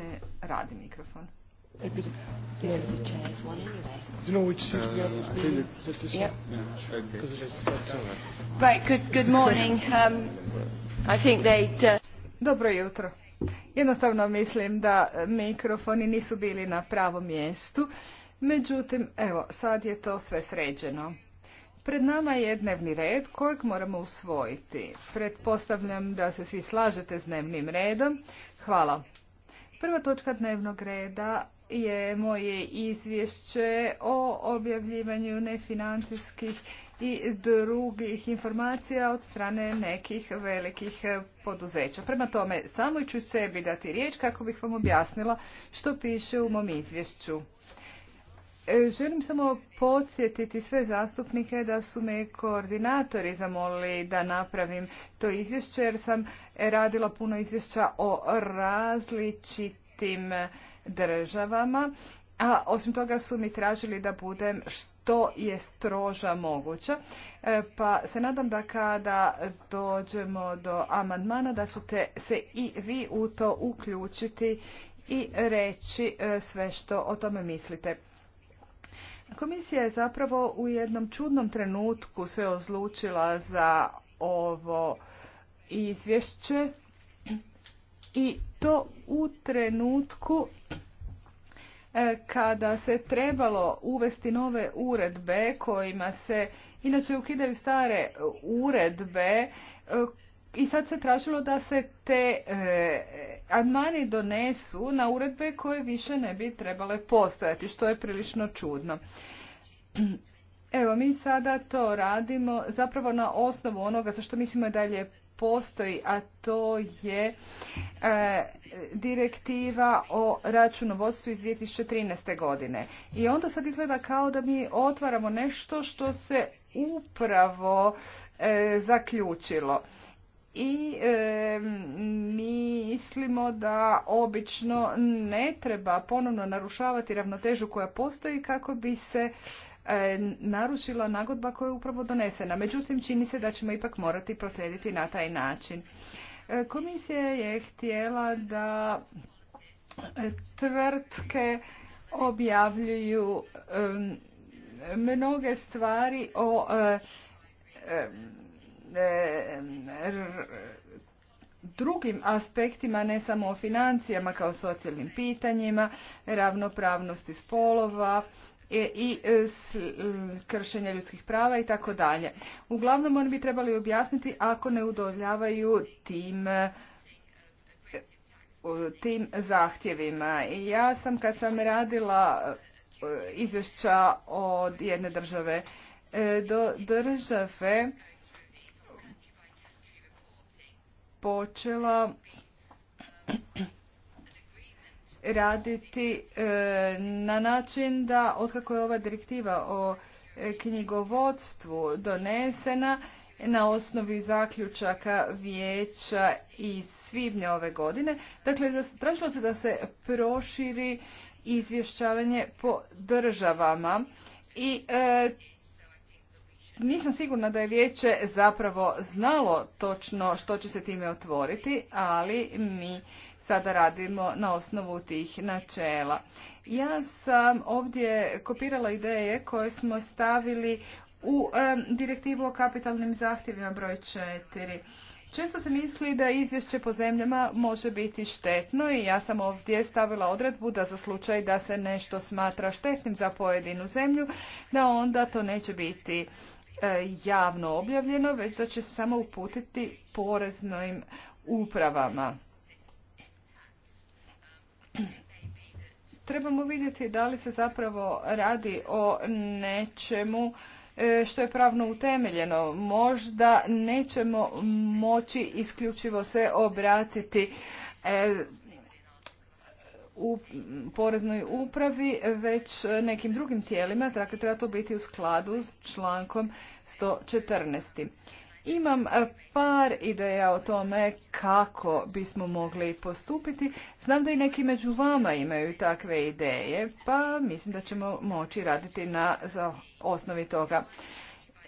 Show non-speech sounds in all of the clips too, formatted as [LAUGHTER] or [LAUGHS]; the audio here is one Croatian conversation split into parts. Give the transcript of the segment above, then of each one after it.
ne radi mikrofon. Uh, Dobro jutro. Jednostavno mislim da mikrofoni nisu bili na pravom mjestu. Međutim, evo, sad je to sve sređeno. Pred nama je dnevni red kojeg moramo usvojiti. Pretpostavljam da se svi slažete s dnevnim redom. Hvala. Prva točka dnevnog reda je moje izvješće o objavljivanju nefinancijskih i drugih informacija od strane nekih velikih poduzeća. Prema tome, samo ću sebi dati riječ kako bih vam objasnila što piše u mom izvješću. E, želim samo podsjetiti sve zastupnike da su me koordinatori zamolili da napravim to izvješće jer sam radila puno izvješća o različitim državama, a osim toga su mi tražili da budem što je stroža moguća. E, pa se nadam da kada dođemo do amandmana da ćete se i vi u to uključiti i reći e, sve što o tome mislite. Komisija je zapravo u jednom čudnom trenutku se odlučila za ovo izvješće i to u trenutku e, kada se trebalo uvesti nove uredbe kojima se inače ukidaju stare uredbe e, i sad se tražilo da se te e, eh, admani donesu na uredbe koje više ne bi trebale postojati, što je prilično čudno. Evo, mi sada to radimo zapravo na osnovu onoga za što mislimo dalje postoji, a to je eh, direktiva o računovodstvu iz 2013. godine. I onda sad izgleda kao da mi otvaramo nešto što se upravo eh, zaključilo i e, mislimo da obično ne treba ponovno narušavati ravnotežu koja postoji kako bi se e, narušila nagodba koja je upravo donesena. Međutim, čini se da ćemo ipak morati proslijediti na taj način. E, komisija je htjela da e, tvrtke objavljuju mnoge stvari o E, drugim aspektima, ne samo o financijama kao socijalnim pitanjima, ravnopravnosti spolova e, i e, kršenja ljudskih prava i tako dalje. Uglavnom oni bi trebali objasniti ako ne udovoljavaju tim tim zahtjevima. Ja sam kad sam radila izvješća od jedne države do države počela raditi e, na način da otkako je ova direktiva o e, knjigovodstvu donesena na osnovi zaključaka vijeća iz svibnja ove godine. Dakle, tražilo se da se proširi izvješćavanje po državama i e, nisam sigurna da je vijeće zapravo znalo točno što će se time otvoriti, ali mi sada radimo na osnovu tih načela. Ja sam ovdje kopirala ideje koje smo stavili u direktivu o kapitalnim zahtjevima broj 4. Često se misli da izvješće po zemljama može biti štetno i ja sam ovdje stavila odredbu da za slučaj da se nešto smatra štetnim za pojedinu zemlju, da onda to neće biti E, javno objavljeno, već da će samo uputiti poreznim upravama. Trebamo vidjeti da li se zapravo radi o nečemu e, što je pravno utemeljeno. Možda nećemo moći isključivo se obratiti e, u poreznoj upravi, već nekim drugim tijelima, dakle treba to biti u skladu s člankom 114. Imam e, par ideja o tome kako bismo mogli postupiti. Znam da i neki među vama imaju takve ideje, pa mislim da ćemo moći raditi na za osnovi toga.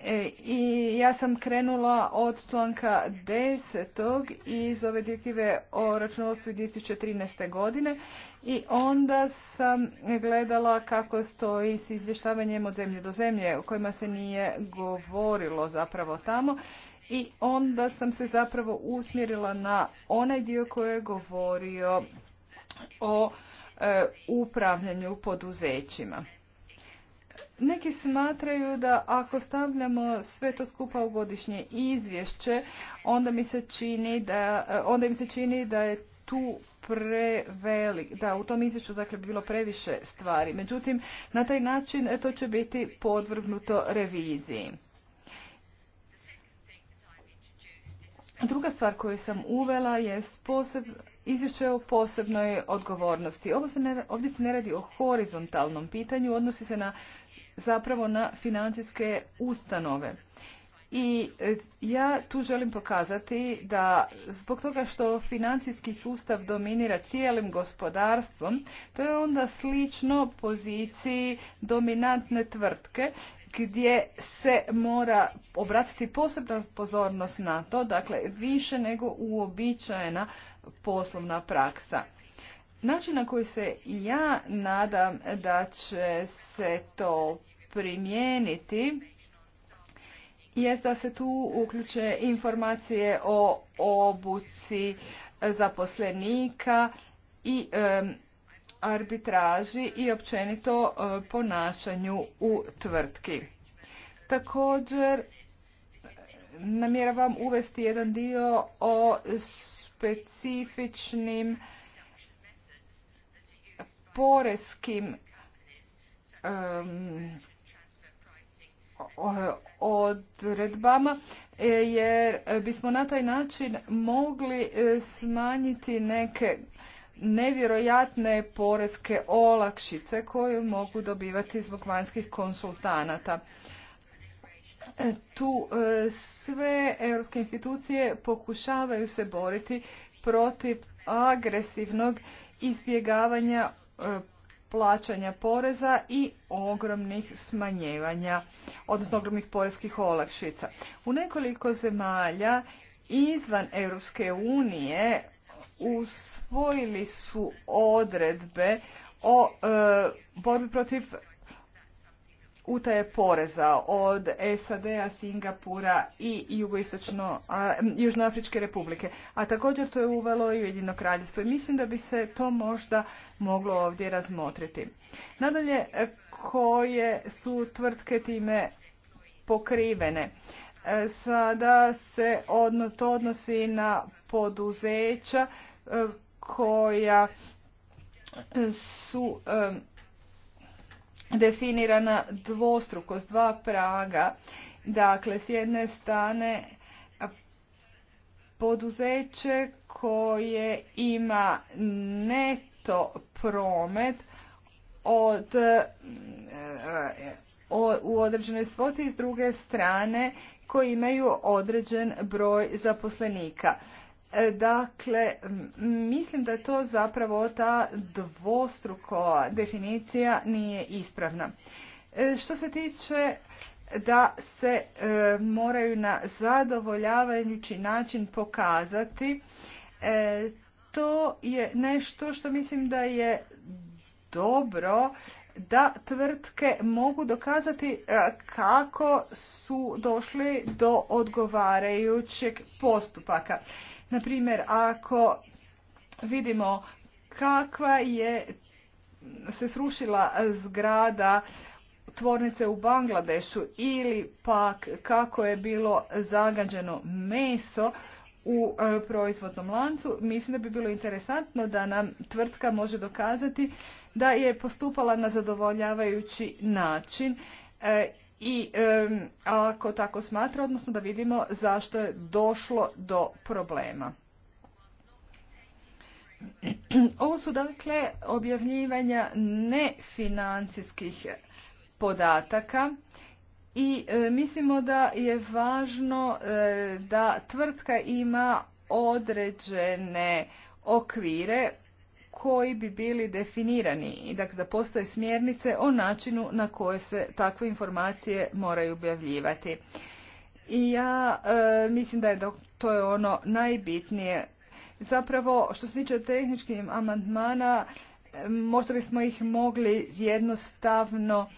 E, I ja sam krenula od članka 10. iz ove direktive o računovodstvu 2013. godine i onda sam gledala kako stoji s izvještavanjem od zemlje do zemlje o kojima se nije govorilo zapravo tamo i onda sam se zapravo usmjerila na onaj dio koji je govorio o e, upravljanju poduzećima. Neki smatraju da ako stavljamo sve to skupa u godišnje izvješće, onda mi se čini da, onda mi se čini da je tu prevelik, da u tom izvješću dakle bi bilo previše stvari. Međutim, na taj način to će biti podvrgnuto reviziji. Druga stvar koju sam uvela je poseb, izvješće o posebnoj odgovornosti. Ovo se ne, ovdje se ne radi o horizontalnom pitanju, odnosi se na zapravo na financijske ustanove. I e, ja tu želim pokazati da zbog toga što financijski sustav dominira cijelim gospodarstvom, to je onda slično poziciji dominantne tvrtke gdje se mora obratiti posebna pozornost na to, dakle više nego uobičajena poslovna praksa. Način na koji se ja nadam da će se to primijeniti jest da se tu uključe informacije o obuci zaposlenika i arbitraži i općenito e, ponašanju u tvrtki. Također namjeravam uvesti jedan dio o specifičnim poreskim odredbama e, jer bismo na taj način mogli e, smanjiti neke nevjerojatne poreske olakšice koje mogu dobivati zbog vanjskih konsultanata. E, tu sve europske institucije pokušavaju se boriti protiv agresivnog izbjegavanja E, plaćanja poreza i ogromnih smanjevanja odnosno ogromnih poreskih olakšica. U nekoliko zemalja izvan Europske unije usvojili su odredbe o e, borbi protiv utaje poreza od SAD-a, Singapura i jugoistočno, Južnoafričke republike. A također to je uvelo i Ujedino kraljevstvo i mislim da bi se to možda moglo ovdje razmotriti. Nadalje, koje su tvrtke time pokrivene? E, sada se to odnosi na poduzeća e, koja su e, definirana dvostrukost, dva praga. Dakle, s jedne strane poduzeće koje ima neto promet od, u određenoj svoti s druge strane koji imaju određen broj zaposlenika. E, dakle, mislim da je to zapravo ta dvostruko definicija nije ispravna. E, što se tiče da se e, moraju na zadovoljavajući način pokazati, to je nešto što mislim da je dobro da tvrtke mogu dokazati kako su došli do odgovarajućeg postupaka. Na primjer, ako vidimo kakva je se srušila zgrada tvornice u Bangladešu ili pak kako je bilo zagađeno meso u e, proizvodnom lancu, mislim da bi bilo interesantno da nam tvrtka može dokazati da je postupala na zadovoljavajući način e, i ako tako smatra, odnosno da vidimo zašto je došlo do problema. [CLEARS THROAT] Ovo su dakle objavljivanja nefinancijskih podataka i e, mislimo da je važno e, da tvrtka ima određene okvire koji bi bili definirani i dakle da postoje smjernice o načinu na koje se takve informacije moraju objavljivati. I ja e, mislim da je to je ono najbitnije. Zapravo što se tiče tehničkih amandmana e, možda bismo ih mogli jednostavno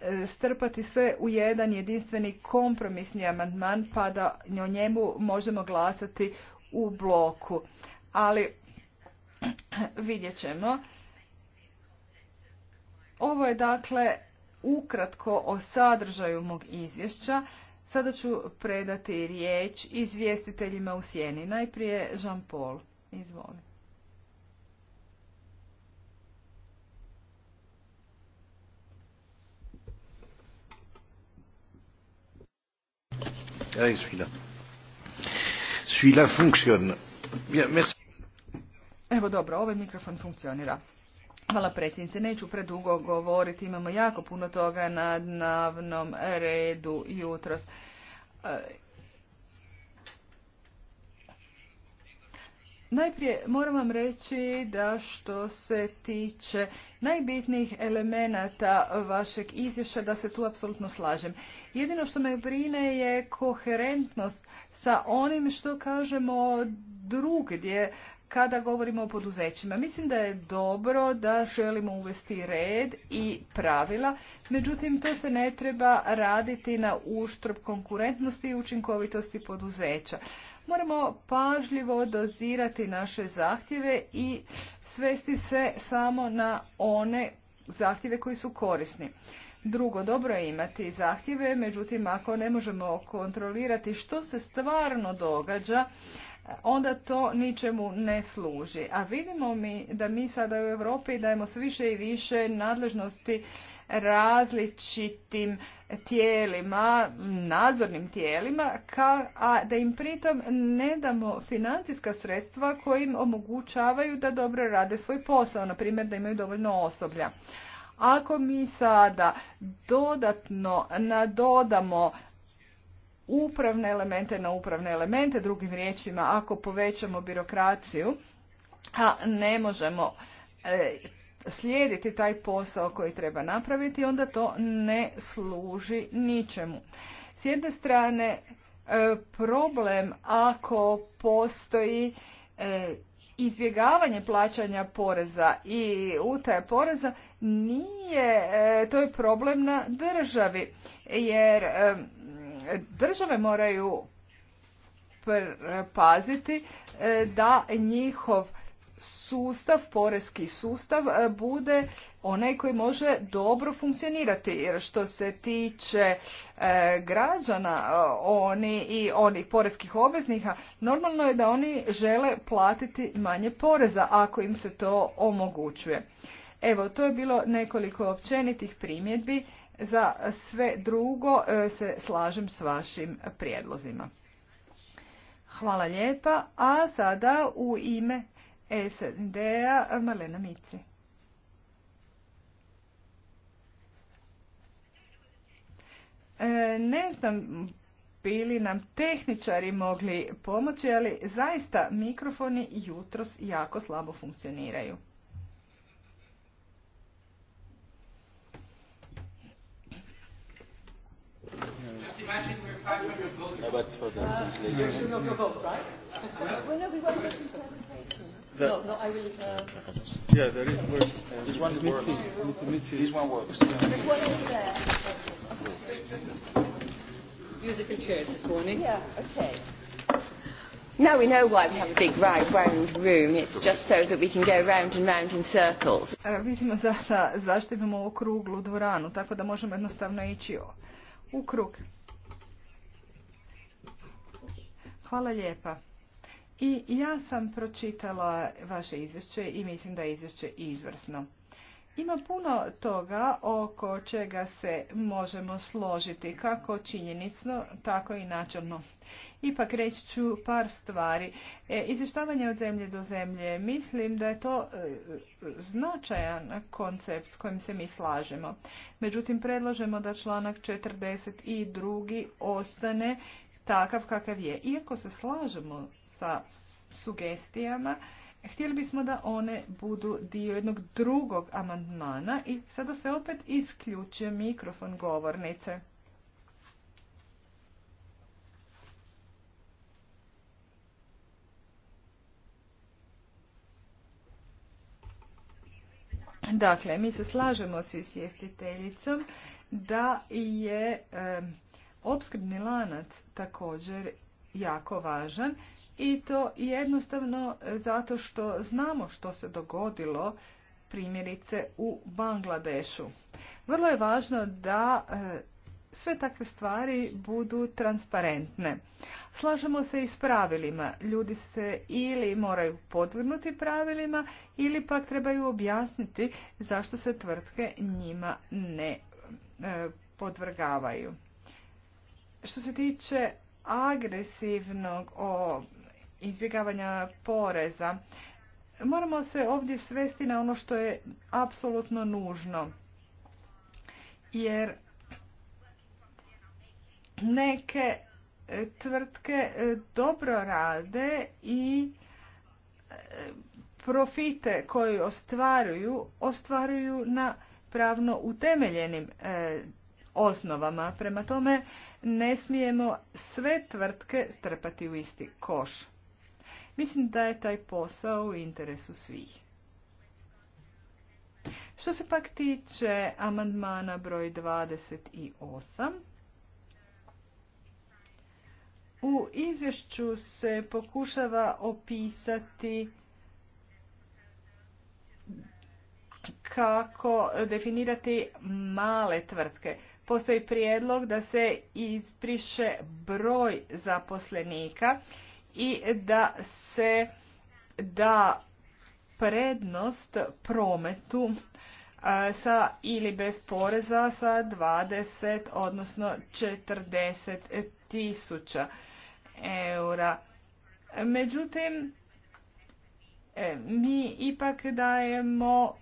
e, strpati sve u jedan jedinstveni kompromisni amandman pa da o njemu možemo glasati u bloku. Ali vidjet ćemo. Ovo je dakle ukratko o sadržaju mog izvješća. Sada ću predati riječ izvjestiteljima u sjeni. Najprije Jean Paul. Izvoli. Ah, ja, Evo dobro, ovaj mikrofon funkcionira. Hvala predsjednice, neću predugo govoriti, imamo jako puno toga na dnavnom redu jutros. E, najprije moram vam reći da što se tiče najbitnijih elemenata vašeg izvješća, da se tu apsolutno slažem. Jedino što me brine je koherentnost sa onim što kažemo drugdje kada govorimo o poduzećima. Mislim da je dobro da želimo uvesti red i pravila, međutim to se ne treba raditi na uštrb konkurentnosti i učinkovitosti poduzeća. Moramo pažljivo dozirati naše zahtjeve i svesti se samo na one zahtjeve koji su korisni. Drugo, dobro je imati zahtjeve, međutim ako ne možemo kontrolirati što se stvarno događa, onda to ničemu ne služi. A vidimo mi da mi sada u Europi dajemo sve više i više nadležnosti različitim tijelima, nadzornim tijelima, a da im pritom ne damo financijska sredstva im omogućavaju da dobro rade svoj posao, na primjer da imaju dovoljno osoblja. Ako mi sada dodatno nadodamo upravne elemente na upravne elemente, drugim riječima ako povećamo birokraciju, a ne možemo e, slijediti taj posao koji treba napraviti, onda to ne služi ničemu. S jedne strane, e, problem ako postoji e, izbjegavanje plaćanja poreza i utaja poreza nije, to je problem na državi, jer Države moraju paziti e, da njihov sustav, porezki sustav e, bude onaj koji može dobro funkcionirati. Jer što se tiče e, građana oni i onih porezkih obveznika, normalno je da oni žele platiti manje poreza ako im se to omogućuje. Evo, to je bilo nekoliko općenitih primjedbi za sve drugo e, se slažem s vašim prijedlozima. Hvala lijepa. A sada u ime SND-a Marlena Mici. E, ne znam bili nam tehničari mogli pomoći, ali zaista mikrofoni jutros jako slabo funkcioniraju. imagine we're 500 voters. No, but for the translation. Uh, you know your votes, right? well, no, we want to the no, no, I will. Uh, yeah, there is work. Uh, this one works. This one works. This one is there. Musical chairs this morning. Yeah, okay. Now we know why we have a big right round room. It's just so that we can go round and round in circles. E, vidimo zašto, zašto imamo kruglu dvoranu, tako da možemo jednostavno ići u krug. Hvala lijepa. I ja sam pročitala vaše izvješće i mislim da je izvješće izvrsno. Ima puno toga oko čega se možemo složiti, kako činjenicno, tako i načelno. Ipak reći ću par stvari. E, izvještavanje od zemlje do zemlje, mislim da je to e, značajan koncept s kojim se mi slažemo. Međutim, predlažemo da članak 42. ostane takav kakav je. Iako se slažemo sa sugestijama, htjeli bismo da one budu dio jednog drugog amandmana i sada se opet isključuje mikrofon govornice. Dakle, mi se slažemo s izvjestiteljicom da je Opskrbni lanac također jako važan i to jednostavno zato što znamo što se dogodilo primjerice u Bangladešu. Vrlo je važno da e, sve takve stvari budu transparentne. Slažemo se i s pravilima. Ljudi se ili moraju podvrnuti pravilima ili pak trebaju objasniti zašto se tvrtke njima ne e, podvrgavaju. Što se tiče agresivnog o izbjegavanja poreza, moramo se ovdje svesti na ono što je apsolutno nužno. Jer neke e, tvrtke e, dobro rade i e, profite koje ostvaruju, ostvaruju na pravno utemeljenim osnovama. Prema tome ne smijemo sve tvrtke strpati u isti koš. Mislim da je taj posao u interesu svih. Što se pak tiče amandmana broj 28, u izvješću se pokušava opisati kako definirati male tvrtke postoji prijedlog da se izbriše broj zaposlenika i da se da prednost prometu sa ili bez poreza sa 20 odnosno 40 tisuća eura. Međutim, e, mi ipak dajemo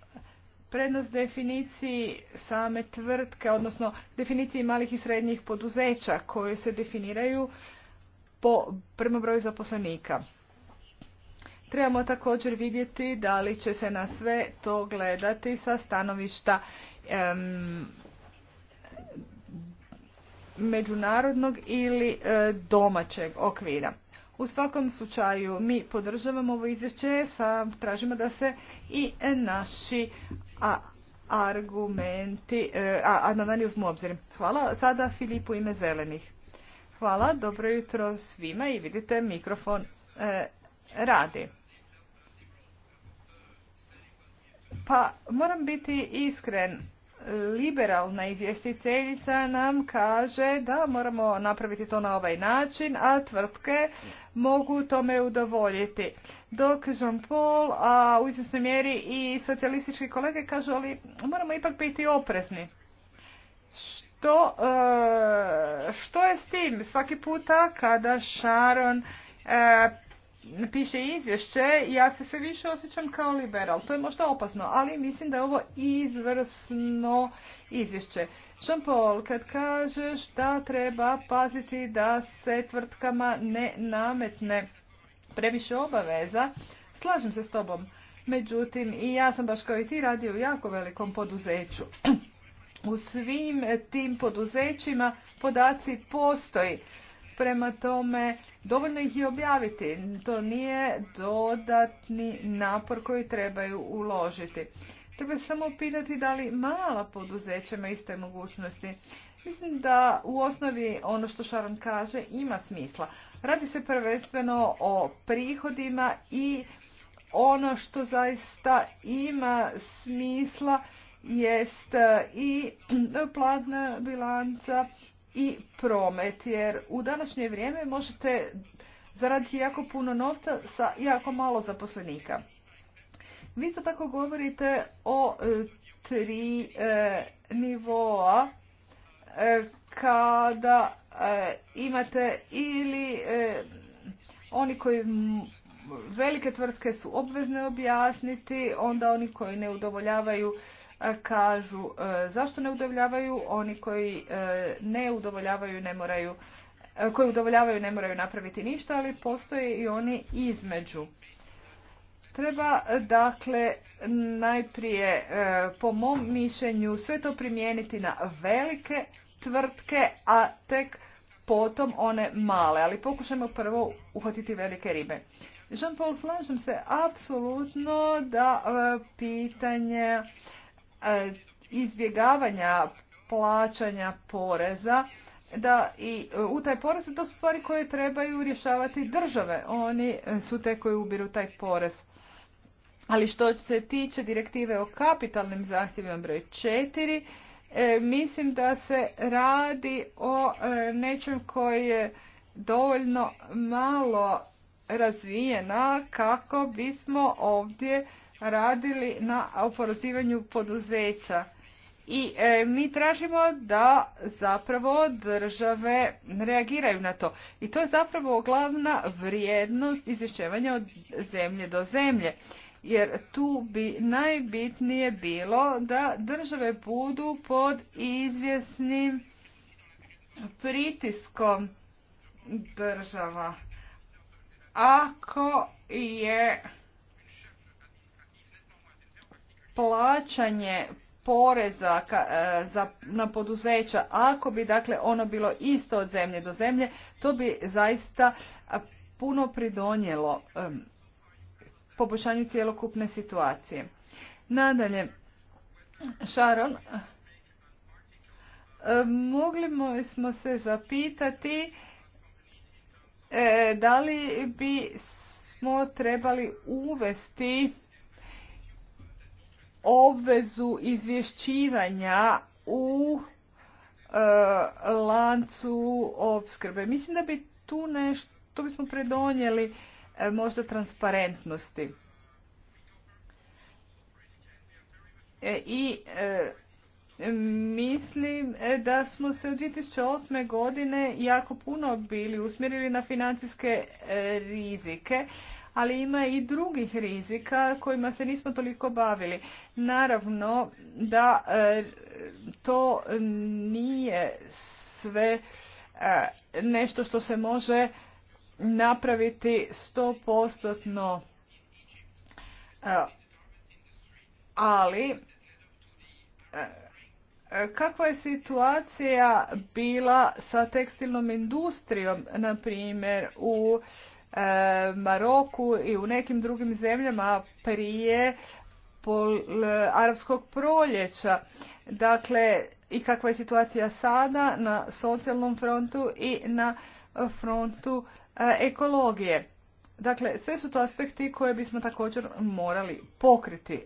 prednost definiciji same tvrtke, odnosno definiciji malih i srednjih poduzeća koje se definiraju po, prema broju zaposlenika. Trebamo također vidjeti da li će se na sve to gledati sa stanovišta međunarodnog ili e, domaćeg okvira. U svakom slučaju mi podržavamo ovo izvješće, sa, tražimo da se i e, naši argumenti, e, a, amandmani uzmu obzir. Hvala. Sada Filipu ime zelenih. Hvala, dobro jutro svima i vidite mikrofon e, radi. Pa moram biti iskren, liberalna izvjestiteljica nam kaže da moramo napraviti to na ovaj način, a tvrtke mogu tome udovoljiti. Dok Jean Paul, a u izvjesnoj mjeri i socijalistički kolege kažu, ali moramo ipak biti oprezni. Što, e, što je s tim? Svaki puta kada Sharon e, piše izvješće, ja se sve više osjećam kao liberal. To je možda opasno, ali mislim da je ovo izvrsno izvješće. Jean kad kažeš da treba paziti da se tvrtkama ne nametne previše obaveza, slažem se s tobom. Međutim, i ja sam baš kao i ti radio u jako velikom poduzeću. U svim tim poduzećima podaci postoji. Prema tome, Dovoljno ih je objaviti, to nije dodatni napor koji trebaju uložiti. Treba samo pitati da li mala poduzeća ima iste mogućnosti. Mislim da u osnovi ono što Sharon kaže ima smisla. Radi se prvenstveno o prihodima i ono što zaista ima smisla jest i [CLEARS THROAT] platna bilanca i promet, jer u današnje vrijeme možete zaraditi jako puno novca sa jako malo zaposlenika. Vi isto tako govorite o e, tri e, nivoa e, kada imate ili oni koji velike tvrtke su obvezne objasniti, onda oni koji ne udovoljavaju E, kažu e, zašto ne udovoljavaju, oni koji e, ne udovoljavaju ne moraju koji udovoljavaju ne moraju napraviti ništa, ali postoje i oni između. Treba dakle najprije po mom mišljenju sve to primijeniti na velike tvrtke, a tek potom one male, ali pokušajmo prvo uhvatiti velike ribe. Jean-Paul, slažem se apsolutno da pitanje E, izbjegavanja plaćanja poreza da i e, u taj porez to su stvari koje trebaju rješavati države. Oni su te koji ubiru taj porez. Ali što se tiče direktive o kapitalnim zahtjevima broj 4, e, mislim da se radi o nečem koji je dovoljno malo razvijena kako bismo ovdje radili na oporozivanju poduzeća. I e, mi tražimo da zapravo države reagiraju na to. I to je zapravo glavna vrijednost izvješćevanja od zemlje do zemlje. Jer tu bi najbitnije bilo da države budu pod izvjesnim pritiskom država. Ako je plaćanje poreza e, na poduzeća, ako bi dakle ono bilo isto od zemlje do zemlje, to bi zaista puno pridonijelo poboljšanju cjelokupne situacije. Nadalje, Sharon, e, mogli smo se zapitati e, da li bi smo trebali uvesti obvezu izvješćivanja u e, lancu opskrbe. Mislim da bi tu nešto, to bismo predonijeli e, možda transparentnosti. E, I e, Mislim da smo se u 2008. godine jako puno bili usmjerili na financijske rizike ali ima i drugih rizika kojima se nismo toliko bavili. Naravno da e, to nije sve e, nešto što se može napraviti 100% e, ali kakva je situacija bila sa tekstilnom industrijom, na primjer, u E, Maroku i u nekim drugim zemljama prije pol, e, arapskog proljeća. Dakle, i kakva je situacija sada na socijalnom frontu i na frontu e, ekologije. Dakle, sve su to aspekti koje bismo također morali pokriti.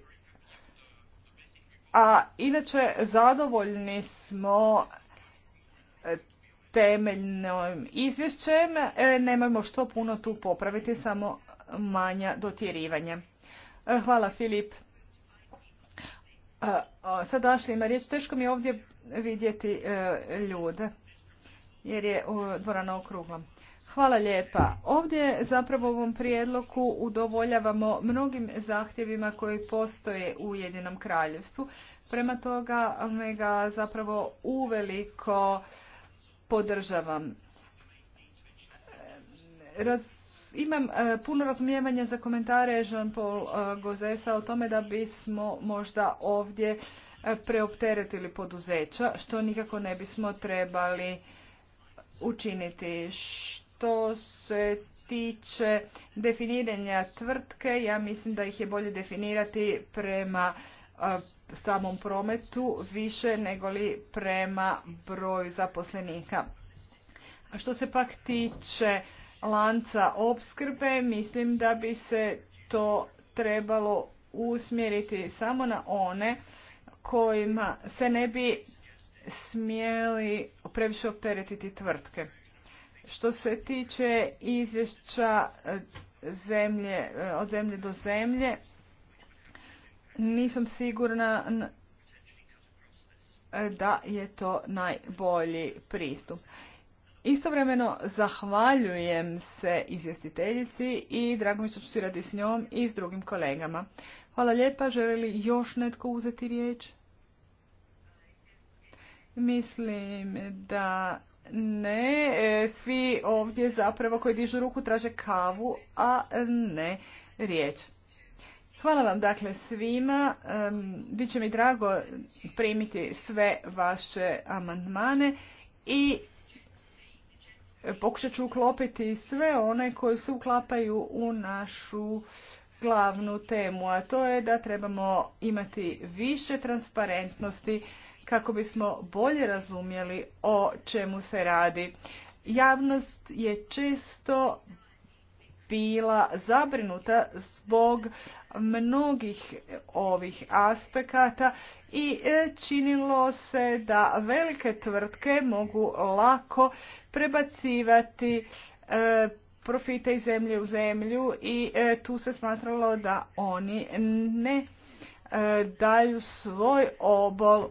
A inače zadovoljni smo temeljnim izvješćem, e, nemojmo što puno tu popraviti, samo manja dotjerivanja. E, hvala Filip. E, sad Ašli ima riječ, teško mi je ovdje vidjeti ljude, jer je dvorana okrugla. Hvala lijepa. Ovdje zapravo u ovom prijedlogu udovoljavamo mnogim zahtjevima koji postoje u Jedinom kraljevstvu. Prema toga me ga zapravo uveliko podržavam. E, imam e, puno razumijevanja za komentare Jean-Paul e, Gozesa o tome da bismo možda ovdje preopteretili poduzeća, što nikako ne bismo trebali učiniti. Što se tiče definiranja tvrtke, ja mislim da ih je bolje definirati prema samom prometu više nego li prema broju zaposlenika. A što se pak tiče lanca opskrbe, mislim da bi se to trebalo usmjeriti samo na one kojima se ne bi smjeli previše opteretiti tvrtke. Što se tiče izvješća e, e, od zemlje do zemlje, nisam sigurna da je to najbolji pristup. Istovremeno zahvaljujem se izvjestiteljici i drago mi se ću s njom i s drugim kolegama. Hvala lijepa, želi li još netko uzeti riječ? Mislim da ne, e, svi ovdje zapravo koji dižu ruku traže kavu, a ne riječ. Hvala vam dakle svima. Biće mi drago primiti sve vaše amandmane i pokušat ću uklopiti sve one koje se uklapaju u našu glavnu temu, a to je da trebamo imati više transparentnosti kako bismo bolje razumjeli o čemu se radi. Javnost je često bila zabrinuta zbog mnogih ovih aspekata i e, činilo se da velike tvrtke mogu lako prebacivati e, profite iz zemlje u zemlju i e, tu se smatralo da oni ne daju svoj obol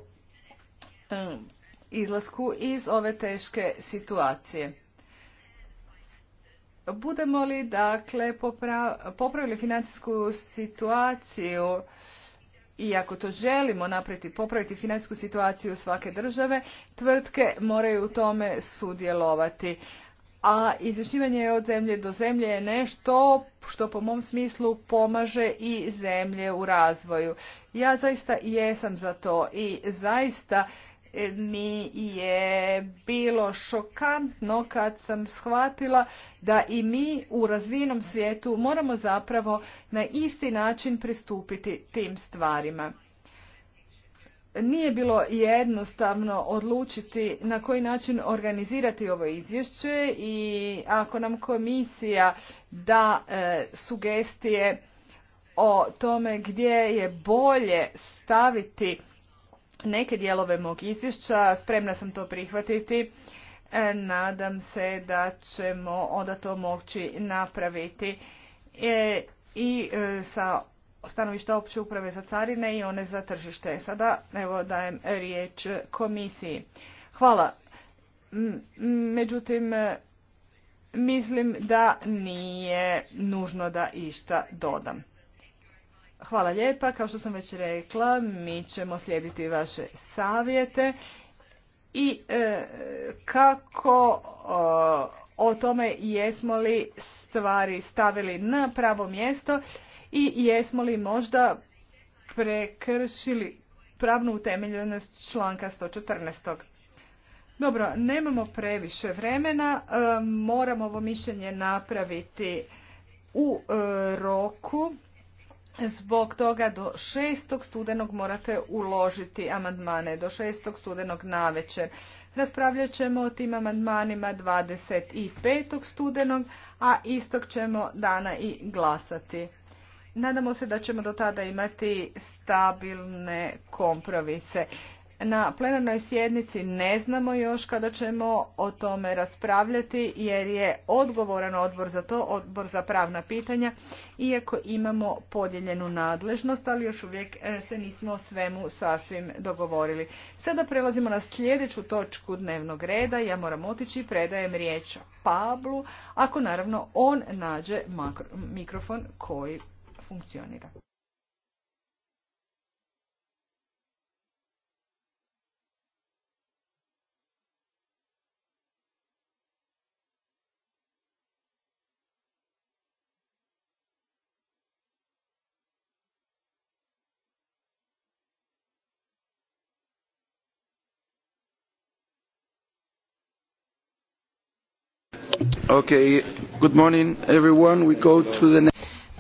izlasku iz ove teške situacije. Budemo li dakle popravili financijsku situaciju i ako to želimo napraviti, popraviti financijsku situaciju svake države, tvrtke moraju u tome sudjelovati. A izvješćivanje od zemlje do zemlje je nešto što po mom smislu pomaže i zemlje u razvoju. Ja zaista jesam za to i zaista mi je bilo šokantno kad sam shvatila da i mi u razvijenom svijetu moramo zapravo na isti način pristupiti tim stvarima. Nije bilo jednostavno odlučiti na koji način organizirati ovo izvješće i ako nam komisija da e, sugestije o tome gdje je bolje staviti neke dijelove mog izvješća, spremna sam to prihvatiti. E, nadam se da ćemo onda to moći napraviti e, i e, sa stanovišta opće uprave za carine i one za tržište. Sada evo dajem riječ komisiji. Hvala. Međutim, mislim da nije nužno da išta dodam. Hvala lijepa. Kao što sam već rekla, mi ćemo slijediti vaše savjete i e, kako o, tome jesmo li stvari stavili na pravo mjesto i jesmo li možda prekršili pravnu utemeljenost članka 114. Dobro, nemamo previše vremena, e, moramo ovo mišljenje napraviti u e, roku. Zbog toga do 6. studenog morate uložiti amandmane, do 6. studenog večer. Raspravljat ćemo o tim amandmanima 25. studenog, a istog ćemo dana i glasati. Nadamo se da ćemo do tada imati stabilne kompromise na plenarnoj sjednici ne znamo još kada ćemo o tome raspravljati jer je odgovoran odbor za to, odbor za pravna pitanja, iako imamo podijeljenu nadležnost, ali još uvijek e, se nismo o svemu sasvim dogovorili. Sada prelazimo na sljedeću točku dnevnog reda. Ja moram otići i predajem riječ Pablu, ako naravno on nađe mikrofon koji funkcionira.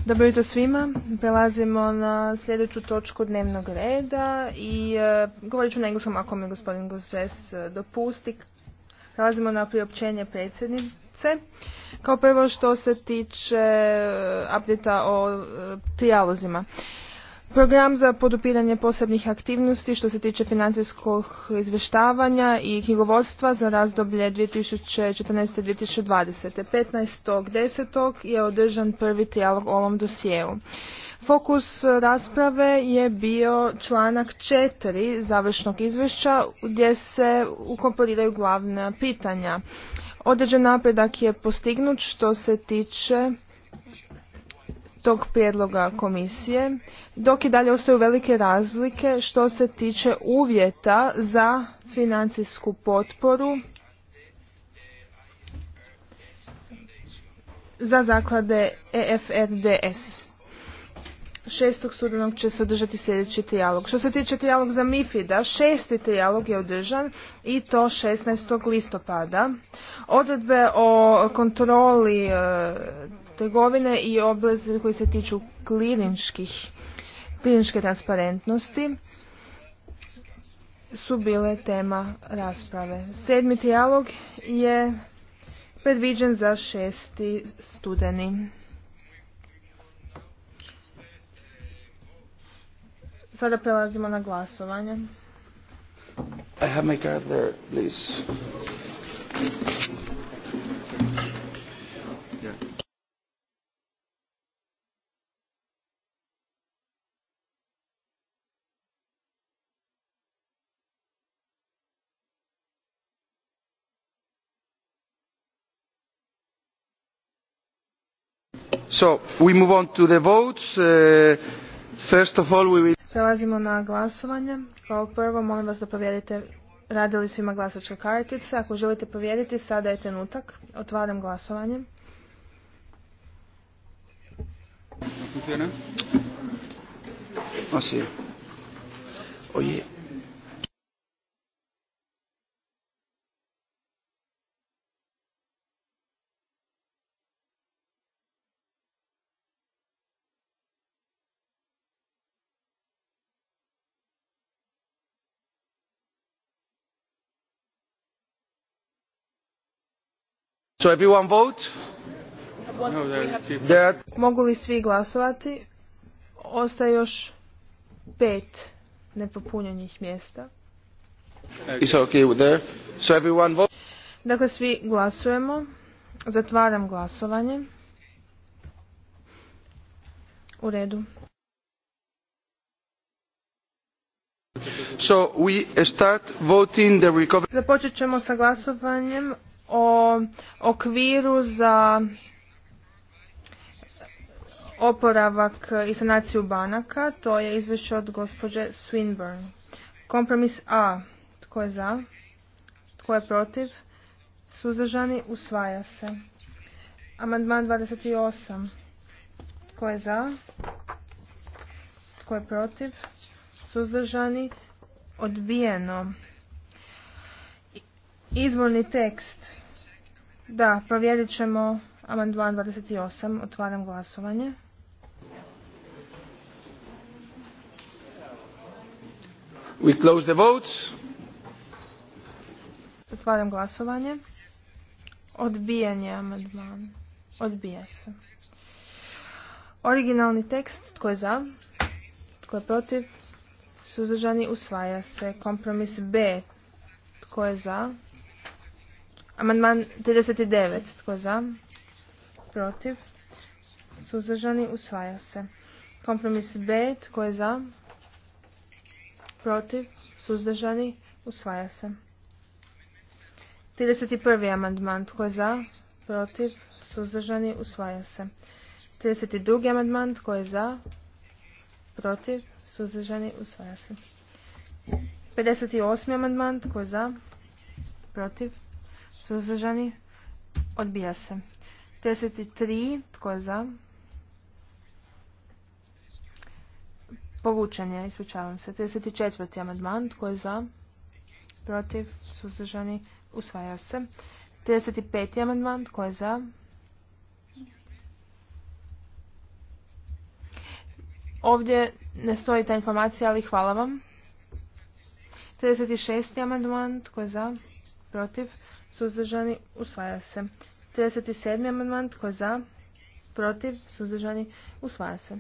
Dobro jutro svima. Prelazimo na sljedeću točku dnevnog reda i e, govorit ću na engleskom ako mi gospodin Gosses e, dopusti. Prelazimo na priopćenje predsjednice. Kao prvo što se tiče e, update o dijalozima Program za podupiranje posebnih aktivnosti što se tiče financijskog izvještavanja i knjigovodstva za razdoblje 2014-2020. 15.10. je održan prvi trijalog o ovom dosjeu. Fokus rasprave je bio članak 4 završnog izvješća gdje se ukomporiraju glavna pitanja. Određen napredak je postignut što se tiče tog prijedloga komisije, dok i dalje ostaju velike razlike što se tiče uvjeta za financijsku potporu za zaklade EFRDS. 6. studenog će se održati sljedeći trijalog. Što se tiče trijalog za MIFID-a, šesti trijalog je održan i to 16. listopada. Odredbe o kontroli e, trgovine i obveze koji se tiču kliničke transparentnosti su bile tema rasprave. Sedmi trijalog je predviđen za šesti studeni. Sada prelazimo na glasovanje. Prelazimo na glasovanje. Kao prvo, molim vas da provjerite rade li svima glasačke kartice. Ako želite provjeriti, sada je trenutak. Otvaram glasovanje. Mogu li svi glasovati? Ostaje još pet nepopunjenih mjesta. Dakle, svi glasujemo. Zatvaram glasovanje. U redu. start Započet ćemo sa glasovanjem o okviru za oporavak i sanaciju banaka. To je izvješće od gospođe Swinburne. Kompromis A. Tko je za? Tko je protiv? Suzdržani usvaja se. Amandman 28. Tko je za? Tko je protiv? Suzdržani odbijeno. Izvorni tekst da, provjerit ćemo amandman 28. Otvaram glasovanje. We close the votes. Zatvaram glasovanje. Odbijanje amandman. Odbija se. Originalni tekst. Tko je za? Tko je protiv? Suzdržani usvaja se. Kompromis B. Tko je za? Amandman 39. Tko za? Protiv? Suzdržani? Usvaja se. Kompromis B. Tko je za? Protiv? Suzdržani? Usvaja se. 31. amandman. Tko je za? Protiv? Suzdržani? Usvaja se. 32. amandman. Tko je za? Protiv? Suzdržani? Usvaja se. 58. amandman. Tko je za? Protiv? Suzdržani? Odbija se. 33. Tko je za? Povučen je, ispričavam se. 34. amandman. Tko je za? Protiv? Suzdržani? Usvaja se. 35. amandman. Tko je za? Ovdje ne stoji ta informacija, ali hvala vam. 36. amandman. Tko je za? Protiv? suzdržani, usvaja se. 37. amandman, tko je za, protiv, suzdržani, usvaja se.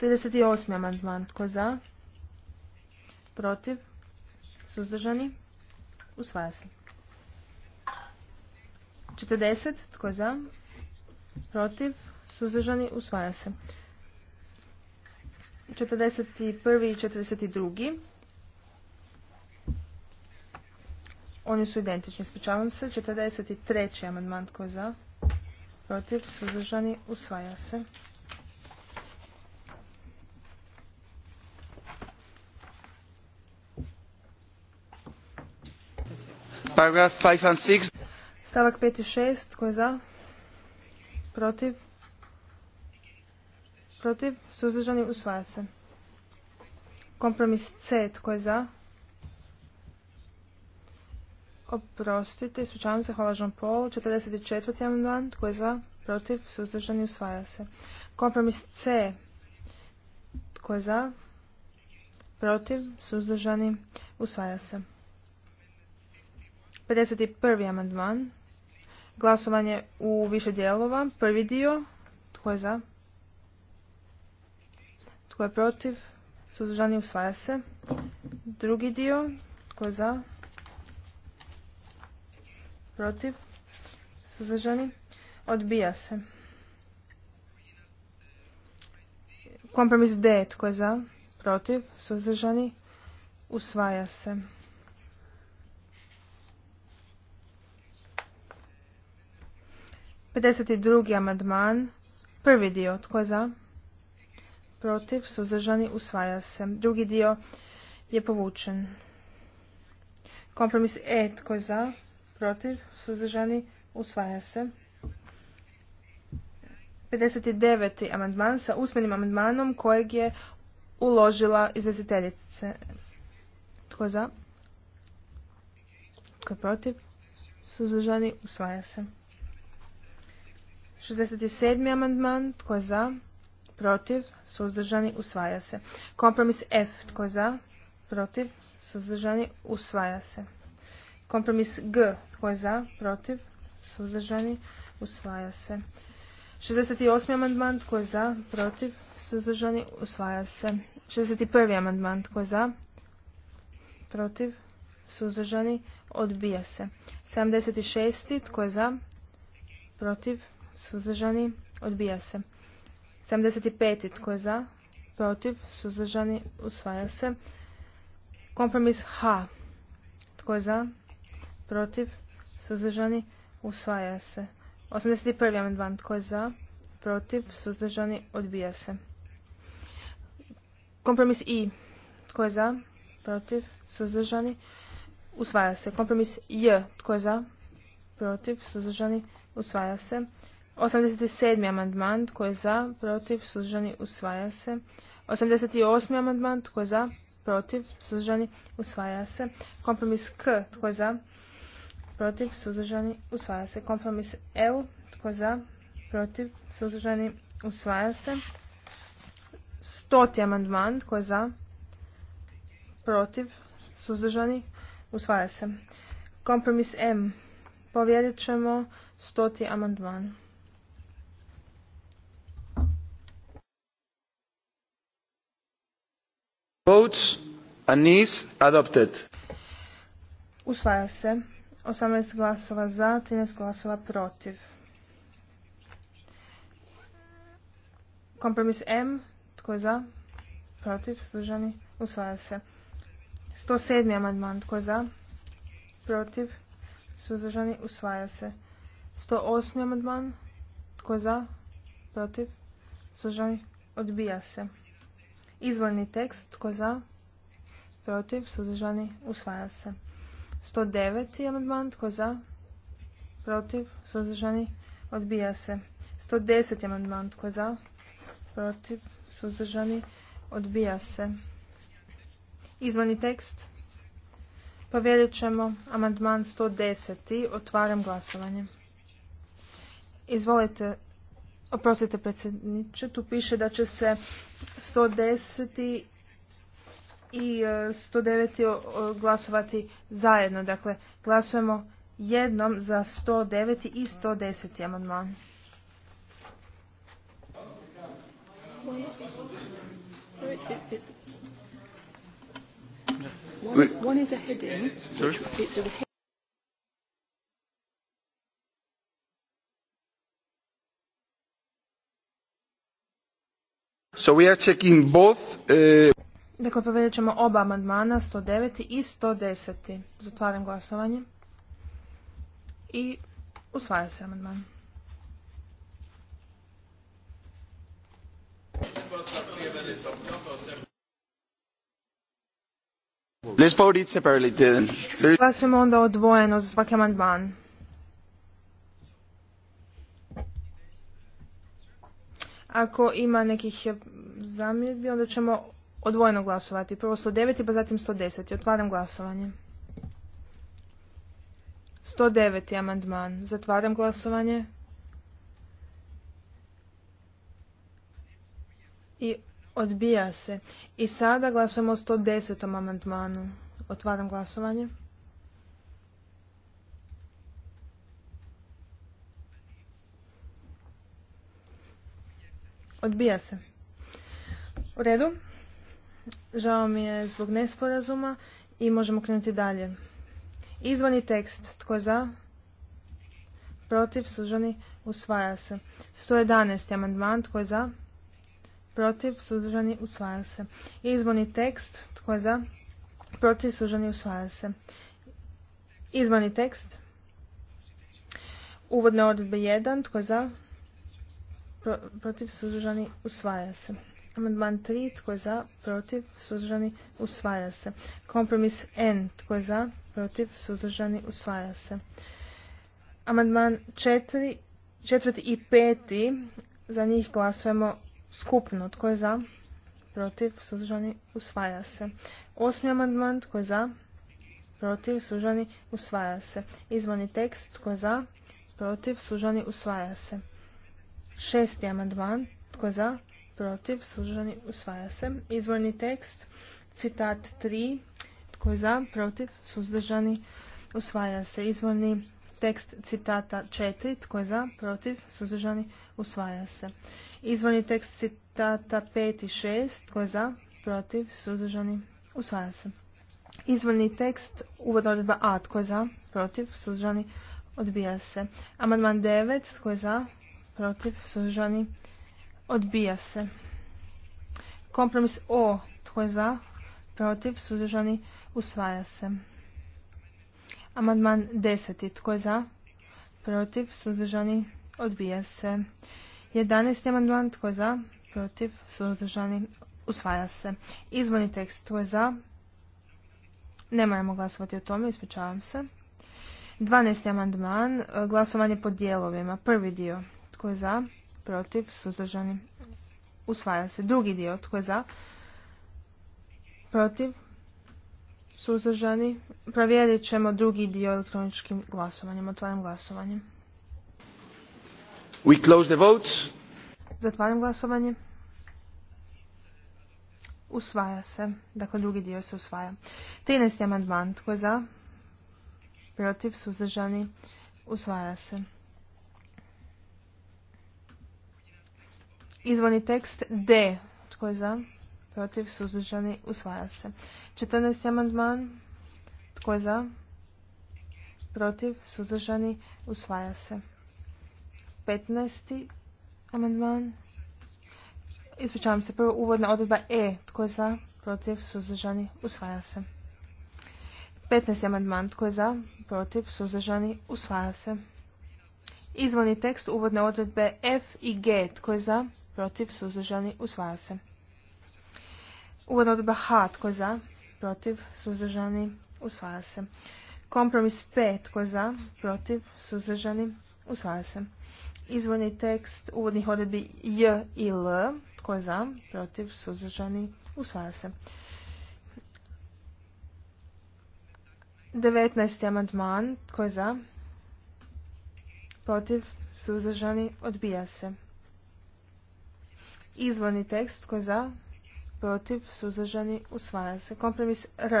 38. amandman, tko je za, protiv, suzdržani, usvaja se. 40. Tko je za? Protiv? Suzdržani? Usvaja se. 41. i 42. Oni su identični. Ispričavam se. 43. amandman tko je za? Protiv. Suzdržani. Usvaja se. Paragraf 5 and 6. Stavak 5 i 6. Tko je za? Protiv. Protiv. Suzdržani. Usvaja se. Kompromis C. Tko je za? Oprostite, ispričavam se, hvala Jean Paul. 44. amandman, tko je za, protiv, suzdržani, usvaja se. Kompromis C, tko je za, protiv, suzdržani, usvaja se. 51. amandman, glasovanje u više dijelova. Prvi dio, tko je za, tko je protiv, suzdržani, usvaja se. Drugi dio, tko je za, protiv, suzdržani, odbija se. Kompromis D, tko je za, protiv, suzdržani, usvaja se. Pedeset drugi amandman, prvi dio, tko je za, protiv, suzdržani, usvaja se. Drugi dio je povučen. Kompromis E, tko je za, protiv, suzdržani, usvaja se. 59. amandman sa usmenim amandmanom kojeg je uložila izvjestiteljice. Tko za? Tko protiv? Suzdržani, usvaja se. 67. amandman, tko za? Protiv, suzdržani, usvaja se. Kompromis F, tko za? Protiv, suzdržani, usvaja se. Kompromis G. Tko je za? Protiv? Suzdržani? Usvaja se. 68. amandman. Tko je za? Protiv? Suzdržani? Usvaja se. 61. amandman. Tko je za? Protiv? Suzdržani? Odbija se. 76. Tko je za? Protiv? Suzdržani? Odbija se. 75. Tko je za? Protiv? Suzdržani? Usvaja se. Kompromis H. Tko je za? protiv, suzdržani, usvaja se. 81. amandman tko je za, protiv, suzdržani, odbija se. Kompromis I tko je za, protiv, suzdržani, usvaja se. Kompromis J tko je za, protiv, suzdržani, usvaja se. 87. amandman tko je za, protiv, suzdržani, usvaja se. 88. amandman tko je za, protiv, suzdržani, usvaja se. Kompromis K tko je za, protiv, suzdržani, usvaja se. Kompromis L, tko za, protiv, suzdržani, usvaja se. Stoti amandman, tko za, protiv, suzdržani, usvaja se. Kompromis M, povjerit ćemo stoti amandman. Votes, Anis, adopted. Usvaja se. 18 glasova za, 13 glasova protiv. Kompromis M, tko je za? Protiv, služani usvaja se. 107. amandman, tko je za? Protiv, suzdržani, usvaja se. 108. amandman, tko je za? Protiv, suzdržani, odbija se. Izvorni tekst, tko je za? Protiv, suzdržani, usvaja se. 109. amandman. Tko za? Protiv? Suzdržani? Odbija se. 110. amandman. Tko za? Protiv? Suzdržani? Odbija se. Izvani tekst. Povjerit ćemo amandman 110. Otvaram glasovanje. Izvolite, oprostite predsjedniče, tu piše da će se 110 i 109. E, glasovati zajedno. Dakle, glasujemo jednom za 109. i 110. amandman. So we are checking both. Uh... Dakle, povedat ćemo oba amandmana, 109. i 110. Zatvaram glasovanje. I usvaja se amandman. Glasujemo onda odvojeno za svaki amandman. Ako ima nekih zamjedbi, onda ćemo odvojeno glasovati. Prvo 109 pa zatim 110. Otvaram glasovanje. 109. amandman. Zatvaram glasovanje. I odbija se. I sada glasujemo o 110. amandmanu. Otvaram glasovanje. Odbija se. U redu. Žao mi je zbog nesporazuma i možemo krenuti dalje. Izvani tekst. Tko je za? Protiv, suzdržani, usvaja se. 111. amandman. Tko je za? Protiv, suzdržani, usvaja se. Izvani tekst. Tko je za? Protiv, suzdržani, usvaja se. Izvani tekst. Uvodne odredbe 1. Tko je za? protiv, suzdržani, usvaja se. Amandman 3. Tko je za? Protiv? Suzdržani? Usvaja se. Kompromis N. Tko je za? Protiv? Suzdržani? Usvaja se. Amandman 4. Četvrti i pet, Za njih glasujemo skupno. Tko je za? Protiv? Suzdržani? Usvaja se. Osmi amandman. Tko je za? Protiv? Suzdržani? Usvaja se. Izvani tekst. Tko je za? Protiv? Suzdržani? Usvaja se. Šesti amandman. Tko je za? protiv, suzdržani, usvaja se. Izvorni tekst, citat 3, tko je za, protiv, suzdržani, usvaja se. Izvorni tekst citata 4, tko je za, protiv, suzdržani, usvaja se. Izvorni tekst citata 5 i 6, tko je za, protiv, suzdržani, usvaja se. Izvorni tekst uvod odredba A, tko je za, protiv, suzdržani, odbija se. Amandman 9, tko je za, protiv, suzdržani, Odbija se. Kompromis O. Tko je za? Protiv. Suzdržani. Usvaja se. Amandman 10. Tko je za? Protiv. Suzdržani. Odbija se. 11. amandman. Tko je za? Protiv. Suzdržani. Usvaja se. Izvorni tekst. Tko je za? Ne moramo glasovati o tome. Ispričavam se. 12. amandman. Glasovanje po dijelovima. Prvi dio. Tko je za? protiv, suzdržani, usvaja se. Drugi dio, tko je za, protiv, suzdržani, provjerit ćemo drugi dio elektroničkim glasovanjem, otvaram glasovanje. We close the votes. Zatvaram glasovanje. Usvaja se. Dakle, drugi dio se usvaja. 13. amandman. Tko je za? Protiv, suzdržani. Usvaja se. Izvorni tekst D. Tko je za? Protiv, suzdržani, usvaja se. 14. amandman. Tko je za? Protiv, suzdržani, usvaja se. 15. amandman. Ispričavam se, prvo uvodna odredba E. Tko je za? Protiv, suzdržani, usvaja se. 15. amandman. Tko je za? Protiv, suzdržani, usvaja se. Izvorni tekst uvodne odredbe F i G, tko je za, protiv, suzdržani, usvaja se. Uvodna odredba H, tko je za, protiv, suzdržani, usvaja se. Kompromis P, tko je za, protiv, suzdržani, usvaja se. Izvorni tekst uvodnih odredbi J i L, tko je za, protiv, suzdržani, usvaja se. 19. amandman, tko je za, protiv, suzdržani, odbija se. Izvorni tekst tko je za, protiv, suzdržani, usvaja se. Kompromis R.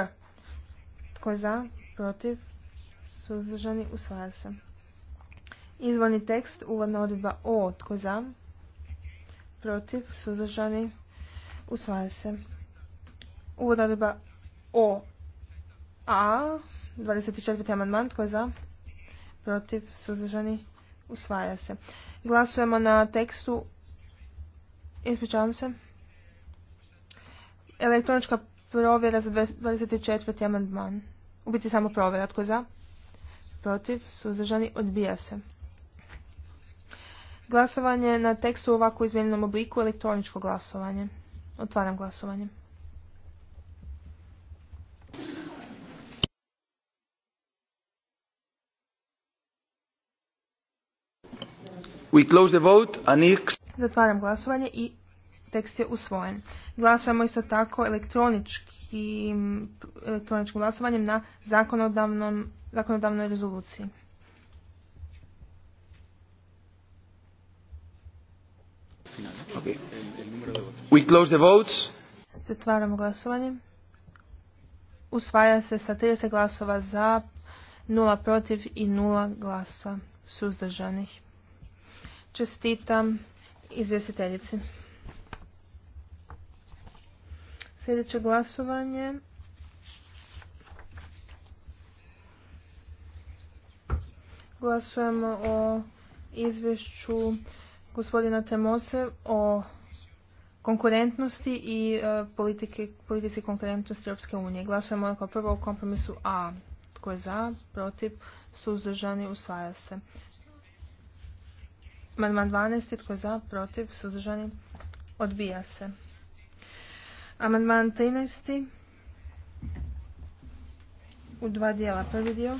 Tko je za, protiv, suzdržani, usvaja se. Izvorni tekst, uvodna odredba O. Tko za, protiv, suzdržani, usvaja se. Uvodna odredba O. A. 24. amandman. Tko je za, protiv, suzdržani, Usvaja se. Glasujemo na tekstu. Ispričavam se. Elektronička provjera za 24. amandman. U biti samo provjera. Tko je za? Protiv. Suzdržani. Odbija se. Glasovanje na tekstu u ovako izmijenjenom obliku. Elektroničko glasovanje. Otvaram glasovanje. Zatvaram glasovanje i tekst je usvojen. Glasujemo isto tako elektroničkim, elektroničkim glasovanjem na zakonodavnoj rezoluciji. Okay. Zatvaramo glasovanje. Usvaja se sa 30 glasova za, nula protiv i nula glasa suzdržanih. Čestitam izvjestiteljici. Sljedeće glasovanje Glasujemo o izvješću gospodina Temose o konkurentnosti i e, politici konkurentnosti Europske unije. Glasujemo kao prvo o kompromisu A. Tko je za, protiv, suzdržani, usvaja se. Amandman 12. Tko za? Protiv? Suzdržani? Odbija se. Amandman 13. U dva dijela. Prvi dio.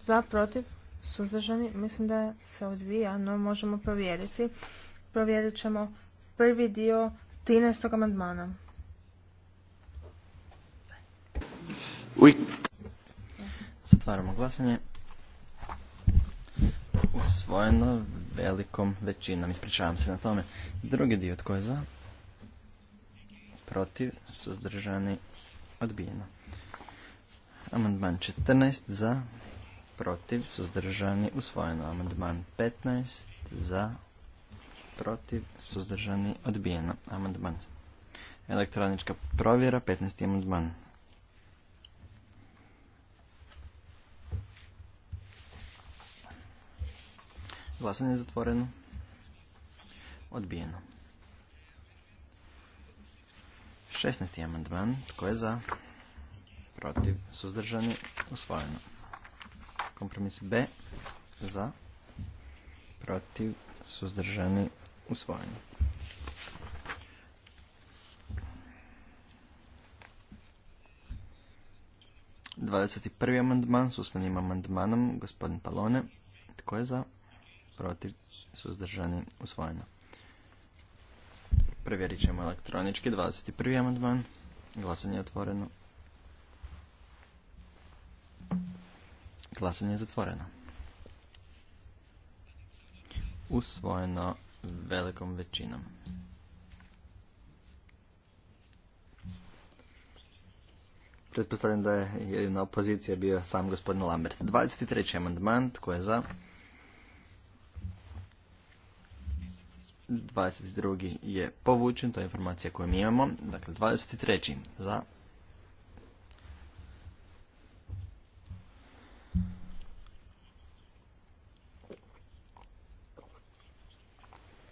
Za? Protiv? Suzdržani? Mislim da se odbija, no možemo provjeriti. Provjerit ćemo prvi dio 13. amandmana. Zatvaramo glasanje. Usvojeno velikom većinom. Ispričavam se na tome. Drugi dio tko je za? Protiv. Suzdržani. Odbijeno. Amandman 14 za. Protiv. Suzdržani. Usvojeno. Amandman 15 za. Protiv. Suzdržani. Odbijeno. Amandman. Elektronička provjera. 15. amandman. Glasanje je zatvoreno. Odbijeno. 16. amandman. Tko je za? Protiv. Suzdržani. Usvojeno. Kompromis B. Za. Protiv. Suzdržani. Usvojeno. Dvadeset prvi amandman s usmenim amandmanom, gospodin Palone. Tko je za? protiv, suzdržani, usvojeno. Provjerit ćemo elektronički 21. amandman. Glasanje je otvoreno. Glasanje je zatvoreno. Usvojeno velikom većinom. Pretpostavljam da je jedina opozicija bio sam gospodin Lambert. 23. amandman, tko je za? 22. je povučen, to je informacija koju mi imamo. Dakle, 23. za.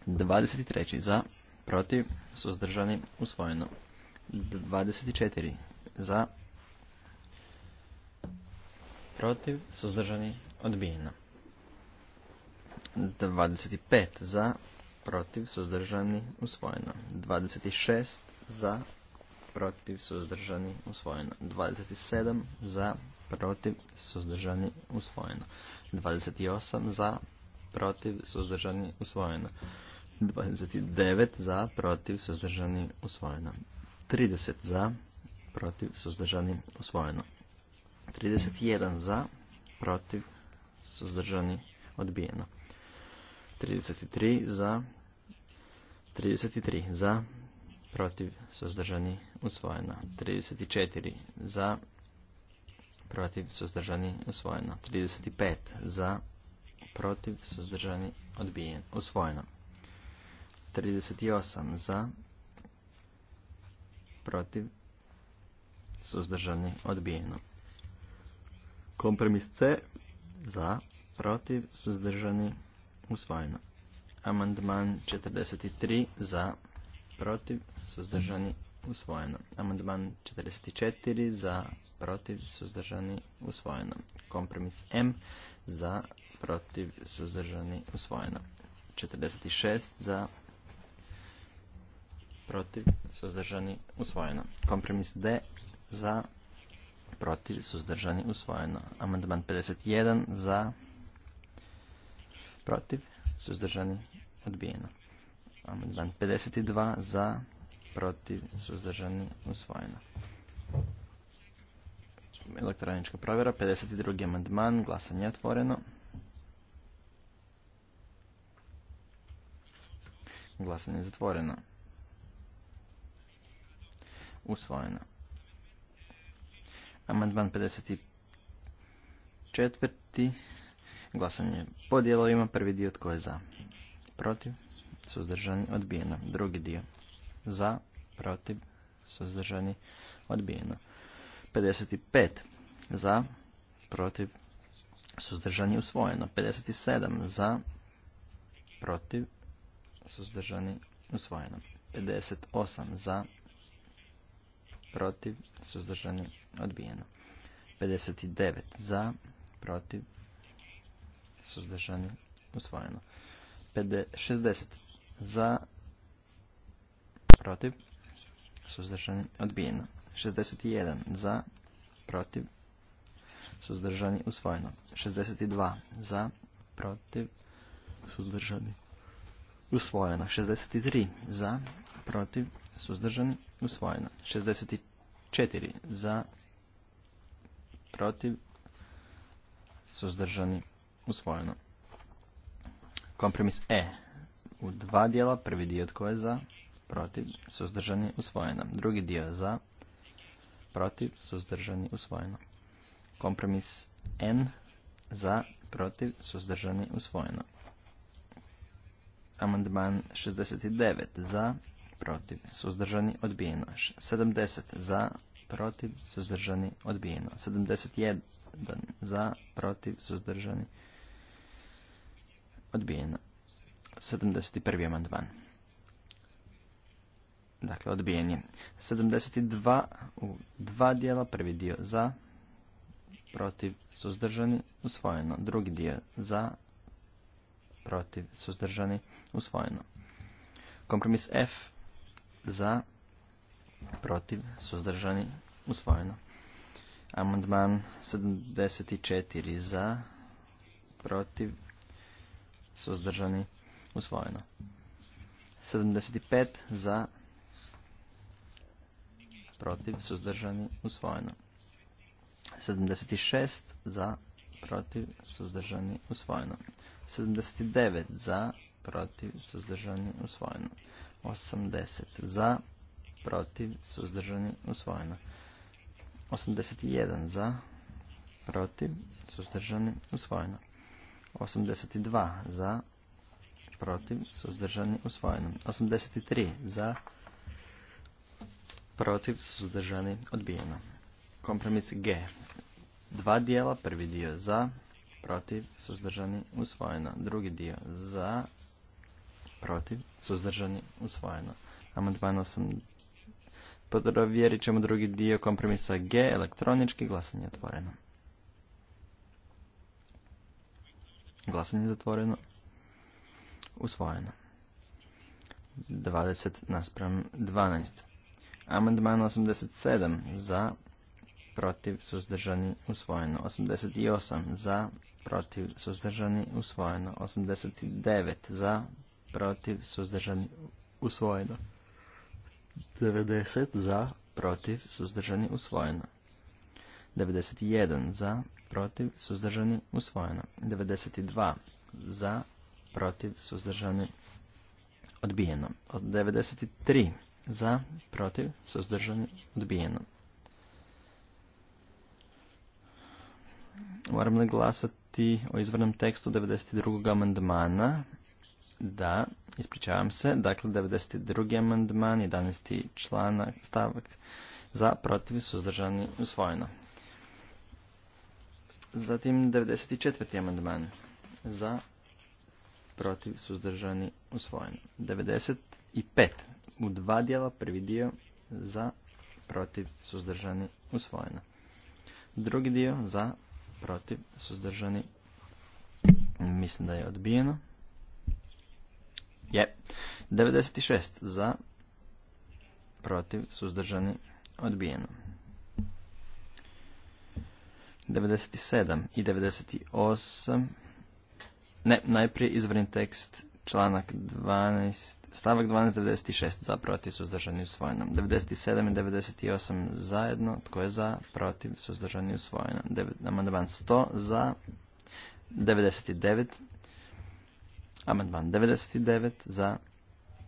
Dvadeset treći za, protiv, suzdržani, usvojeno. Dvadeset četiri za, protiv, suzdržani, odbijeno. Dvadeset pet za, protiv, suzdržani, usvojeno. 26 za, protiv, suzdržani, usvojeno. 27 za, protiv, suzdržani, usvojeno. 28 za, protiv, suzdržani, usvojeno. 29 za, protiv, suzdržani, usvojeno. 30 za, protiv, suzdržani, usvojeno. 31 za, protiv, suzdržani, odbijeno. 33 za, 33 za, protiv, suzdržani, usvojeno. 34 za, protiv, suzdržani, usvojeno. 35 za, protiv, suzdržani, odbijen, usvojeno. 38 za, protiv, suzdržani, odbijeno. Kompromis C za, protiv, suzdržani, usvojeno. Amandman 43 za, protiv, suzdržani, usvojeno. Amandman 44 za, protiv, suzdržani, usvojeno. Kompromis M za, protiv, suzdržani, usvojeno. 46 za, protiv, suzdržani, usvojeno. Kompromis D za, protiv, suzdržani, usvojeno. Amandman 51 za, protiv, suzdržani, odbijeno. Amandman 52 za, protiv, suzdržani, usvojeno. Elektronička provjera, 52. amandman, glasanje je otvoreno. Glasanje je zatvoreno. Usvojeno. Amandman 54. Glasanje po dijelovima. Prvi dio tko je za? Protiv? Suzdržani? Odbijeno. Drugi dio. Za? Protiv? Suzdržani? Odbijeno. 55. Za? Protiv? Suzdržani? Usvojeno. 57. Za? Protiv? Suzdržani? Usvojeno. 58. Za? Protiv? Suzdržani? Odbijeno. 59. Za? Protiv? suzdržani, usvojeno. 60 za, protiv, suzdržani, odbijeno. 61 za, protiv, suzdržani, usvojeno. 62 za, protiv, suzdržani, usvojeno. 63 za, protiv, suzdržani, usvojeno. 64 za, protiv, suzdržani, Usvojeno. Kompromis E. U dva dijela, prvi dio tko je za, protiv, suzdržani, usvojeno. Drugi dio za, protiv, suzdržani, usvojeno. Kompromis N. Za, protiv, suzdržani, usvojeno. Amandman 69. Za, protiv, suzdržani, odbijeno. 70. Za, protiv, suzdržani, odbijeno. 71. Za, protiv, suzdržani, Odbijeno. 71. amandman. Dakle, odbijen je. 72 u dva dijela. Prvi dio za, protiv, suzdržani, usvojeno. Drugi dio za, protiv, suzdržani, usvojeno. Kompromis F za, protiv, suzdržani, usvojeno. Amandman 74 za, protiv, suzdržani, usvojeno. 75 za, protiv, suzdržani, usvojeno. 76 za, protiv, suzdržani, usvojeno. 79 za, protiv, suzdržani, usvojeno. 80 za, protiv, suzdržani, usvojeno. 81 za, protiv, suzdržani, usvojeno. 82 za, protiv, suzdržani, usvojeno. 83 za, protiv, suzdržani, odbijeno. Kompromis G. Dva dijela, prvi dio za, protiv, suzdržani, usvojeno. Drugi dio za, protiv, suzdržani, usvojeno. Amandman 8. Podrovjerit ćemo drugi dio kompromisa G, elektronički glasanje otvoreno. Glasanje je zatvoreno. Usvojeno. 20 naspram 12. Amandman 87 za, protiv, suzdržani, usvojeno. 88 za, protiv, suzdržani, usvojeno. 89 za, protiv, suzdržani, usvojeno. 90 za, protiv, suzdržani, usvojeno. 91 za, protiv, suzdržani, usvojeno. 92 za, protiv, suzdržani, odbijeno. 93 za, protiv, suzdržani, odbijeno. Moram li glasati o izvornom tekstu 92. amandmana? Da, ispričavam se. Dakle, 92. amandman, 11. članak, stavak za, protiv, suzdržani, usvojeno. Zatim 94. amandman za protiv suzdržani usvojen. 95. U dva dijela prvi dio za protiv suzdržani usvojeno. Drugi dio za protiv suzdržani mislim da je odbijeno. Je. 96 za protiv suzdržani odbijeno. 97 i 98. Ne, najprije izvrni tekst članak 12, stavak 12, 96 za protiv suzdržani usvojeno. 97 i 98 zajedno, tko je za, protiv suzdržani usvojeno. Amandman 100 za, 99, amandman 99 za,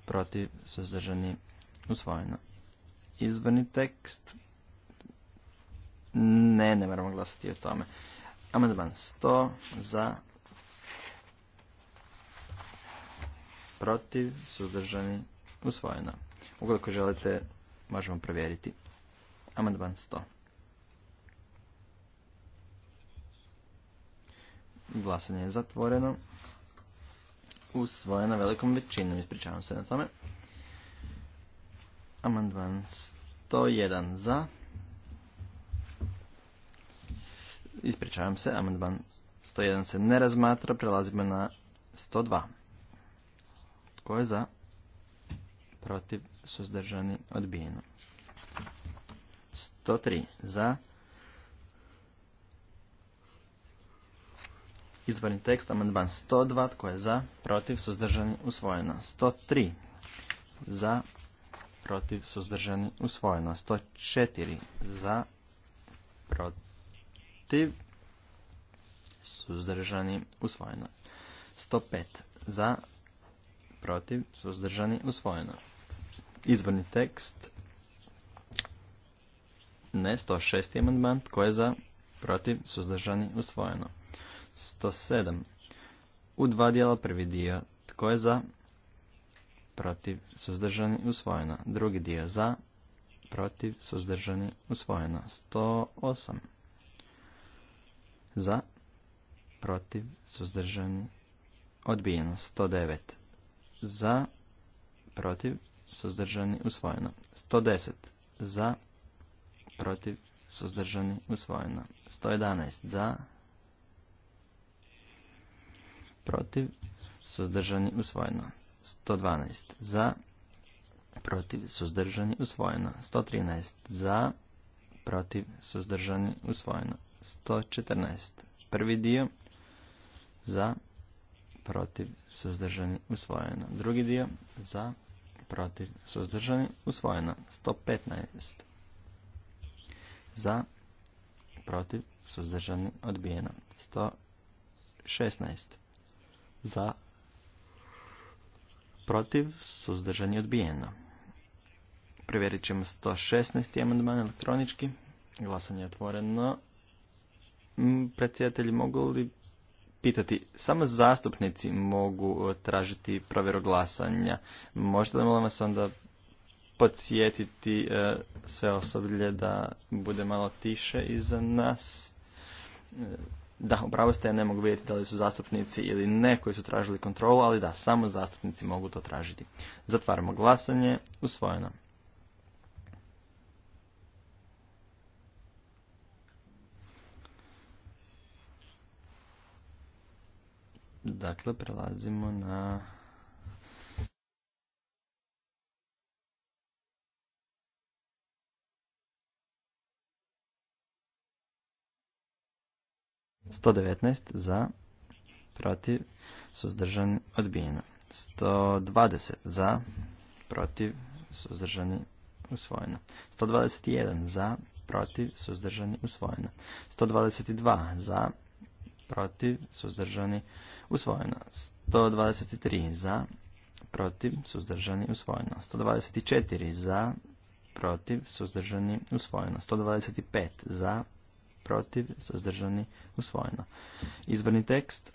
protiv suzdržani usvojeno. Izvrni tekst ne, ne moramo glasati o tome. Amandman 100 za protiv, suzdržani, usvojeno. Ukoliko želite, možemo provjeriti. Amandman 100. Glasanje je zatvoreno. Usvojeno velikom većinom, ispričavam se na tome. Amandman 101 za, Ispričavam se, amandman 101 se ne razmatra, prelazimo na 102. Tko je za? Protiv, suzdržani, odbijeno. 103 za. Izvorni tekst, amandman 102, tko je za, protiv, suzdržani, usvojeno. 103 za, protiv, suzdržani, usvojeno. 104 za, protiv protiv, suzdržani, usvojeno. 105 za, protiv, suzdržani, usvojeno. Izvorni tekst, ne, 106. amandman, tko je za, protiv, suzdržani, usvojeno. 107. U dva dijela prvi dio, tko je za, protiv, suzdržani, usvojeno. Drugi dio za, protiv, suzdržani, usvojeno. 108 za, protiv, suzdržani, odbijeno. 109 za, protiv, suzdržani, usvojeno. 110 za, protiv, suzdržani, usvojeno. 111 za, protiv, suzdržani, usvojeno. 112 za, protiv, suzdržani, usvojeno. 113 za, protiv, suzdržani, usvojeno. 114. Prvi dio za, protiv, suzdržani, usvojeno. Drugi dio za, protiv, suzdržani, usvojeno. 115. Za, protiv, suzdržani, odbijeno. 116. Za, protiv, suzdržani, odbijeno. Provjerit ćemo 116. amandman elektronički. Glasanje je otvoreno. Mm, predsjedatelji, mogu li pitati, samo zastupnici mogu e, tražiti provjeru glasanja. Možete li molim vas onda podsjetiti e, sve osoblje da bude malo tiše iza nas? E, da, da, upravo ste, ja ne mogu vidjeti da li su zastupnici ili ne koji su tražili kontrolu, ali da, samo zastupnici mogu to tražiti. Zatvaramo glasanje, usvojeno. Dakle, prelazimo na sto devetnaest za protiv suzdržani odbijeno 120 za protiv suzdržani usvojeno 121 za protiv suzdržani usvojeno 122 za protiv suzdržani usvojeno. 123 za, protiv, suzdržani, usvojeno. 124 za, protiv, suzdržani, usvojeno. 125 za, protiv, suzdržani, usvojeno. Izvorni tekst,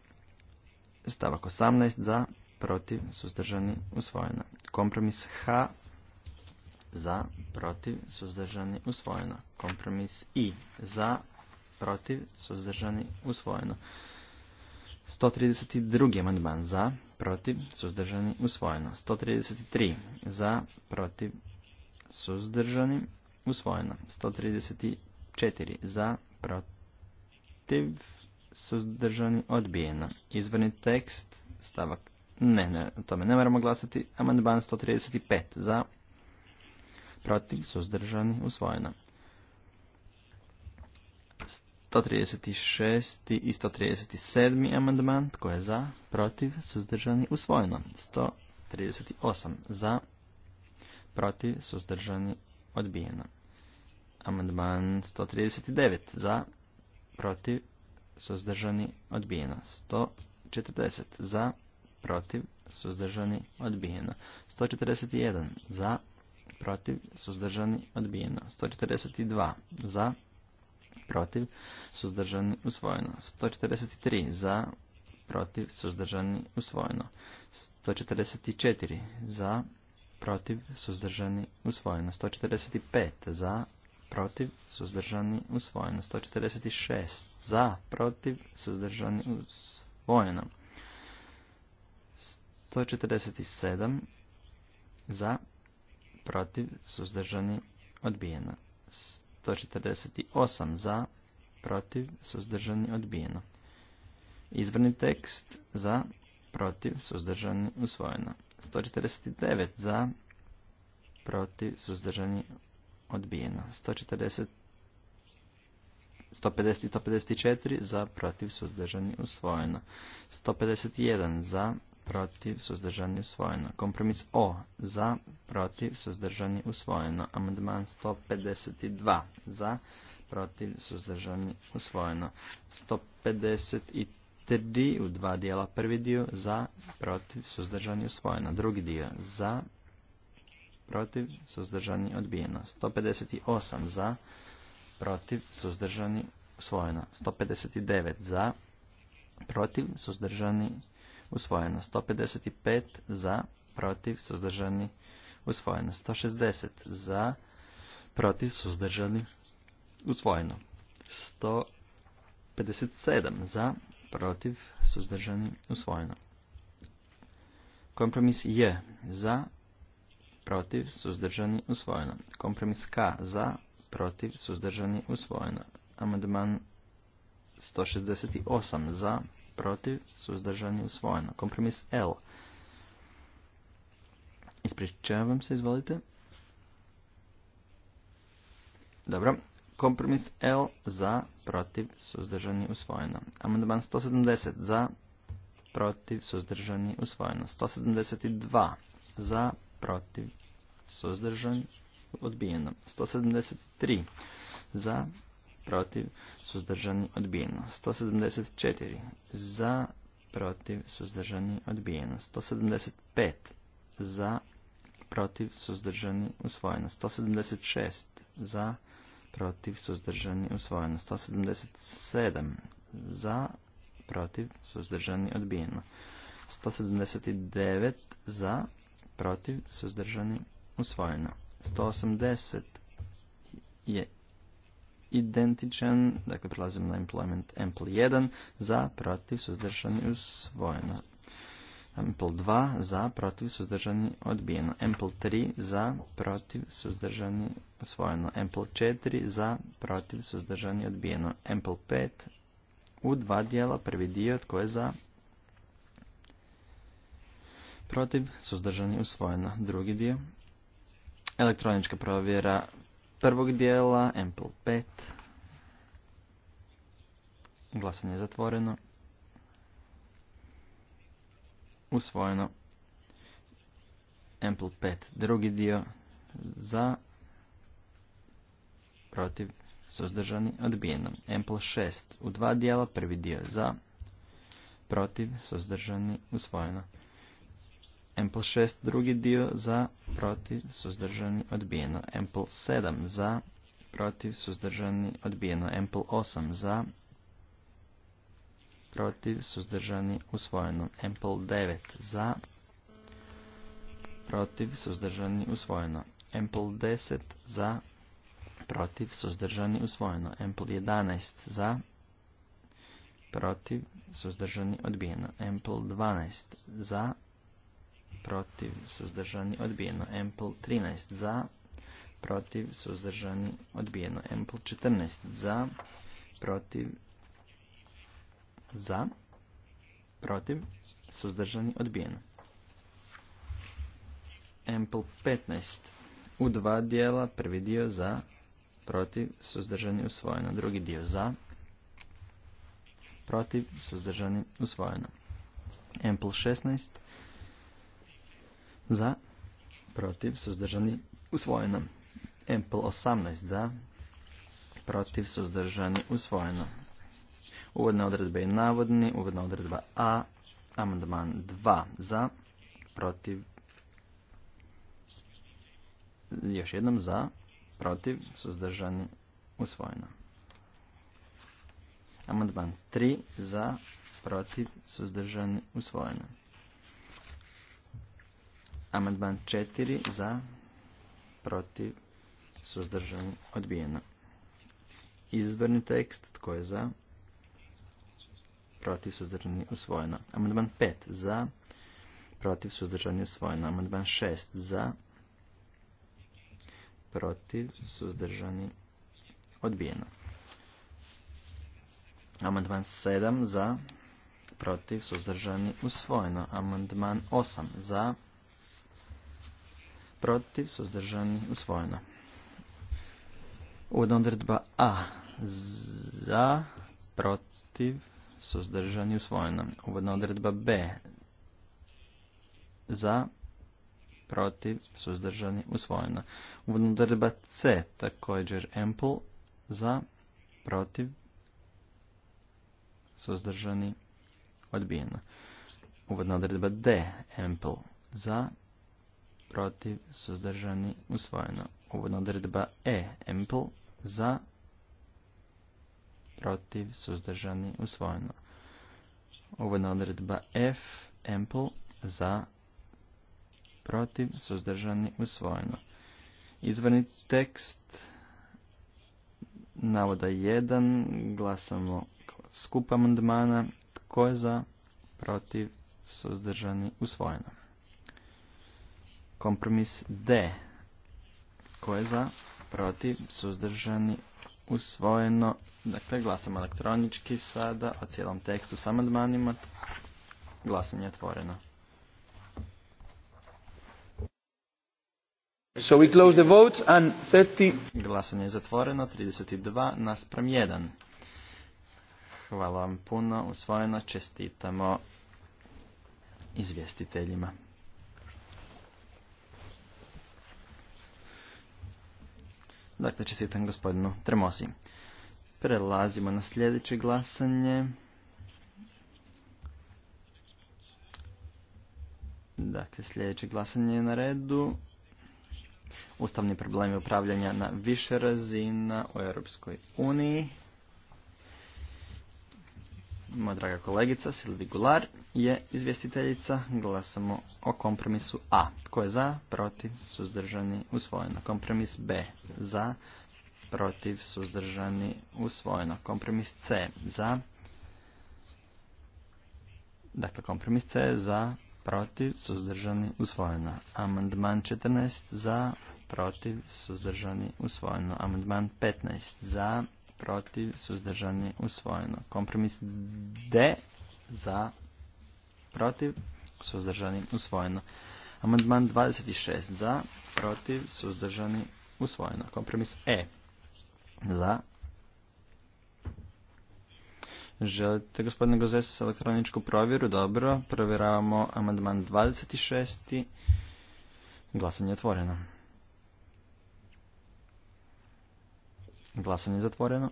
stavak 18 za, protiv, suzdržani, usvojeno. Kompromis H za, protiv, suzdržani, usvojeno. Kompromis I za, protiv, suzdržani, usvojeno. 132. amandman za, protiv, suzdržani, usvojeno. 133. za, protiv, suzdržani, usvojeno. 134. za, protiv, suzdržani, odbijeno. Izvrni tekst, stavak, ne, ne, o tome ne moramo glasati. Amandman 135. za, protiv, suzdržani, usvojeno. 136. i 137. amandman. Tko je za? Protiv? Suzdržani? Usvojeno. 138. Za? Protiv? Suzdržani? Odbijeno. Amandman 139. Za? Protiv? Suzdržani? Odbijeno. 140. Za? Protiv? Suzdržani? Odbijeno. 141. Za? Protiv? Suzdržani? Odbijeno. 142. Za? Protiv? protiv, suzdržani, usvojeno. 143 za, protiv, suzdržani, usvojeno. 144 za, protiv, suzdržani, usvojeno. 145 za, protiv, suzdržani, usvojeno. 146 za, protiv, suzdržani, usvojeno. 147 za, protiv, suzdržani, odbijeno. 148 za, protiv, suzdržani, odbijeno. Izvrni tekst za, protiv, suzdržani, usvojeno. 149 za, protiv, suzdržani, odbijeno. 140, 150 i 154 za, protiv, suzdržani, usvojeno. 151 za, protiv, suzdržani, usvojeno. Kompromis O, za, protiv, suzdržani, usvojeno. Amandman 152, za, protiv, suzdržani, usvojeno. 153 u dva dijela, prvi dio, za, protiv, suzdržani, usvojeno. Drugi dio, za, protiv, suzdržani, odbijeno. 158 za, protiv, suzdržani, usvojeno. 159 za, protiv, suzdržani, usvojeno usvojeno 155 za, protiv, suzdržani, usvojeno 160 za, protiv, suzdržani, usvojeno 157 za, protiv, suzdržani, usvojeno. Kompromis je za, protiv, suzdržani, usvojeno. Kompromis K za, protiv, suzdržani, usvojeno. Amandman 168 za, protiv, suzdržani, usvojeno. Kompromis L. Ispričavam se, izvolite. Dobro. Kompromis L za, protiv, suzdržani, usvojeno. Amandman 170 za, protiv, suzdržani, usvojeno. 172 za, protiv, suzdržani, odbijeno. 173 za, protiv, suzdržani, odbijeno. 174 za, protiv, suzdržani, odbijeno. 175 za, protiv, suzdržani, usvojeno. 176 za, protiv, suzdržani, usvojeno. 177 za, protiv, suzdržani, odbijeno. 179 za, protiv, suzdržani, usvojeno. 180 je identičan, dakle prelazimo na employment ample 1, za, protiv, suzdržani, usvojeno. Ample 2, za, protiv, suzdržani, odbijeno. Ample 3, za, protiv, suzdržani, usvojeno. Ample 4, za, protiv, suzdržani, odbijeno. Ample 5, u dva dijela, prvi dio, tko je za, protiv, suzdržani, usvojeno. Drugi dio, elektronička provjera prvog dijela, Ample 5. Glasanje je zatvoreno. Usvojeno. Ample 5, drugi dio, za, protiv, suzdržani, odbijeno. Ample 6, u dva dijela, prvi dio, za, protiv, suzdržani, usvojeno plus 6 drugi dio za protiv suzdržani odbijeno. plus 7 za protiv suzdržani odbijeno. plus 8 za protiv suzdržani usvojeno. plus 9 za protiv suzdržani usvojeno. plus 10 za protiv suzdržani usvojeno. plus 11 za protiv suzdržani odbijeno. plus 12 za protiv protiv, suzdržani, odbijeno. Ample 13 za, protiv, suzdržani, odbijeno. Ample 14 za, protiv, za, protiv, suzdržani, odbijeno. Ample 15 u dva dijela, prvi dio za, protiv, suzdržani, usvojeno. Drugi dio za, protiv, suzdržani, usvojeno. Ample 16 za, protiv, suzdržani, usvojeno. MPL 18 za, protiv, suzdržani, usvojeno. Uvodna odredbe i navodni, uvodna odredba A, amandman 2 za, protiv, još jednom za, protiv, suzdržani, usvojeno. Amandman 3 za, protiv, suzdržani, usvojeno. Amandman 4 za, protiv, suzdržani, odbijeno. Izborni tekst, tko je za, protiv, suzdržani, usvojeno. Amandman 5 za, protiv, suzdržani, usvojeno. Amandman 6 za, protiv, suzdržani, odbijeno. Amandman 7 za, protiv, suzdržani, usvojeno. Amandman 8 za, protiv, protiv, suzdržani, usvojeno. Uvodna odredba A. Za, protiv, suzdržani, usvojeno. Uvodna odredba B. Za, protiv, suzdržani, usvojeno. Uvodna odredba C. Također ample. Za, protiv, suzdržani, odbijeno. Uvodna odredba D. Ample. Za, protiv, suzdržani, usvojeno. Uvodna odredba E, ample, za, protiv, suzdržani, usvojeno. Uvodna odredba F, ample, za, protiv, suzdržani, usvojeno. Izvrni tekst navoda 1, glasamo skupa amandmana, tko je za, protiv, suzdržani, usvojeno. Kompromis D. Ko je za? Protiv? Suzdržani? Usvojeno. Dakle, glasamo elektronički sada o cijelom tekstu s amandmanima. Glasanje je otvoreno. So we close the votes and 30... Glasanje je zatvoreno, 32 naspram 1. Hvala vam puno, usvojeno, čestitamo izvjestiteljima. Dakle, čestitam gospodinu Tremosi. Prelazimo na sljedeće glasanje. Dakle, sljedeće glasanje je na redu. Ustavni problemi upravljanja na više razina u Europskoj uniji moja draga kolegica Silvi Gular je izvjestiteljica. Glasamo o kompromisu A. Tko je za, protiv, suzdržani, usvojeno. Kompromis B. Za, protiv, suzdržani, usvojeno. Kompromis C. Za, dakle kompromis C. Za, protiv, suzdržani, usvojeno. Amandman 14. Za, protiv, suzdržani, usvojeno. Amandman 15. Za, protiv, suzdržani, usvojeno. Kompromis D za, protiv, suzdržani, usvojeno. Amandman 26 za, protiv, suzdržani, usvojeno. Kompromis E za. Želite, gospodine Gozes, elektroničku provjeru? Dobro, provjeravamo amandman 26. Glasanje je otvoreno. Glasanje je zatvoreno.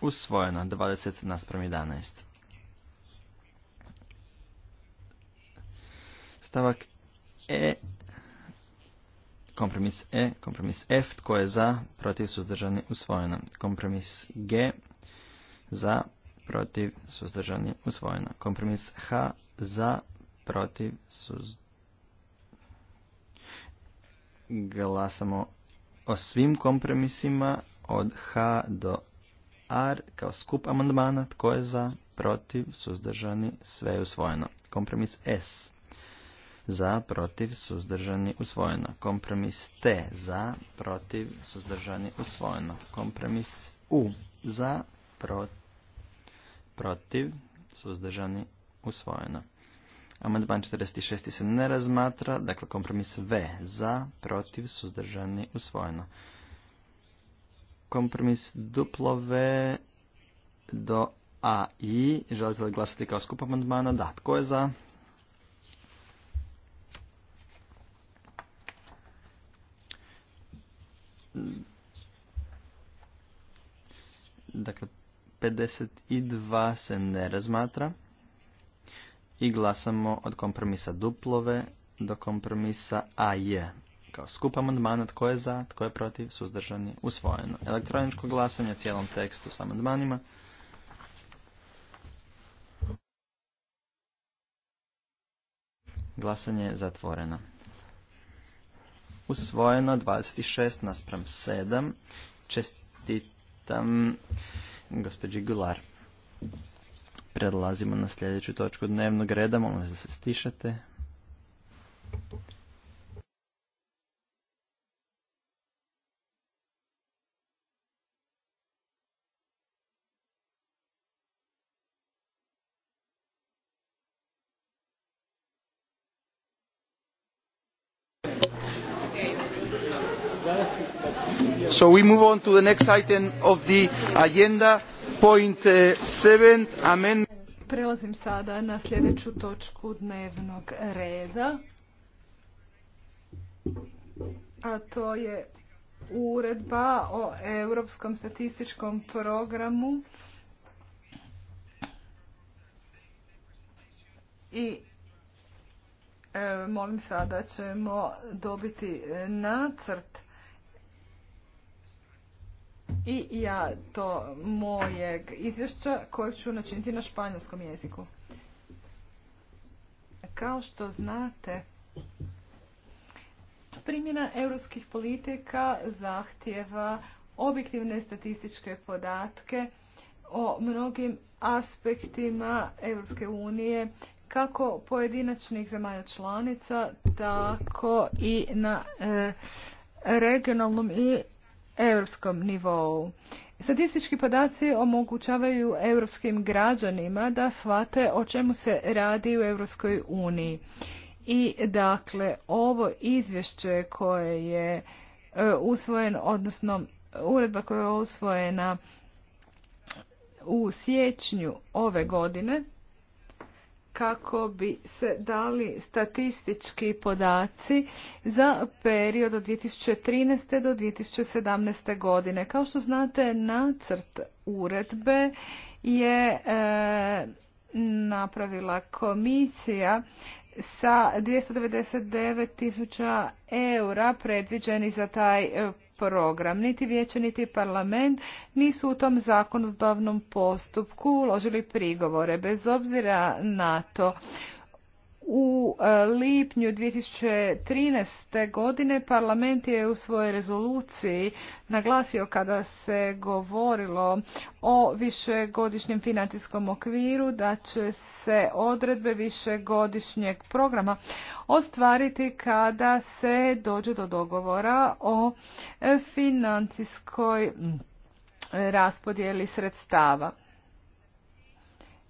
Usvojeno 20 naspram 11. Stavak E. Kompromis E. Kompromis F. Tko je za? Protiv suzdržani usvojeno. Kompromis G. Za. Protiv suzdržani usvojeno. Kompromis H. Za. Protiv suzdržani. Glasamo o svim kompromisima od H do R kao skup amandmana. Tko je za? Protiv? Suzdržani? Sve je usvojeno. Kompromis S. Za, protiv, suzdržani, usvojeno. Kompromis T. Za, protiv, suzdržani, usvojeno. Kompromis U. Za, protiv, suzdržani, usvojeno. Amandman 46. se ne razmatra, dakle kompromis V za, protiv, suzdržani, usvojeno. Kompromis duplo V do A i, želite li glasati kao skup amandmana? Da, tko je za? Dakle, 52 se ne razmatra i glasamo od kompromisa duplove do kompromisa AJ. Kao skup amandmana tko je za, tko je protiv, suzdržani, usvojeno. Elektroničko glasanje cijelom tekstu s amandmanima. Glasanje je zatvoreno. Usvojeno 26 naspram 7. Čestitam gospođi Gular. Prelazimo na sljedeću točku dnevnog reda, molim vas da se stišate. So we move on to the next item of the agenda. Eh, Prelazim sada na sljedeću točku dnevnog reda, a to je uredba o Europskom statističkom programu i eh, molim sada ćemo dobiti nacrt i ja to mojeg izvješća koje ću načiniti na španjolskom jeziku. Kao što znate, primjena europskih politika zahtjeva objektivne statističke podatke o mnogim aspektima Europske unije kako pojedinačnih zemalja članica, tako i na e, regionalnom i europskom nivou. Statistički podaci omogućavaju europskim građanima da shvate o čemu se radi u Europskoj uniji. I dakle, ovo izvješće koje je e, usvojen, odnosno uredba koja je usvojena u siječnju ove godine, kako bi se dali statistički podaci za period od 2013. do 2017. godine. Kao što znate, nacrt uredbe je e, napravila komisija sa 299.000 tisuća eura predviđeni za taj program. Niti vijeće, niti parlament nisu u tom zakonodavnom postupku uložili prigovore. Bez obzira na to u e, lipnju 2013. godine parlament je u svojoj rezoluciji naglasio kada se govorilo o višegodišnjem financijskom okviru da će se odredbe višegodišnjeg programa ostvariti kada se dođe do dogovora o financijskoj raspodjeli sredstava.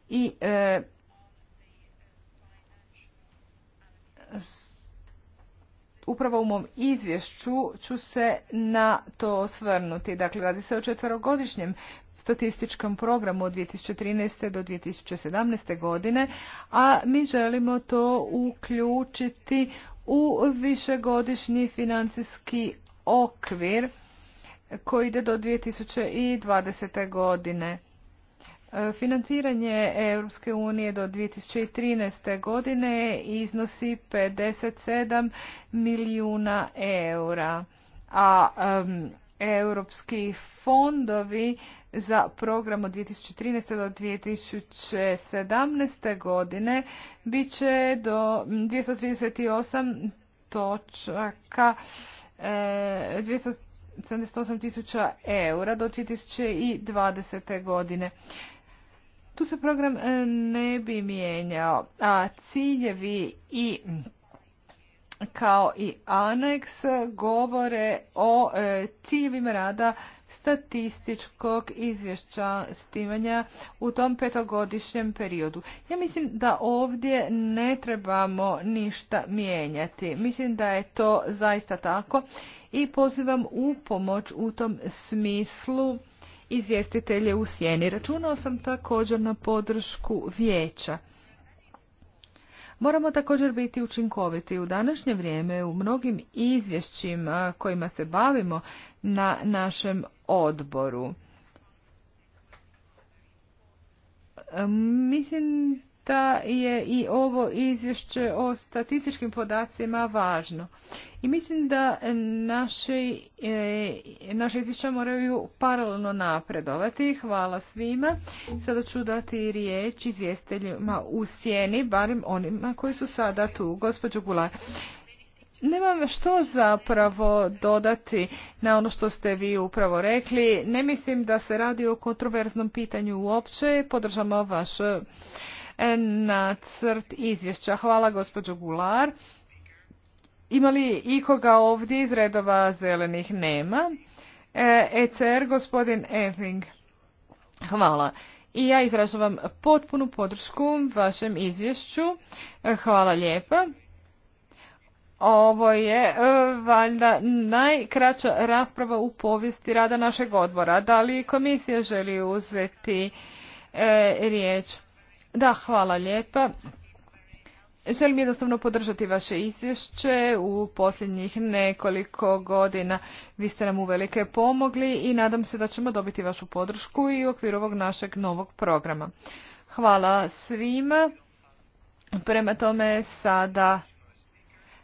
I e, upravo u mom izvješću ću se na to osvrnuti. Dakle, radi se o četverogodišnjem statističkom programu od 2013. do 2017. godine, a mi želimo to uključiti u višegodišnji financijski okvir koji ide do 2020. godine. E, financiranje Europske unije do 2013. godine iznosi 57 milijuna eura, a um, europski fondovi za program od 2013. do 2017. godine bit će do 238 točaka e, 78 tisuća eura do 2020. godine. Tu se program e, ne bi mijenjao, a ciljevi i kao i aneks govore o e, ciljevima rada statističkog izvješća stimanja u tom petogodišnjem periodu. Ja mislim da ovdje ne trebamo ništa mijenjati. Mislim da je to zaista tako i pozivam u pomoć u tom smislu izvjestitelje u sjeni. Računao sam također na podršku vijeća. Moramo također biti učinkoviti. U današnje vrijeme u mnogim izvješćima kojima se bavimo na našem odboru. Mislim da je i ovo izvješće o statističkim podacima važno. I mislim da naše, e, naše izvješća moraju paralelno napredovati. Hvala svima. Sada ću dati riječ izvjesteljima u sjeni, barem onima koji su sada tu. Gospođo Gular, nemam što zapravo dodati na ono što ste vi upravo rekli. Ne mislim da se radi o kontroverznom pitanju uopće. Podržamo vaše nacrt izvješća. Hvala gospođo Gular. Ima li ikoga ovdje iz redova zelenih? Nema. ECR, e gospodin Eving. Hvala. I ja izražavam potpunu podršku vašem izvješću. E, hvala lijepa. Ovo je e, valjda najkraća rasprava u povijesti rada našeg odbora. Da li komisija želi uzeti riječ? Da, hvala lijepa. Želim jednostavno podržati vaše izvješće. U posljednjih nekoliko godina vi ste nam uvelike pomogli i nadam se da ćemo dobiti vašu podršku i u okviru ovog našeg novog programa. Hvala svima. Prema tome sada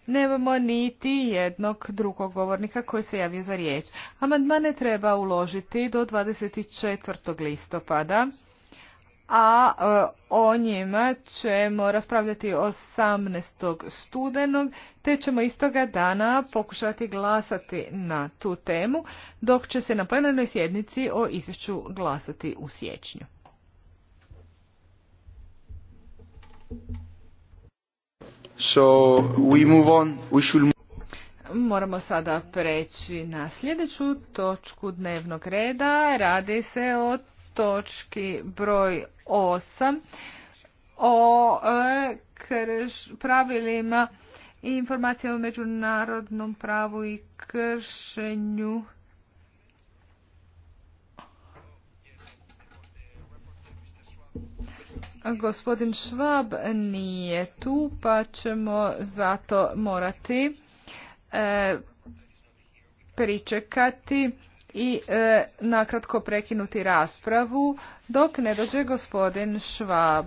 nemamo niti jednog drugog govornika koji se javio za riječ. Amandmane treba uložiti do 24. listopada a e, o njima ćemo raspravljati 18. studenog, te ćemo istoga dana pokušati glasati na tu temu, dok će se na plenarnoj sjednici o izvješću glasati u siječnju. So, we move on. We should... Moramo sada preći na sljedeću točku dnevnog reda. Radi se o točki broj 8 o e, pravilima i informacija o međunarodnom pravu i kršenju Gospodin Švab nije tu, pa ćemo zato morati e, pričekati i e, nakratko prekinuti raspravu dok ne dođe gospodin Švab.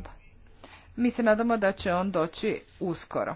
Mi se nadamo da će on doći uskoro.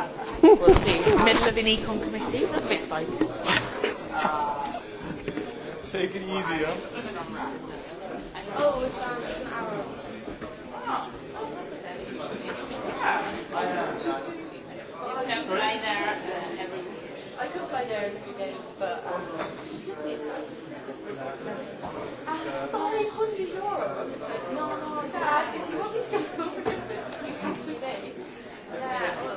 Middle of econ committee. bit Take it easy, Oh, it's, an hour. I there I could there in two but um, No, Dad, if you want me to [LAUGHS] Yeah,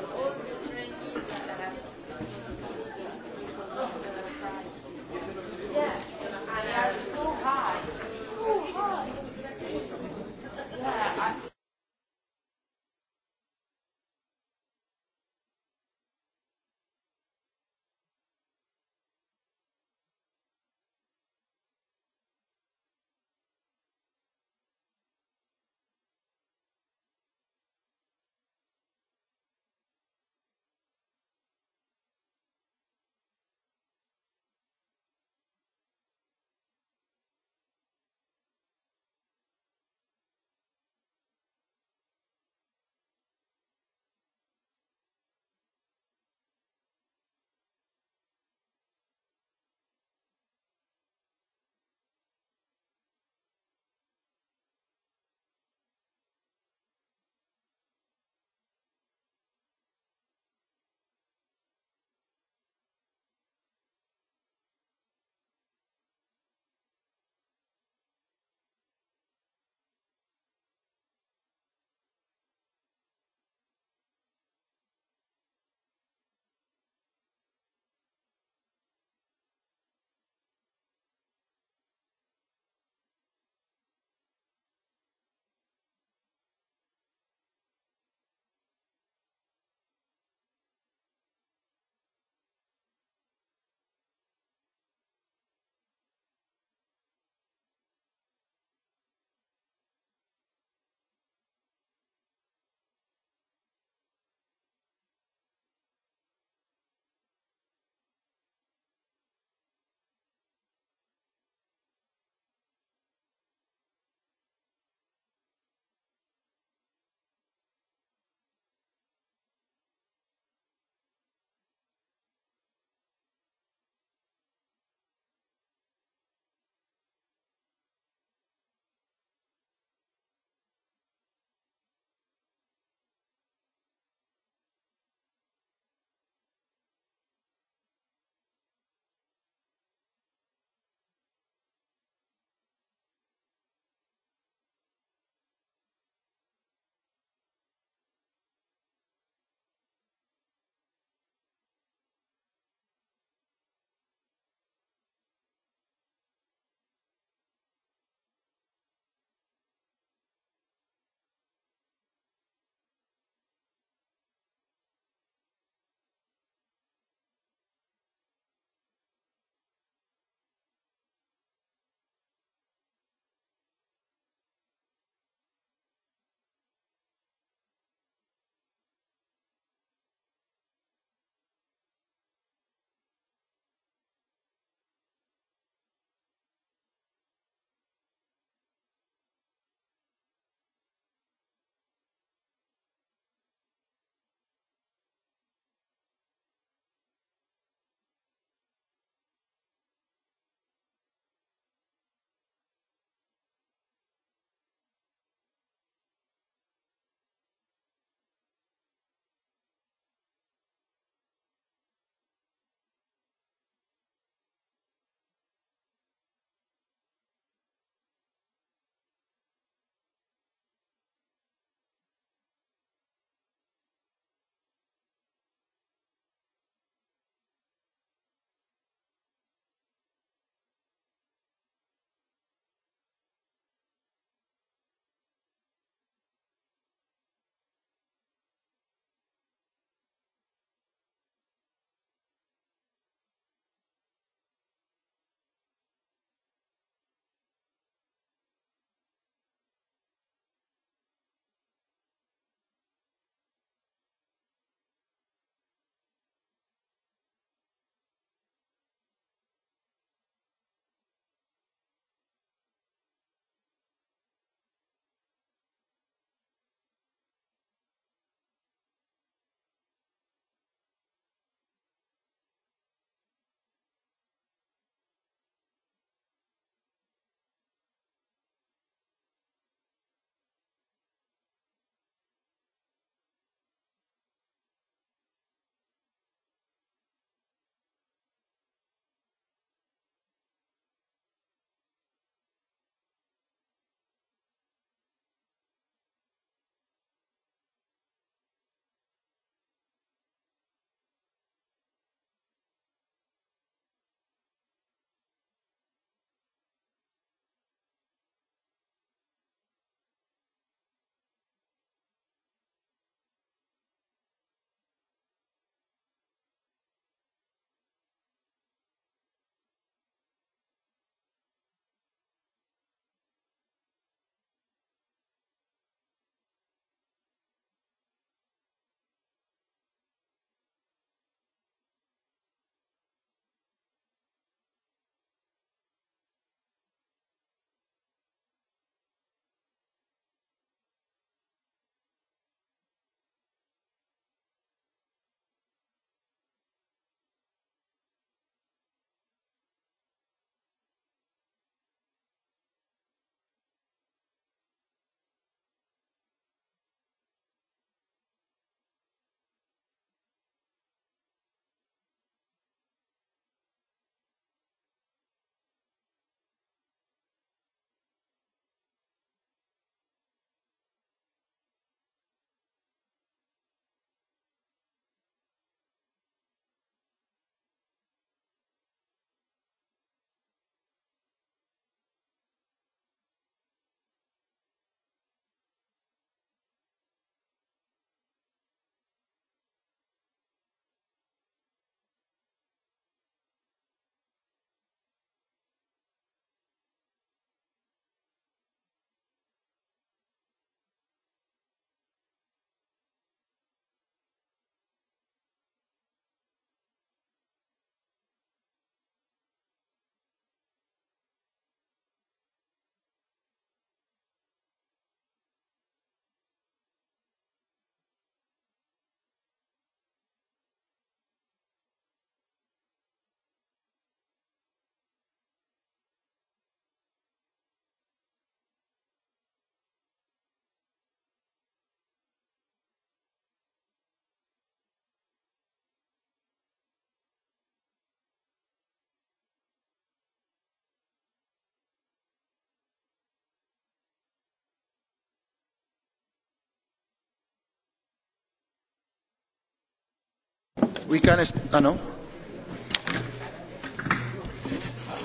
we can ah no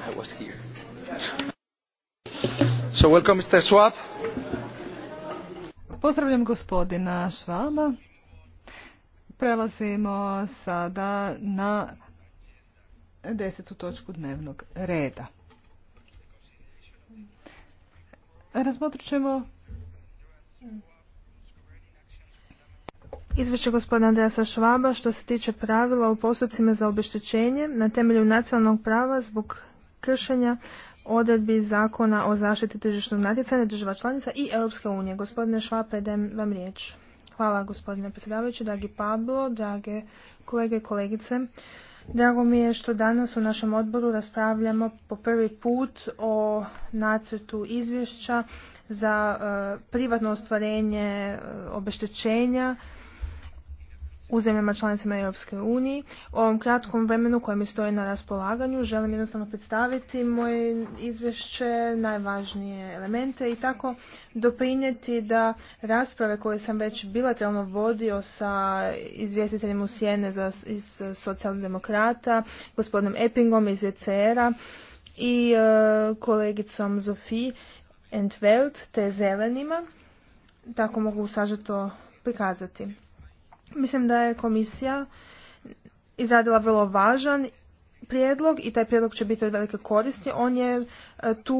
I was here so welcome Mr. Schwab Pozdravljam gospodina Švaba Prelazimo sada na desetu točku dnevnog reda. Razmotrit ćemo Izvješće gospodina Andreasa Švaba što se tiče pravila u postupcima za obeštećenje na temelju nacionalnog prava zbog kršenja odredbi zakona o zaštiti tržišnog natjecanja država članica i Europske unije. Gospodine Švab, predajem vam riječ. Hvala gospodine predsjedavajući, dragi Pablo, drage kolege i kolegice. Drago mi je što danas u našem odboru raspravljamo po prvi put o nacrtu izvješća za e, privatno ostvarenje e, obeštećenja u zemljama članicama Europske unije. U ovom kratkom vremenu koje mi stoji na raspolaganju želim jednostavno predstaviti moje izvješće, najvažnije elemente i tako doprinijeti da rasprave koje sam već bilateralno vodio sa izvjestiteljem u Sjene za, iz socijaldemokrata, gospodinom Eppingom iz ECR-a i e, kolegicom Zofie Entveld te zelenima, tako mogu sažeto prikazati. Mislim da je komisija izradila vrlo važan prijedlog i taj prijedlog će biti od velike koristi. On je e, tu,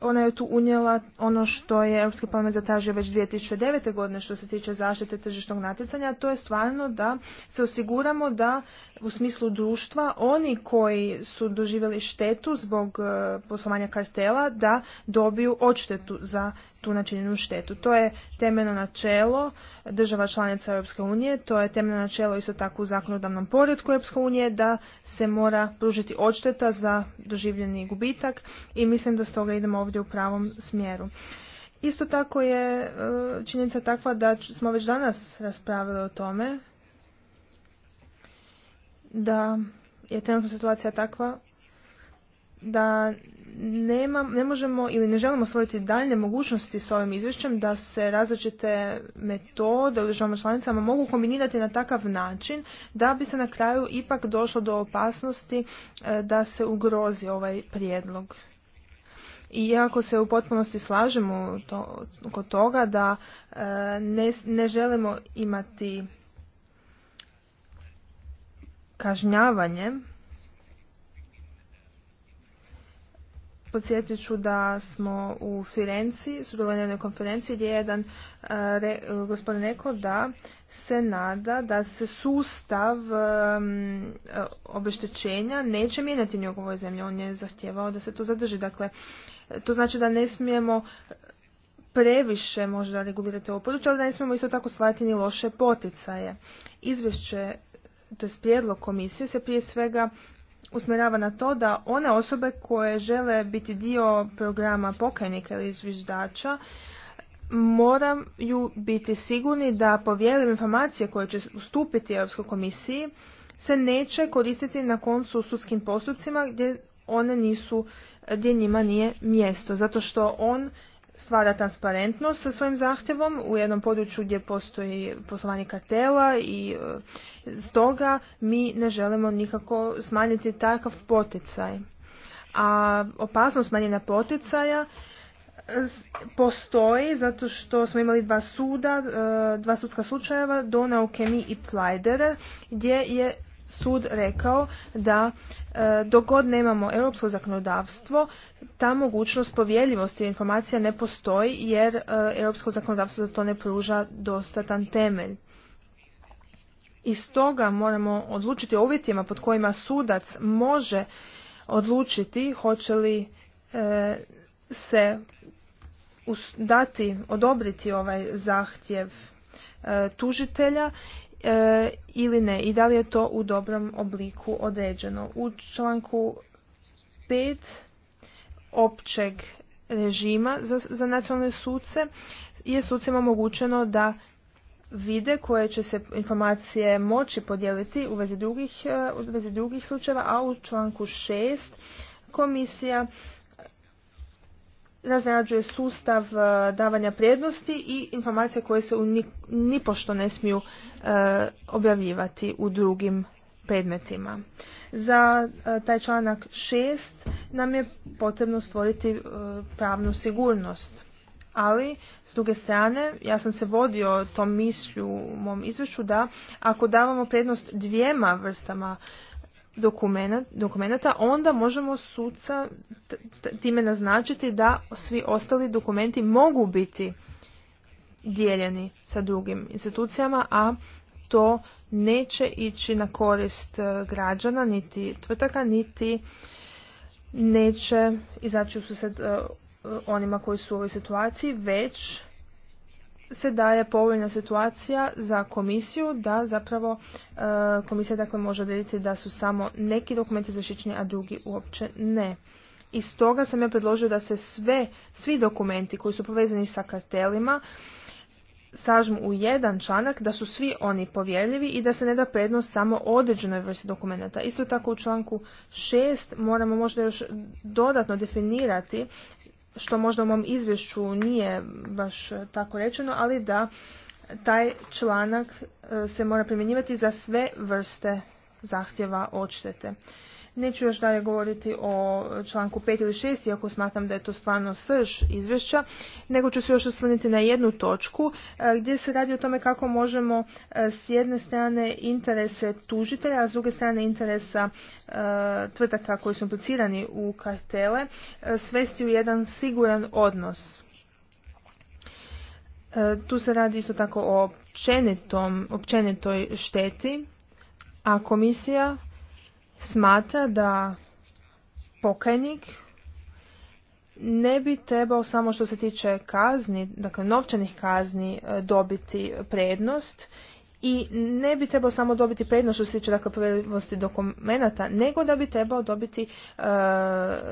ona je tu unijela ono što je Europski parlament zatražio već 2009. godine što se tiče zaštite tržišnog natjecanja, to je stvarno da se osiguramo da u smislu društva oni koji su doživjeli štetu zbog e, poslovanja kartela da dobiju odštetu za tu načinjenu štetu. To je temeljno načelo država članica Europske unije, to je temeljno načelo isto tako u zakonodavnom poredku Europske unije da se mora pružiti odšteta za doživljeni gubitak i mislim da stoga idemo ovdje u pravom smjeru. Isto tako je e, činjenica takva da smo već danas raspravili o tome da je trenutno situacija takva da nema, ne možemo ili ne želimo stvoriti daljne mogućnosti s ovim izvješćem da se različite metode u državama članicama mogu kombinirati na takav način da bi se na kraju ipak došlo do opasnosti e, da se ugrozi ovaj prijedlog. iako se u potpunosti slažemo to, kod toga da e, ne, ne želimo imati kažnjavanje Podsjetit ću da smo u Firenci, sudjelovali konferenciji gdje je jedan e, gospodin rekao da se nada da se sustav e, e, obeštećenja neće mijenjati ni u ovoj zemlji. On je zahtjevao da se to zadrži. Dakle, to znači da ne smijemo previše možda regulirati ovo područje, ali da ne smijemo isto tako stvarati ni loše poticaje. Izvješće to je prijedlog komisije se prije svega usmjerava na to da one osobe koje žele biti dio programa pokajnika ili zviždača moraju biti sigurni da povjerljive informacije koje će ustupiti Europskoj komisiji se neće koristiti na koncu u sudskim postupcima gdje one nisu, gdje njima nije mjesto, zato što on stvara transparentnost sa svojim zahtjevom u jednom području gdje postoji poslovanje kartela i e, stoga mi ne želimo nikako smanjiti takav poticaj. A opasnost smanjenja poticaja e, postoji zato što smo imali dva suda, e, dva sudska slučajeva, Donau Kemi i Plajdere, gdje je sud rekao da e, dok god nemamo europsko zakonodavstvo ta mogućnost povjeljivosti informacija ne postoji jer e, europsko zakonodavstvo za to ne pruža dostatan temelj. I stoga moramo odlučiti o uvjetima pod kojima sudac može odlučiti hoće li e, se dati, odobriti ovaj zahtjev tužitelja E, ili ne i da li je to u dobrom obliku određeno. U članku 5 općeg režima za, za nacionalne suce je sucima omogućeno da vide koje će se informacije moći podijeliti u vezi drugih, e, u vezi drugih slučajeva, a u članku 6 komisija razrađuje sustav e, davanja prednosti i informacije koje se nipošto ne smiju e, objavljivati u drugim predmetima. Za e, taj članak 6 nam je potrebno stvoriti pravnu sigurnost. Ali, s druge strane, ja sam se vodio tom mislju u mom izvješću da ako davamo prednost dvijema vrstama dokumenata, onda možemo suca time naznačiti da svi ostali dokumenti mogu biti dijeljeni sa drugim institucijama, a to neće ići na korist e, građana, niti tvrtaka, niti neće izaći u susret e, e, onima koji su u ovoj situaciji, već se daje povoljna situacija za komisiju da zapravo e, komisija dakle može odrediti da su samo neki dokumenti zaštićeni, a drugi uopće ne. I stoga sam ja predložio da se sve, svi dokumenti koji su povezani sa kartelima sažmu u jedan članak, da su svi oni povjerljivi i da se ne da prednost samo određenoj vrsti dokumenta. Isto tako u članku šest moramo možda još dodatno definirati što možda u mom izvješću nije baš tako rečeno, ali da taj članak e, se mora primjenjivati za sve vrste zahtjeva odštete. Neću još dalje govoriti o članku 5 ili 6, iako smatram da je to stvarno srž izvješća, nego ću se još osvrnuti na jednu točku e, gdje se radi o tome kako možemo e, s jedne strane interese tužitelja, a s druge strane interesa e, tvrtaka koji su implicirani u kartele svesti u jedan siguran odnos. Tu se radi isto tako o općenitoj šteti, a komisija smatra da pokajnik ne bi trebao samo što se tiče kazni, dakle novčanih kazni e, dobiti prednost i ne bi trebao samo dobiti prednost što se tiče dakle povjerljivosti dokumenata, nego da bi trebao dobiti e,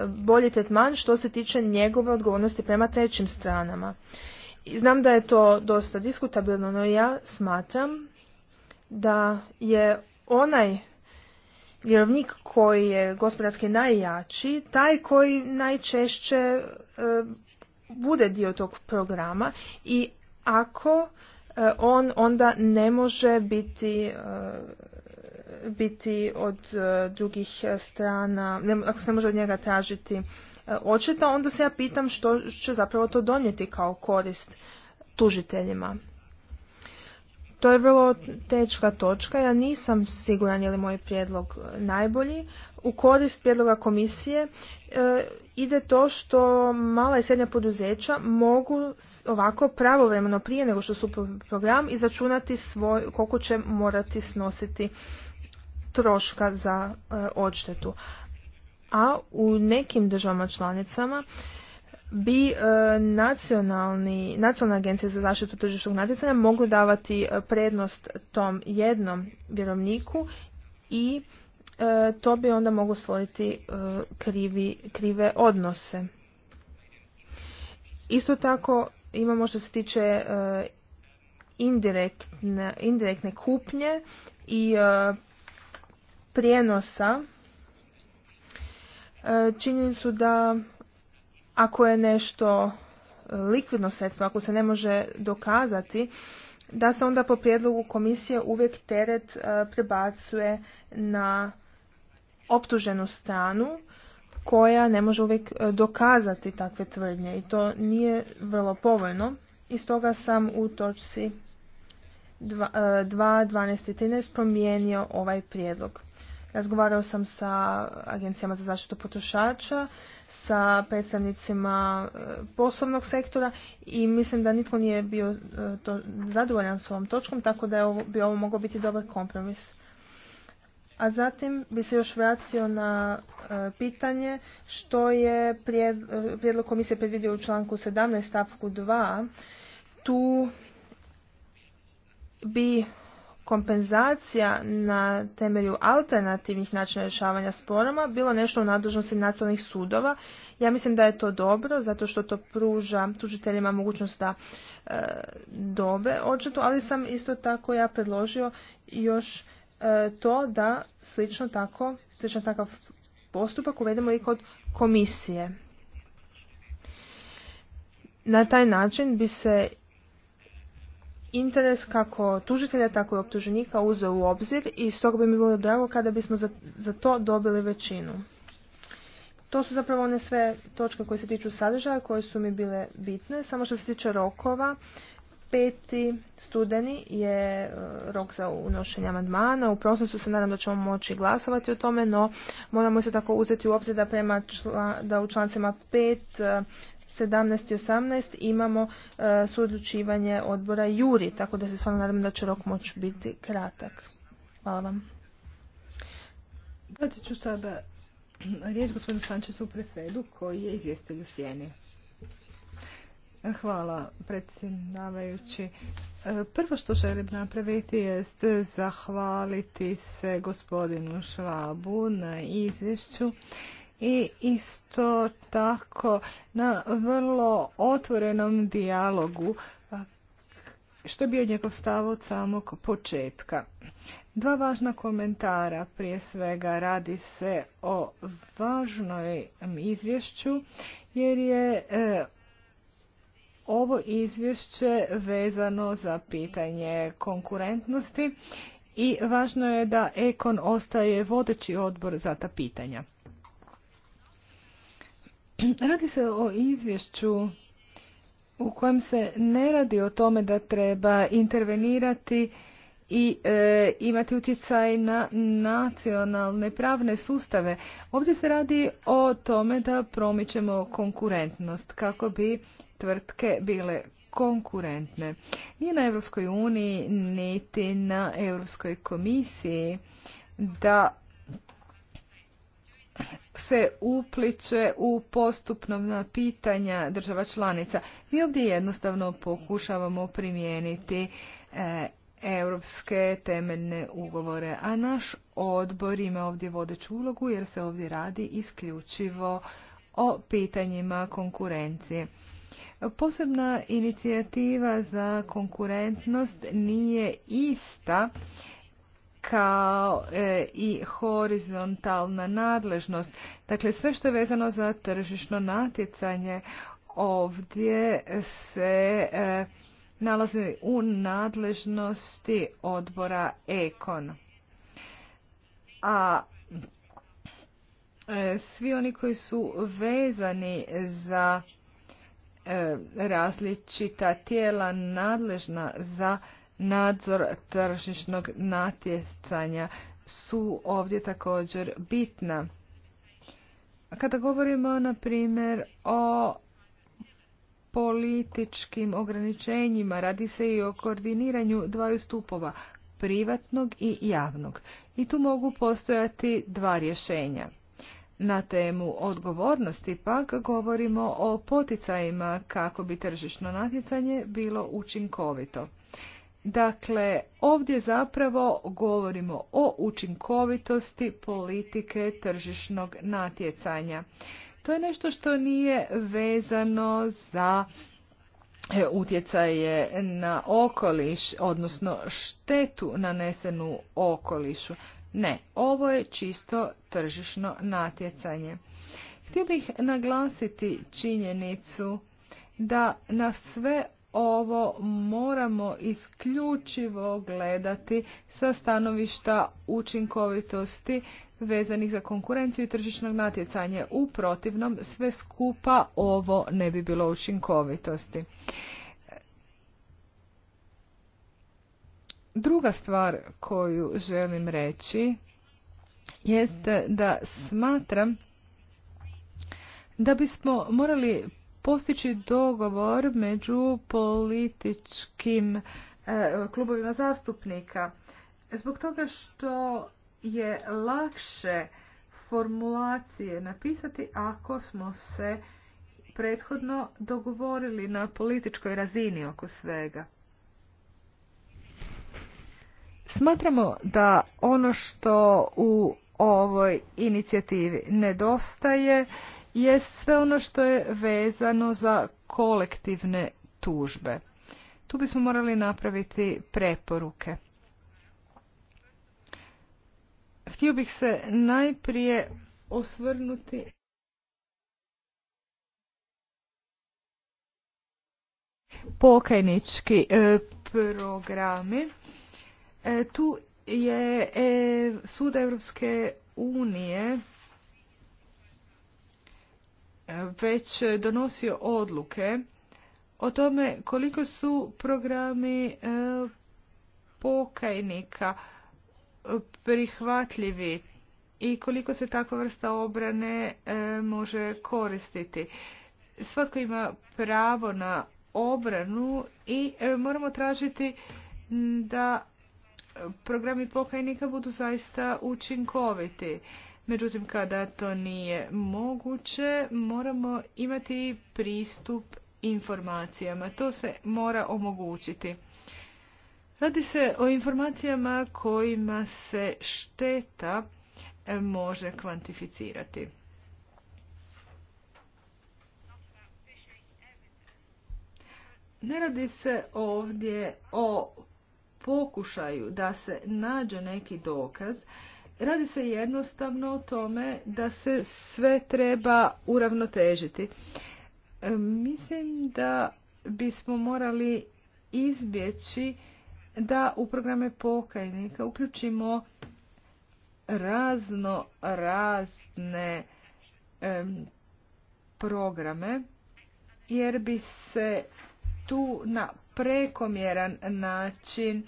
bolji tretman što se tiče njegove odgovornosti prema trećim stranama. znam da je to dosta diskutabilno, no ja smatram da je onaj vjerovnik koji je gospodarski najjači, taj koji najčešće e, bude dio tog programa i ako e, on onda ne može biti e, biti od drugih strana, ne, ako se ne može od njega tražiti očita, onda se ja pitam što će zapravo to donijeti kao korist tužiteljima. To je vrlo tečka točka. Ja nisam siguran je li moj prijedlog e, najbolji. U korist prijedloga komisije e, ide to što mala i srednja poduzeća mogu ovako pravovremeno prije nego što su program izračunati svoj, koliko će morati snositi troška za e, odštetu. A u nekim državama članicama bi e, nacionalni, nacionalna agencija za zaštitu tržišnog natjecanja mogla davati e, prednost tom jednom vjerovniku i e, to bi onda moglo stvoriti krivi, krive odnose. Isto tako imamo što se tiče indirektne, indirektne kupnje i prijenosa činjenicu da ako je nešto e, likvidno sredstvo, ako se ne može dokazati, da se onda po prijedlogu komisije uvijek teret e, prebacuje na optuženu stranu koja ne može uvijek e, dokazati takve tvrdnje i to nije vrlo povoljno. I stoga sam u točci 2, 12 promijenio ovaj prijedlog. Razgovarao sam sa agencijama za zaštitu potrošača, sa predstavnicima e, poslovnog sektora i mislim da nitko nije bio e, zadovoljan s ovom točkom, tako da ovo, bi ovo mogao biti dobar kompromis. A zatim bi se još vratio na e, pitanje što je prijedlog komisije predvidio u članku 17 stavku 2. Tu bi kompenzacija na temelju alternativnih načina rješavanja sporama bilo nešto u nadležnosti nacionalnih sudova. Ja mislim da je to dobro, zato što to pruža tužiteljima mogućnost da e, dobe očetu, ali sam isto tako ja predložio još e, to da slično tako, slično takav postupak uvedemo i kod komisije. Na taj način bi se interes kako tužitelja, tako i optuženika uze u obzir i stoga bi mi bilo drago kada bismo za, za to dobili većinu. To su zapravo one sve točke koje se tiču sadržaja, koje su mi bile bitne. Samo što se tiče rokova, peti studeni je e, rok za unošenje amandmana. U prosnosu se nadam da ćemo moći glasovati o tome, no moramo se tako uzeti u obzir da, prema čla, da u člancima pet e, 17 i 18 imamo e, suodlučivanje odbora Juri, tako da se stvarno nadam da će rok moći biti kratak. Hvala vam. Dati ću sada riječ gospodinu Sančesu u prefedu koji je izvjestelj u sjeni. Hvala predsjedavajući. E, prvo što želim napraviti jest zahvaliti se gospodinu Švabu na izvješću i isto tako na vrlo otvorenom dijalogu što je bio njegov stav od samog početka. Dva važna komentara, prije svega radi se o važnoj izvješću jer je e, ovo izvješće vezano za pitanje konkurentnosti i važno je da Ekon ostaje vodeći odbor za ta pitanja. [CLEARS THROAT] Radi se o izvješću u kojem se ne radi o tome da treba intervenirati i e, imati utjecaj na nacionalne pravne sustave. Ovdje se radi o tome da promičemo konkurentnost kako bi tvrtke bile konkurentne. Nije na Europskoj uniji niti na Europskoj komisiji da se upliče u postupnovna pitanja država članica. Mi ovdje jednostavno pokušavamo primijeniti e, europske temeljne ugovore, a naš odbor ima ovdje vodeću ulogu jer se ovdje radi isključivo o pitanjima konkurencije. Posebna inicijativa za konkurentnost nije ista kao e, i horizontalna nadležnost. Dakle, sve što je vezano za tržišno natjecanje ovdje se e, nalazi u nadležnosti odbora Ekon. A e, svi oni koji su vezani za različita tijela nadležna za nadzor tržišnog natjecanja su ovdje također bitna. Kada govorimo, na primjer, o političkim ograničenjima, radi se i o koordiniranju dvaju stupova, privatnog i javnog. I tu mogu postojati dva rješenja. Na temu odgovornosti pak govorimo o poticajima kako bi tržišno natjecanje bilo učinkovito. Dakle, ovdje zapravo govorimo o učinkovitosti politike tržišnog natjecanja. To je nešto što nije vezano za e, utjecaje na okoliš, odnosno štetu nanesenu okolišu. Ne, ovo je čisto tržišno natjecanje. Htio bih naglasiti činjenicu da na sve ovo moramo isključivo gledati sa stanovišta učinkovitosti vezanih za konkurenciju i tržišnog natjecanje. U protivnom sve skupa ovo ne bi bilo učinkovitosti. Druga stvar koju želim reći jest da smatram da bismo morali postići dogovor među političkim e, klubovima zastupnika. Zbog toga što je lakše formulacije napisati ako smo se prethodno dogovorili na političkoj razini oko svega. Smatramo da ono što u ovoj inicijativi nedostaje je sve ono što je vezano za kolektivne tužbe. Tu bismo morali napraviti preporuke. Htio bih se najprije osvrnuti pokajnički e, programi. E, tu je e, Sud Europske unije već donosio odluke o tome koliko su programi e, pokajnika e, prihvatljivi i koliko se takva vrsta obrane e, može koristiti. Svatko ima pravo na obranu i moramo tražiti da programi pokajnika budu zaista učinkoviti. Međutim, kada to nije moguće, moramo imati pristup informacijama. To se mora omogućiti. Radi se o informacijama kojima se šteta e, može kvantificirati. Ne radi se ovdje o pokušaju da se nađe neki dokaz, Radi se jednostavno o tome da se sve treba uravnotežiti. E, mislim da bismo morali izbjeći da u programe pokajnika uključimo razno razne programe jer bi se tu na prekomjeran način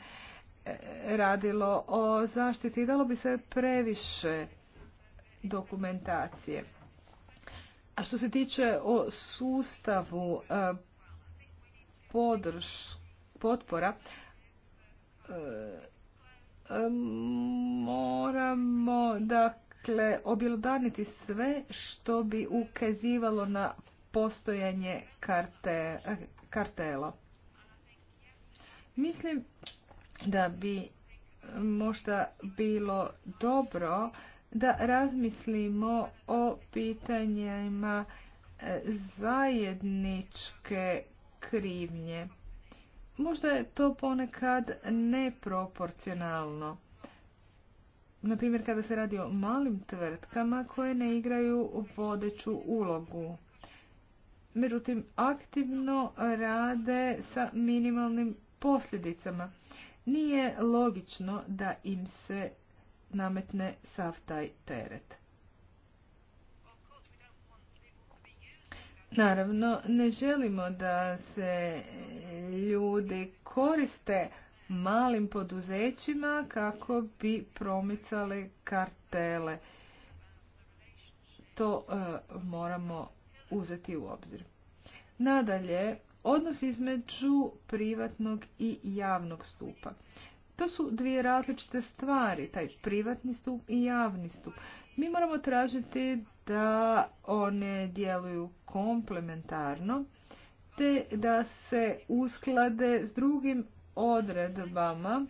radilo o zaštiti i dalo bi se previše dokumentacije. A što se tiče o sustavu e, podrš, potpora, e, moramo dakle objelodarniti sve što bi ukazivalo na postojanje karte, kartela. Mislim da bi možda bilo dobro da razmislimo o pitanjima e, zajedničke krivnje. Možda je to ponekad neproporcionalno. Na primjer, kada se radi o malim tvrtkama koje ne igraju vodeću ulogu. Međutim, aktivno rade sa minimalnim posljedicama. Nije logično da im se nametne sav taj teret. Naravno, ne želimo da se ljudi koriste malim poduzećima kako bi promicale kartele. To e, moramo uzeti u obzir. Nadalje, odnos između privatnog i javnog stupa. To su dvije različite stvari, taj privatni stup i javni stup. Mi moramo tražiti da one djeluju komplementarno, te da se usklade s drugim odredbama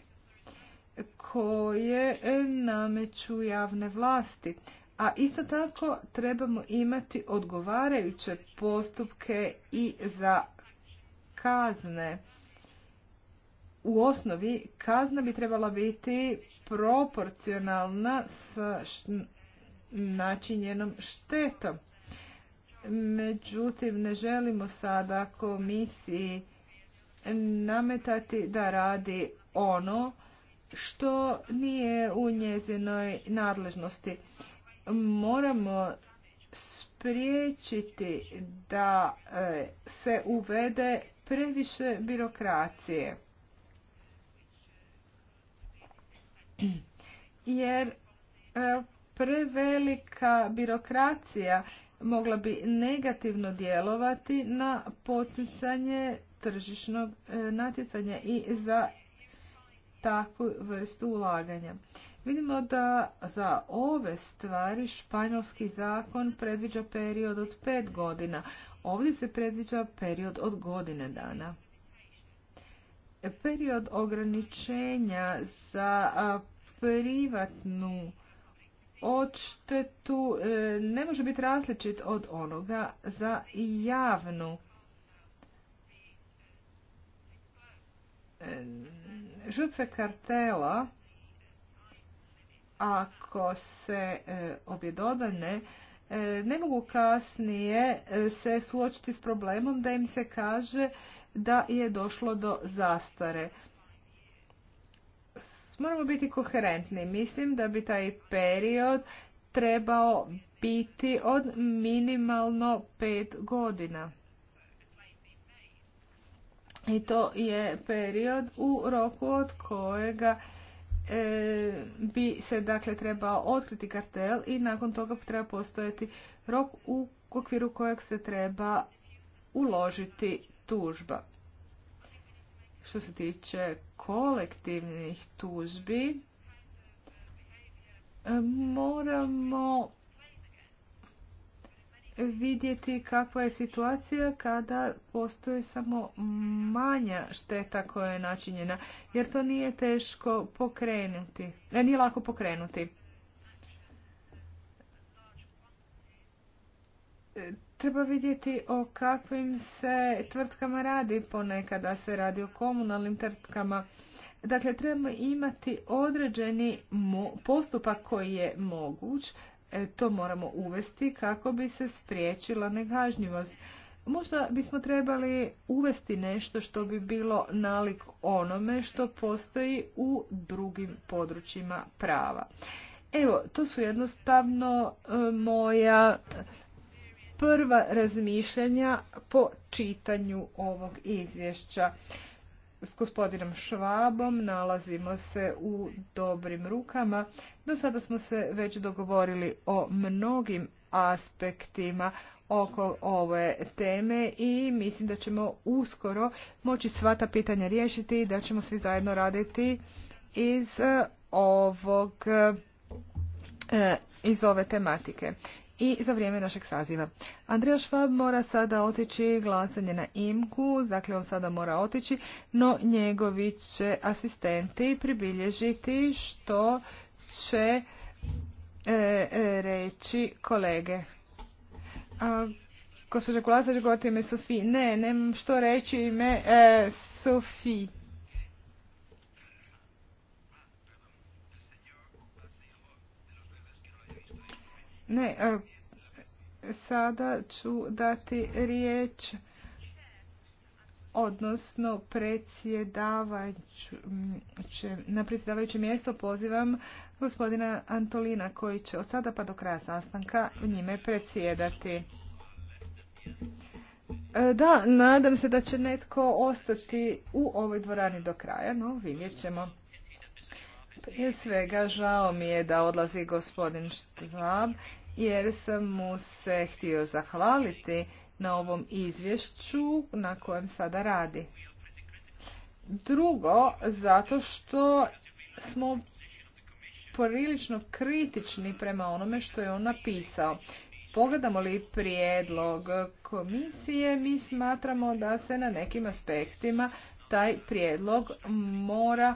koje nameću javne vlasti. A isto tako trebamo imati odgovarajuće postupke i za kazne. U osnovi kazna bi trebala biti proporcionalna sa načinjenom štetom. Međutim, ne želimo sada komisiji nametati da radi ono što nije u njezinoj nadležnosti. Moramo spriječiti da e, se uvede previše birokracije. Jer e, prevelika birokracija mogla bi negativno djelovati na poticanje tržišnog e, natjecanja i za takvu vrstu ulaganja. Vidimo da za ove stvari španjolski zakon predviđa period od pet godina. Ovdje se predviđa period od godine dana. Period ograničenja za privatnu odštetu e, ne može biti različit od onoga za javnu E, žrtve kartela ako se e, objedodane e, ne mogu kasnije se suočiti s problemom da im se kaže da je došlo do zastare. Moramo biti koherentni. Mislim da bi taj period trebao biti od minimalno pet godina i to je period u roku od kojega e, bi se dakle trebao otkriti kartel i nakon toga treba postojati rok u okviru kojeg se treba uložiti tužba. Što se tiče kolektivnih tužbi, e, moramo vidjeti kakva je situacija kada postoji samo manja šteta koja je načinjena, jer to nije teško pokrenuti, ne, nije lako pokrenuti. Treba vidjeti o kakvim se tvrtkama radi, ponekada se radi o komunalnim tvrtkama. Dakle, trebamo imati određeni postupak koji je moguć, E, to moramo uvesti kako bi se spriječila nekažnjivost. Možda bismo trebali uvesti nešto što bi bilo nalik onome što postoji u drugim područjima prava. Evo, to su jednostavno e, moja prva razmišljanja po čitanju ovog izvješća s gospodinom Švabom nalazimo se u dobrim rukama. Do sada smo se već dogovorili o mnogim aspektima oko ove teme i mislim da ćemo uskoro moći sva ta pitanja riješiti i da ćemo svi zajedno raditi iz eh, ovog eh, iz ove tematike i za vrijeme našeg saziva. Andrija Švab mora sada otići glasanje na imku, dakle on sada mora otići, no njegovi će asistenti pribilježiti što će e, e, reći kolege. A, gospođa Kulasač, gotovo ime Sofi. Ne, nemam što reći ime e, Sofi. Ne, e, sada ću dati riječ odnosno na predsjedavajuće mjesto pozivam gospodina Antolina koji će od sada pa do kraja sastanka njime predsjedati. E, da, nadam se da će netko ostati u ovoj dvorani do kraja, no vidjet ćemo. Prije svega žao mi je da odlazi gospodin Štvab jer sam mu se htio zahvaliti na ovom izvješću na kojem sada radi. Drugo, zato što smo prilično kritični prema onome što je on napisao. Pogledamo li prijedlog komisije, mi smatramo da se na nekim aspektima taj prijedlog mora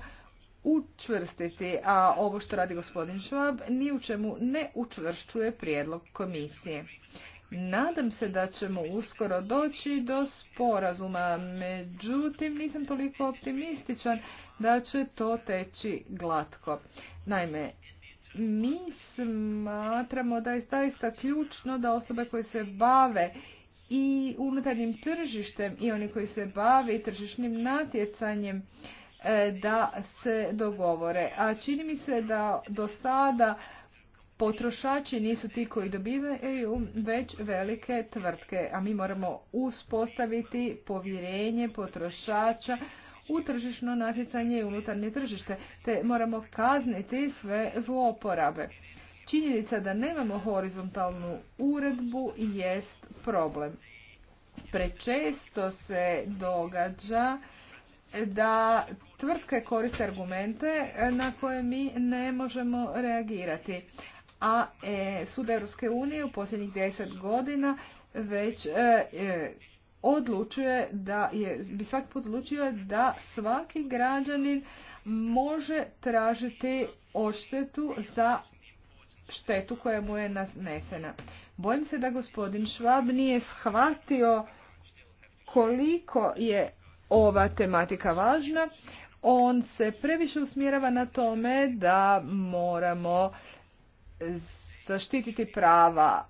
učvrstiti, a ovo što radi gospodin Švab ni u čemu ne učvršćuje prijedlog komisije. Nadam se da ćemo uskoro doći do sporazuma, međutim nisam toliko optimističan da će to teći glatko. Naime, mi smatramo da je zaista ključno da osobe koje se bave i unutarnjim tržištem i oni koji se bave i tržišnim natjecanjem E, da se dogovore. A čini mi se da do sada potrošači nisu ti koji dobivaju već velike tvrtke, a mi moramo uspostaviti povjerenje potrošača u tržišno natjecanje i unutarnje tržište, te moramo kazniti sve zloporabe. Činjenica da nemamo horizontalnu uredbu jest problem. Prečesto se događa da tvrtke koriste argumente e, na koje mi ne možemo reagirati. A e, Sud Europske unije u posljednjih 10 godina već e, e, odlučuje da je, bi svaki put odlučio da svaki građanin može tražiti odštetu za štetu koja mu je nanesena. Bojim se da gospodin Švab nije shvatio koliko je ova tematika važna. On se previše usmjerava na tome da moramo zaštititi prava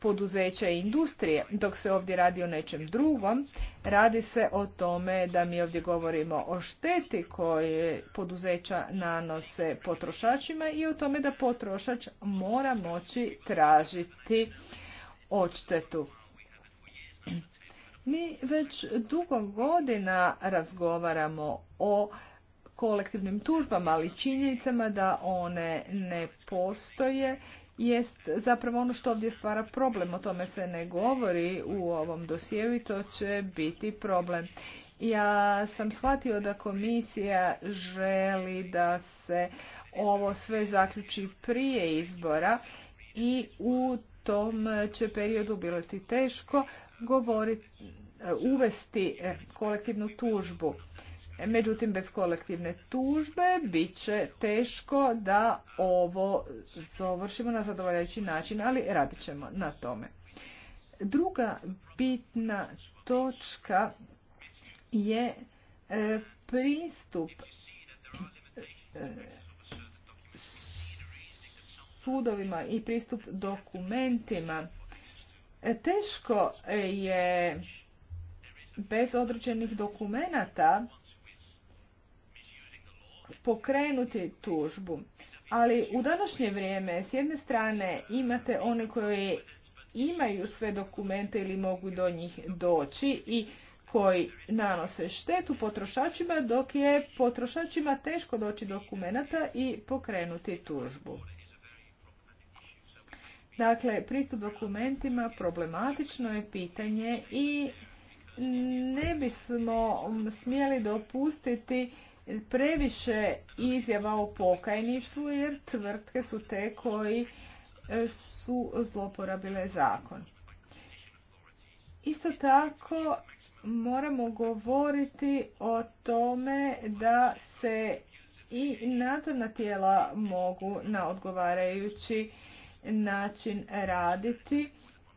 poduzeća i industrije, dok se ovdje radi o nečem drugom, radi se o tome da mi ovdje govorimo o šteti koje poduzeća nanose potrošačima i o tome da potrošač mora moći tražiti odštetu. Mi već dugo godina razgovaramo o kolektivnim tužbama, ali činjenicama da one ne postoje jest zapravo ono što ovdje stvara problem. O tome se ne govori u ovom dosjeu i to će biti problem. Ja sam shvatio da komisija želi da se ovo sve zaključi prije izbora i u tom će periodu bilo ti teško, govori e, uvesti e, kolektivnu tužbu. Međutim, bez kolektivne tužbe bit će teško da ovo završimo na zadovoljajući način, ali radit ćemo na tome. Druga bitna točka je e, pristup sudovima i pristup dokumentima Teško je bez određenih dokumenata pokrenuti tužbu. Ali u današnje vrijeme s jedne strane imate one koji imaju sve dokumente ili mogu do njih doći i koji nanose štetu potrošačima dok je potrošačima teško doći dokumenata i pokrenuti tužbu. Dakle, pristup dokumentima problematično je pitanje i ne bismo smjeli dopustiti previše izjava o pokajništvu jer tvrtke su te koji e, su zloporabile zakon. Isto tako moramo govoriti o tome da se i nadzorna tijela mogu na odgovarajući način raditi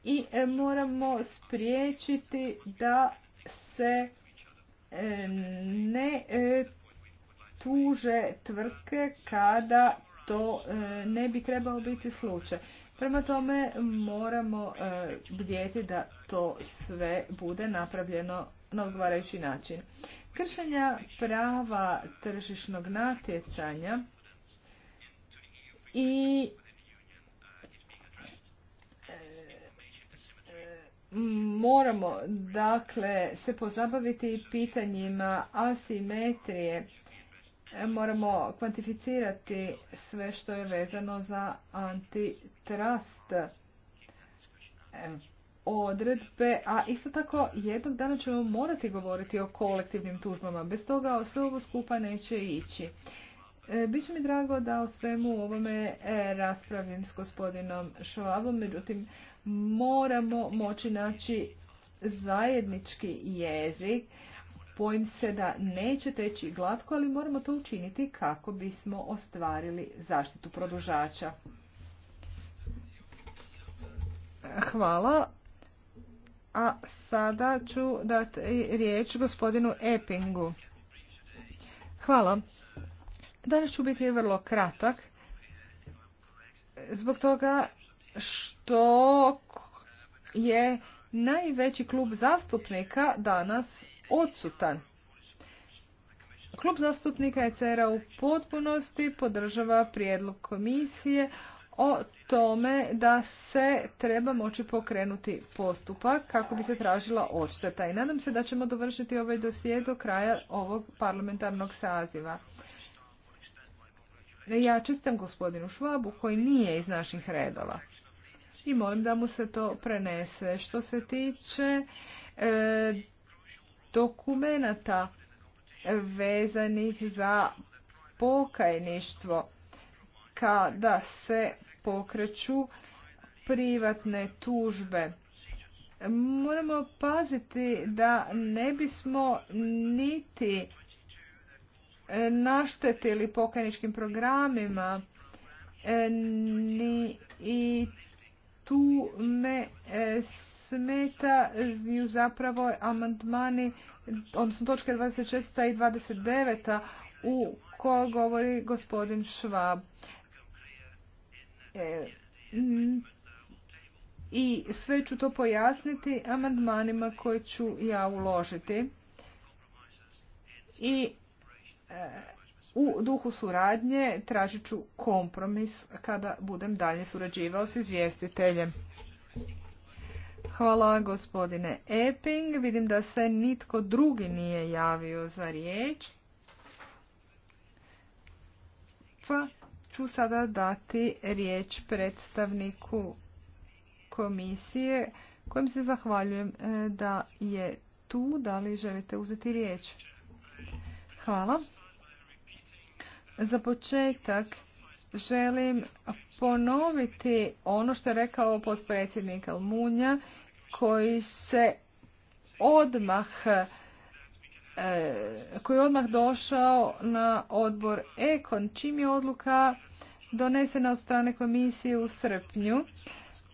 i e, moramo spriječiti da se e, ne e, tuže tvrtke kada to ne bi trebao biti slučaj. Prema tome moramo bdjeti da to sve bude napravljeno na odgovarajući način. Kršenja prava tržišnog natjecanja i moramo dakle se pozabaviti pitanjima asimetrije. Moramo kvantificirati sve što je vezano za antitrust e, odredbe, a isto tako jednog dana ćemo morati govoriti o kolektivnim tužbama. Bez toga sve ovo skupa neće ići. E, Biće mi drago da o svemu ovome e, raspravim s gospodinom Švabom, međutim moramo moći naći zajednički jezik bojim se da neće teći glatko, ali moramo to učiniti kako bismo ostvarili zaštitu produžača. Hvala. A sada ću dati riječ gospodinu Epingu. Hvala. Danas ću biti vrlo kratak. Zbog toga što je najveći klub zastupnika danas odsutan. Klub zastupnika ECR-a u potpunosti podržava prijedlog komisije o tome da se treba moći pokrenuti postupak kako bi se tražila odšteta i nadam se da ćemo dovršiti ovaj dosije do kraja ovog parlamentarnog saziva. Ja čestam gospodinu Švabu koji nije iz naših redova i molim da mu se to prenese. Što se tiče e, dokumenata vezanih za pokajništvo, kada se pokreću privatne tužbe. Moramo paziti da ne bismo niti naštetili pokajničkim programima e, ni tu me e, smeta ju zapravo amandmani, odnosno točke 26. i 29. u ko govori gospodin Švab. E, I sve ću to pojasniti amandmanima koje ću ja uložiti. I e, u duhu suradnje tražit ću kompromis kada budem dalje surađivao s izvjestiteljem. Hvala gospodine Epping. Vidim da se nitko drugi nije javio za riječ. Pa ću sada dati riječ predstavniku komisije kojem se zahvaljujem e, da je tu. Da li želite uzeti riječ? Hvala. Za početak želim ponoviti ono što je rekao potpredsjednik Almunja koji se odmah e, koji je odmah došao na odbor Ekon, čim je odluka donesena od strane komisije u srpnju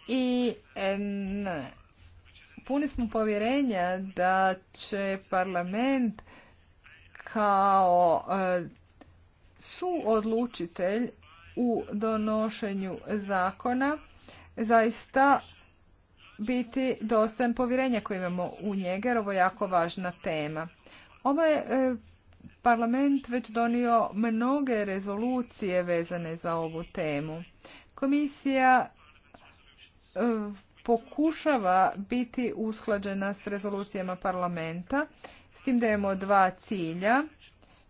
i puni smo povjerenja da će parlament kao e, su odlučitelj u donošenju zakona zaista biti dostan povjerenja koje imamo u njega, jer ovo je jako važna tema. Ovaj je e, parlament već donio mnoge rezolucije vezane za ovu temu. Komisija e, pokušava biti usklađena s rezolucijama parlamenta, s tim da imamo dva cilja –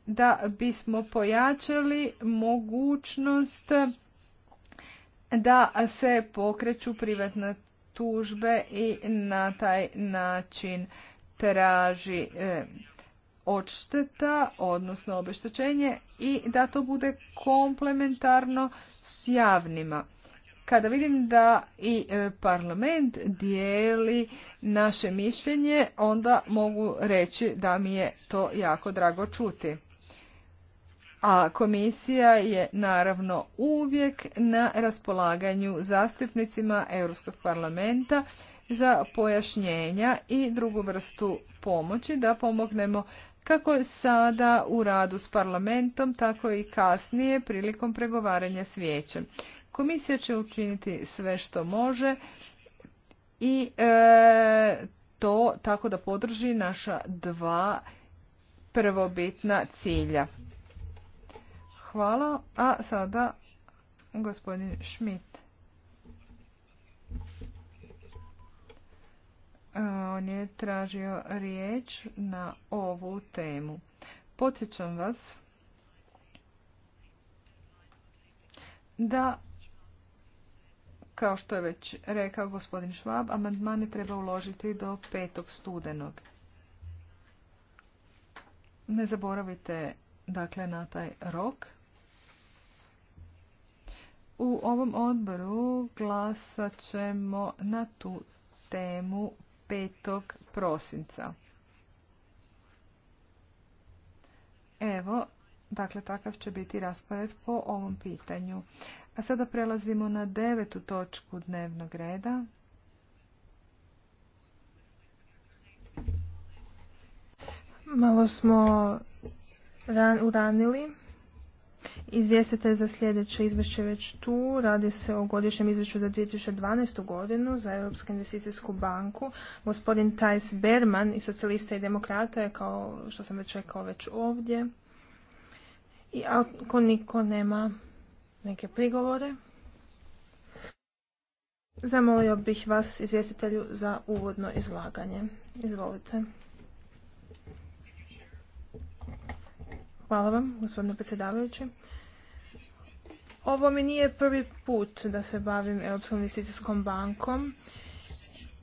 da bismo pojačali mogućnost da se pokreću privatne tužbe i na taj način traži e, odšteta, odnosno obeštećenje i da to bude komplementarno s javnima. Kada vidim da i e, parlament dijeli naše mišljenje, onda mogu reći da mi je to jako drago čuti a komisija je naravno uvijek na raspolaganju zastupnicima Europskog parlamenta za pojašnjenja i drugu vrstu pomoći da pomognemo kako sada u radu s parlamentom, tako i kasnije prilikom pregovaranja s vijećem. Komisija će učiniti sve što može i e, to tako da podrži naša dva prvobitna cilja. Hvala. A sada gospodin Schmidt. E, on je tražio riječ na ovu temu. Podsjećam vas da, kao što je već rekao gospodin Švab, amandmane treba uložiti do petog studenog. Ne zaboravite dakle na taj rok. U ovom odboru glasat ćemo na tu temu 5. prosinca. Evo, dakle takav će biti raspored po ovom pitanju. A sada prelazimo na devetu točku dnevnog reda. Malo smo uranili Izvjestitelj za sljedeće izvješće već tu. Radi se o godišnjem izvješću za 2012. godinu za Europsku investicijsku banku. Gospodin Tajs Berman iz socijalista i demokrata je kao što sam već rekao već ovdje. I ako niko nema neke prigovore, zamolio bih vas izvjestitelju za uvodno izlaganje. Izvolite. Hvala vam, gospodine predsjedavajući. Ovo mi nije prvi put da se bavim Europskom investicijskom bankom,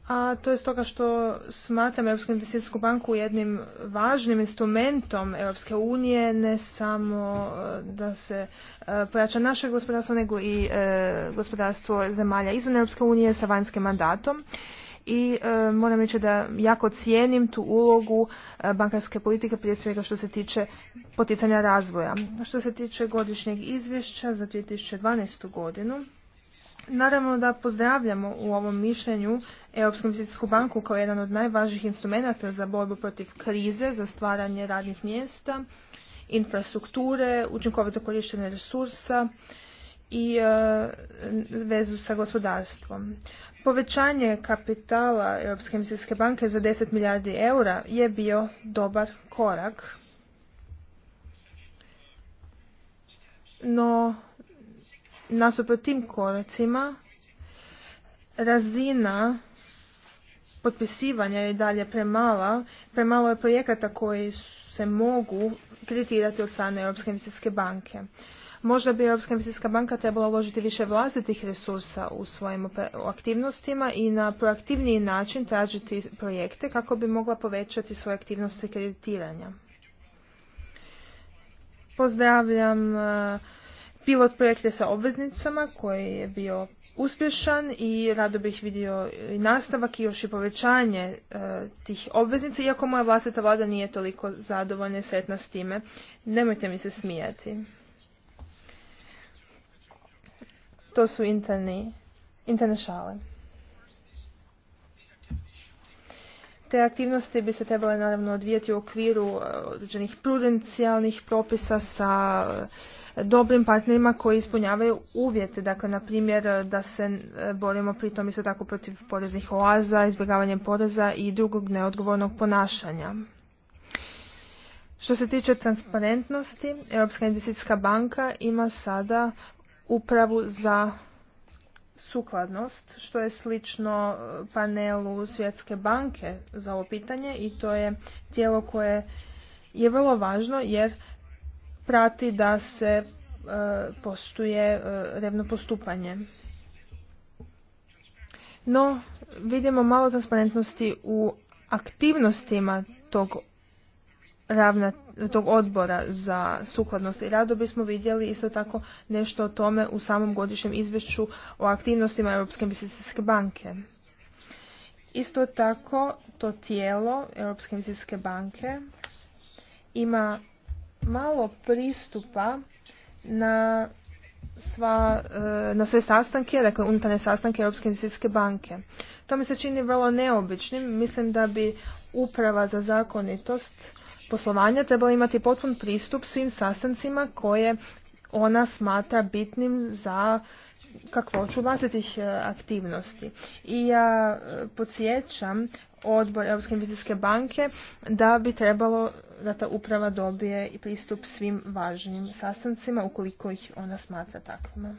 a to je stoga što smatram Europsku investicijsku banku jednim važnim instrumentom Europske unije, ne samo e, da se e, pojača naše gospodarstvo, nego i e, gospodarstvo zemalja izvan Europske unije sa vanjskim mandatom i e, moram reći da jako cijenim tu ulogu e, bankarske politike prije svega što se tiče poticanja razvoja. Što se tiče godišnjeg izvješća za 2012. godinu, Naravno da pozdravljamo u ovom mišljenju Europsku investicijsku banku kao jedan od najvažnijih instrumenata za borbu protiv krize, za stvaranje radnih mjesta, infrastrukture, učinkovito korištenje resursa, i e, vezu sa gospodarstvom. Povećanje kapitala Europske investicijske banke za 10 milijardi eura je bio dobar korak. No, nasuprot tim koracima, razina potpisivanja je dalje premala. Premalo je projekata koji se mogu kreditirati od strane Europske investicijske banke. Možda bi Europska investicijska banka trebala uložiti više vlastitih resursa u svojim aktivnostima i na proaktivniji način tražiti projekte kako bi mogla povećati svoje aktivnosti kreditiranja. Pozdravljam e, pilot projekte sa obveznicama koji je bio uspješan i rado bih vidio i nastavak i još i povećanje e, tih obveznica, iako moja vlastita vlada nije toliko zadovoljna i sretna s time. Nemojte mi se smijati. To su interne šale. Te aktivnosti bi se trebale naravno odvijati u okviru e, određenih prudencijalnih propisa sa e, dobrim partnerima koji ispunjavaju uvjete, dakle na primjer e, da se borimo pritom isto tako protiv poreznih oaza, izbjegavanjem poreza i drugog neodgovornog ponašanja. Što se tiče transparentnosti, Europska investicijska banka ima sada upravu za sukladnost, što je slično e, panelu Svjetske banke za ovo pitanje i to je tijelo koje je vrlo važno jer prati da se e, postuje e, revno postupanje. No, vidimo malo transparentnosti u aktivnostima tog ravna, tog odbora za sukladnost i rado bismo vidjeli isto tako nešto o tome u samom godišnjem izvješću o aktivnostima Europske investicijske banke. Isto tako to tijelo Europske investicijske banke ima malo pristupa na sva, e, na sve sastanke, dakle unutarnje sastanke Europske investicijske banke. To mi se čini vrlo neobičnim. Mislim da bi uprava za zakonitost poslovanja trebala imati potpun pristup svim sastancima koje ona smatra bitnim za kakvoću vlastitih e, aktivnosti. I ja e, podsjećam odbor Europske investicijske banke da bi trebalo da ta uprava dobije i pristup svim važnim sastancima ukoliko ih ona smatra takvima.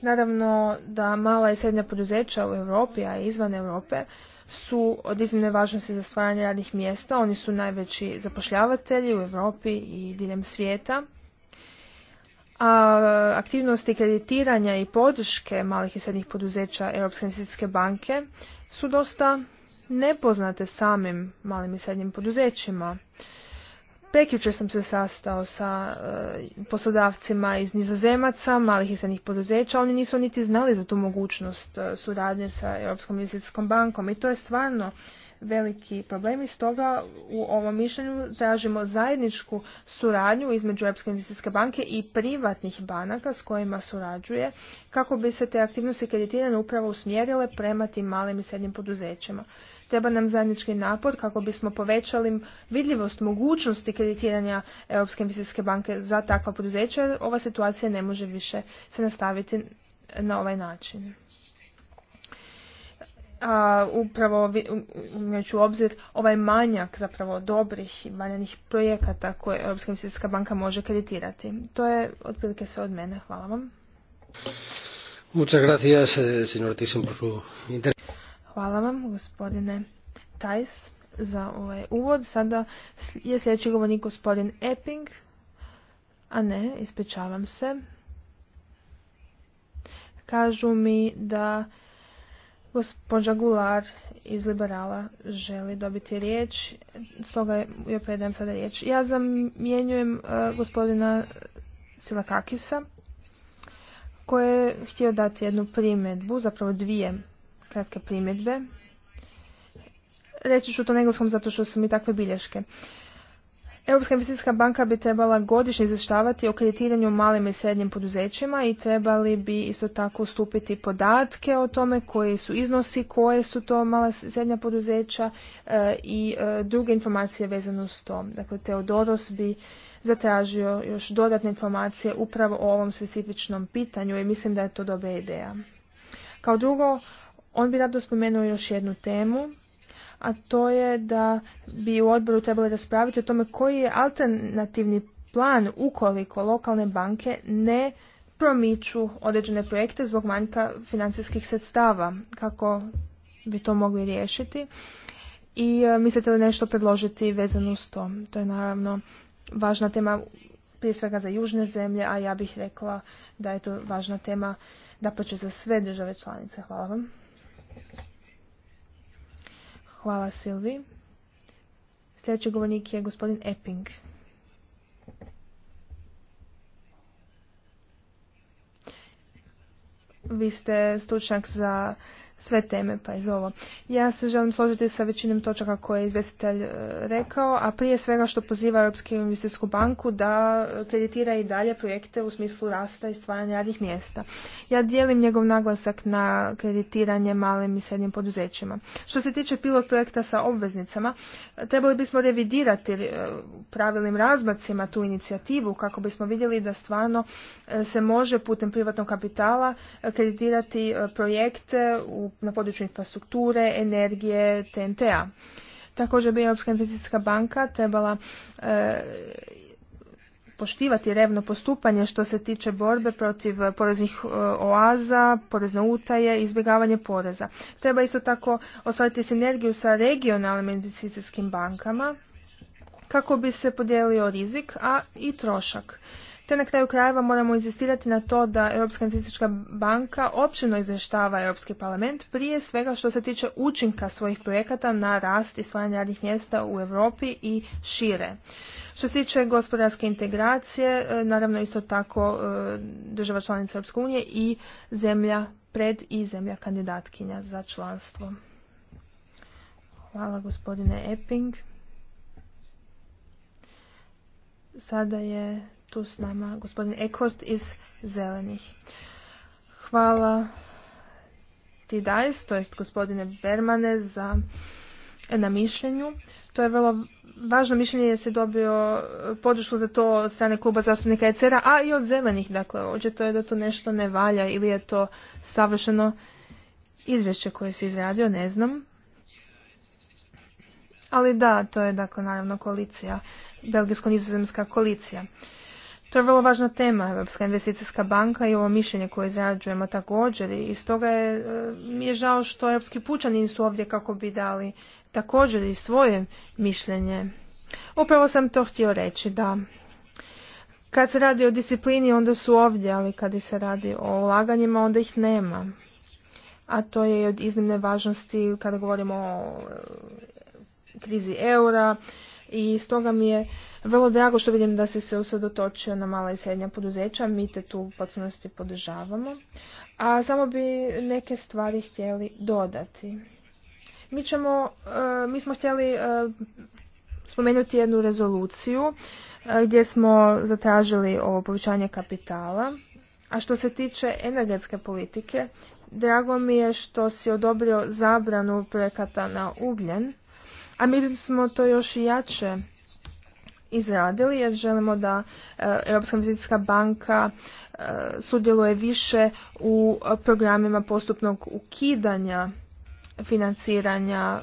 Naravno da mala i srednja poduzeća u Europi, a izvan Europe, su od iznimne važnosti za stvaranje radnih mjesta. Oni su najveći zapošljavatelji u Europi i diljem svijeta. A aktivnosti kreditiranja i podrške malih i srednjih poduzeća Europske investicijske banke su dosta nepoznate samim malim i srednjim poduzećima. Prekjučer sam se sastao sa e, poslodavcima iz nizozemaca, malih i srednjih poduzeća. Oni nisu niti znali za tu mogućnost e, suradnje sa Europskom investicijskom bankom i to je stvarno veliki problem i stoga u ovom mišljenju tražimo zajedničku suradnju između Europske investicijske banke i privatnih banaka s kojima surađuje kako bi se te aktivnosti kreditirane upravo usmjerile prema tim malim i srednjim poduzećima. Treba nam zajednički napor kako bismo povećali vidljivost mogućnosti kreditiranja Europske investicijske banke za takva poduzeća. ova situacija ne može više se nastaviti na ovaj način. A, upravo imajući u obzir ovaj manjak zapravo dobrih i manjenih projekata koje Europska investicijska banka može kreditirati. To je otprilike sve od mene. Hvala vam. Muchas gracias, eh, señor por su Hvala vam, gospodine Tajs, za ovaj uvod. Sada je sljedeći govornik gospodin Epping. A ne, ispričavam se. Kažu mi da gospođa Gular iz Liberala želi dobiti riječ, stoga joj predajem sada riječ. Ja zamjenjujem e, gospodina Silakakisa koji je htio dati jednu primjedbu, zapravo dvije kratke primjedbe. Reći ću to na engleskom zato što su mi takve bilješke. Europska investicijska banka bi trebala godišnje izvještavati o kreditiranju malim i srednjim poduzećima i trebali bi isto tako ustupiti podatke o tome koji su iznosi, koje su to mala i srednja poduzeća e, i e, druge informacije vezane s tom. Dakle, Teodoros bi zatražio još dodatne informacije upravo o ovom specifičnom pitanju i mislim da je to dobra ideja. Kao drugo, on bi rado spomenuo još jednu temu, a to je da bi u odboru trebali raspraviti o tome koji je alternativni plan ukoliko lokalne banke ne promiču određene projekte zbog manjka financijskih sredstava kako bi to mogli riješiti i e, mislite li nešto predložiti vezano s to. To je naravno važna tema prije svega za južne zemlje, a ja bih rekla da je to važna tema da za sve države članice. Hvala vam. Hvala Silvi. Sljedeći govornik je gospodin Epping. Vi ste stručnjak za sve teme, pa iz ovo. Ja se želim složiti sa većinom točaka koje je izvjestitelj e, rekao, a prije svega što poziva Europsku investicijsku banku da kreditira i dalje projekte u smislu rasta i stvaranja radnih mjesta. Ja dijelim njegov naglasak na kreditiranje malim i srednjim poduzećima. Što se tiče pilot projekta sa obveznicama, trebali bismo revidirati e, pravilnim razmacima tu inicijativu kako bismo vidjeli da stvarno e, se može putem privatnog kapitala kreditirati projekte u na području infrastrukture, energije, TNT-a. Također bi Europska investicijska banka trebala e, poštivati revno postupanje što se tiče borbe protiv e, poreznih e, oaza, porezne utaje i izbjegavanje poreza. Treba isto tako ostvariti sinergiju sa regionalnim investicijskim bankama kako bi se podijelio rizik, a i trošak. Te na kraju krajeva moramo inzistirati na to da Europska investicijska banka općeno izvještava Europski parlament prije svega što se tiče učinka svojih projekata na rast i stvaranje radnih mjesta u Europi i šire. Što se tiče gospodarske integracije, e, naravno isto tako e, država članica Europske unije i zemlja pred i zemlja kandidatkinja za članstvo. Hvala gospodine Epping. Sada je tu s nama gospodin Ekort iz Zelenih. Hvala ti dajs, to jest gospodine Bermane, za e, na mišljenju. To je vrlo važno mišljenje jer se dobio e, podršku za to od strane kluba zastupnika ECR-a, a i od zelenih. Dakle, to je da to nešto ne valja ili je to savršeno izvješće koje se izradio, ne znam. Ali da, to je dakle naravno koalicija, belgijsko-nizozemska koalicija. To je vrlo važna tema, Europska investicijska banka i ovo mišljenje koje izrađujemo također i stoga je, e, mi je žao što europski pučani su ovdje kako bi dali također i svoje mišljenje. Upravo sam to htio reći, da kad se radi o disciplini onda su ovdje, ali kad se radi o ulaganjima onda ih nema. A to je od iznimne važnosti kada govorimo o e, krizi eura, i stoga mi je vrlo drago što vidim da se se usredotočio na mala i srednja poduzeća, mi te tu u potpunosti podržavamo, a samo bi neke stvari htjeli dodati. Mi, ćemo, eh, mi smo htjeli eh, spomenuti jednu rezoluciju eh, gdje smo zatražili ovo povećanje kapitala, a što se tiče energetske politike, drago mi je što si odobrio zabranu projekata na ugljen, a mi smo to još i jače izradili jer želimo da e, Europska investicijska banka e, sudjeluje više u programima postupnog ukidanja financiranja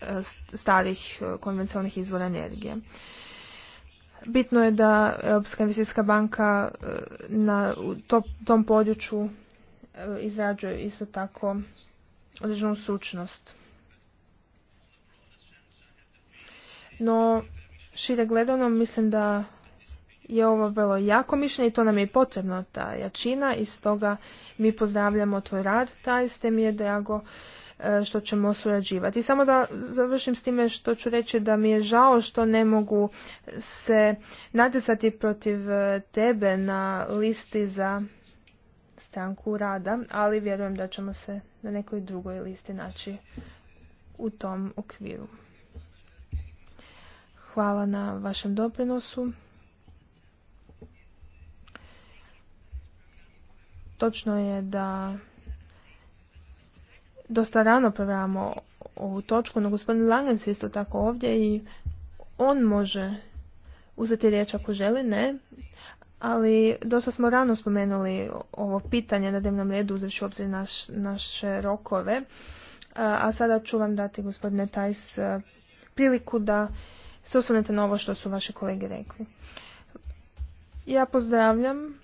e, starih konvencionalnih izvora energije. Bitno je da Europska investicijska banka na tom području izrađuje isto tako određenu sučnost. No, šire gledano mislim da je ovo vrlo jako mišljenje i to nam je potrebno ta jačina i stoga mi pozdravljamo tvoj rad, taj ste mi je drago e, što ćemo surađivati. I samo da završim s time što ću reći da mi je žao što ne mogu se natjecati protiv e, tebe na listi za stranku rada, ali vjerujem da ćemo se na nekoj drugoj listi naći u tom okviru. Hvala na vašem doprinosu. Točno je da dosta rano provjeramo ovu točku, no gospodin Langens je isto tako ovdje i on može uzeti riječ ako želi, ne, ali dosta smo rano spomenuli ovo pitanje na dnevnom redu uzevši obzir naš, naše rokove, a sada ću vam dati gospodine Tajs priliku da se osvrnete na ovo što su vaše kolege rekli. Ja pozdravljam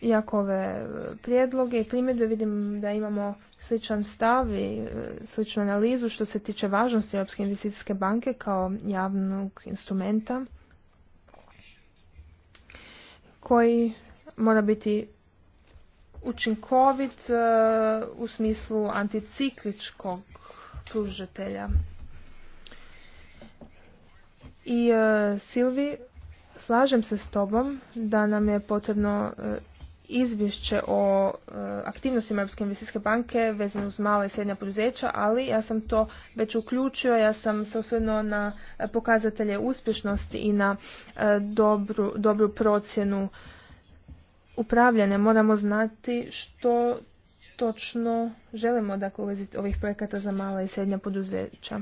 iako ove prijedloge i primjedbe vidim da imamo sličan stav i e, sličnu analizu što se tiče važnosti Europske investicijske banke kao javnog instrumenta koji mora biti učinkovit e, u smislu anticikličkog pružatelja i e, Silvi, slažem se s tobom da nam je potrebno e, izvješće o e, aktivnostima Europske investicijske banke vezano uz mala i srednja poduzeća, ali ja sam to već uključio, ja sam se osvrnuo na pokazatelje uspješnosti i na dobru, dobru procjenu upravljanja. Moramo znati što točno želimo dakle, u ovih projekata za mala i srednja poduzeća.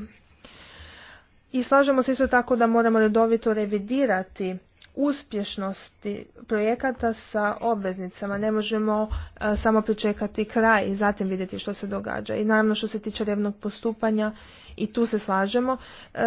I slažemo se isto tako da moramo redovito revidirati uspješnosti projekata sa obveznicama. Ne možemo e, samo pričekati kraj i zatim vidjeti što se događa. I naravno što se tiče revnog postupanja i tu se slažemo. E,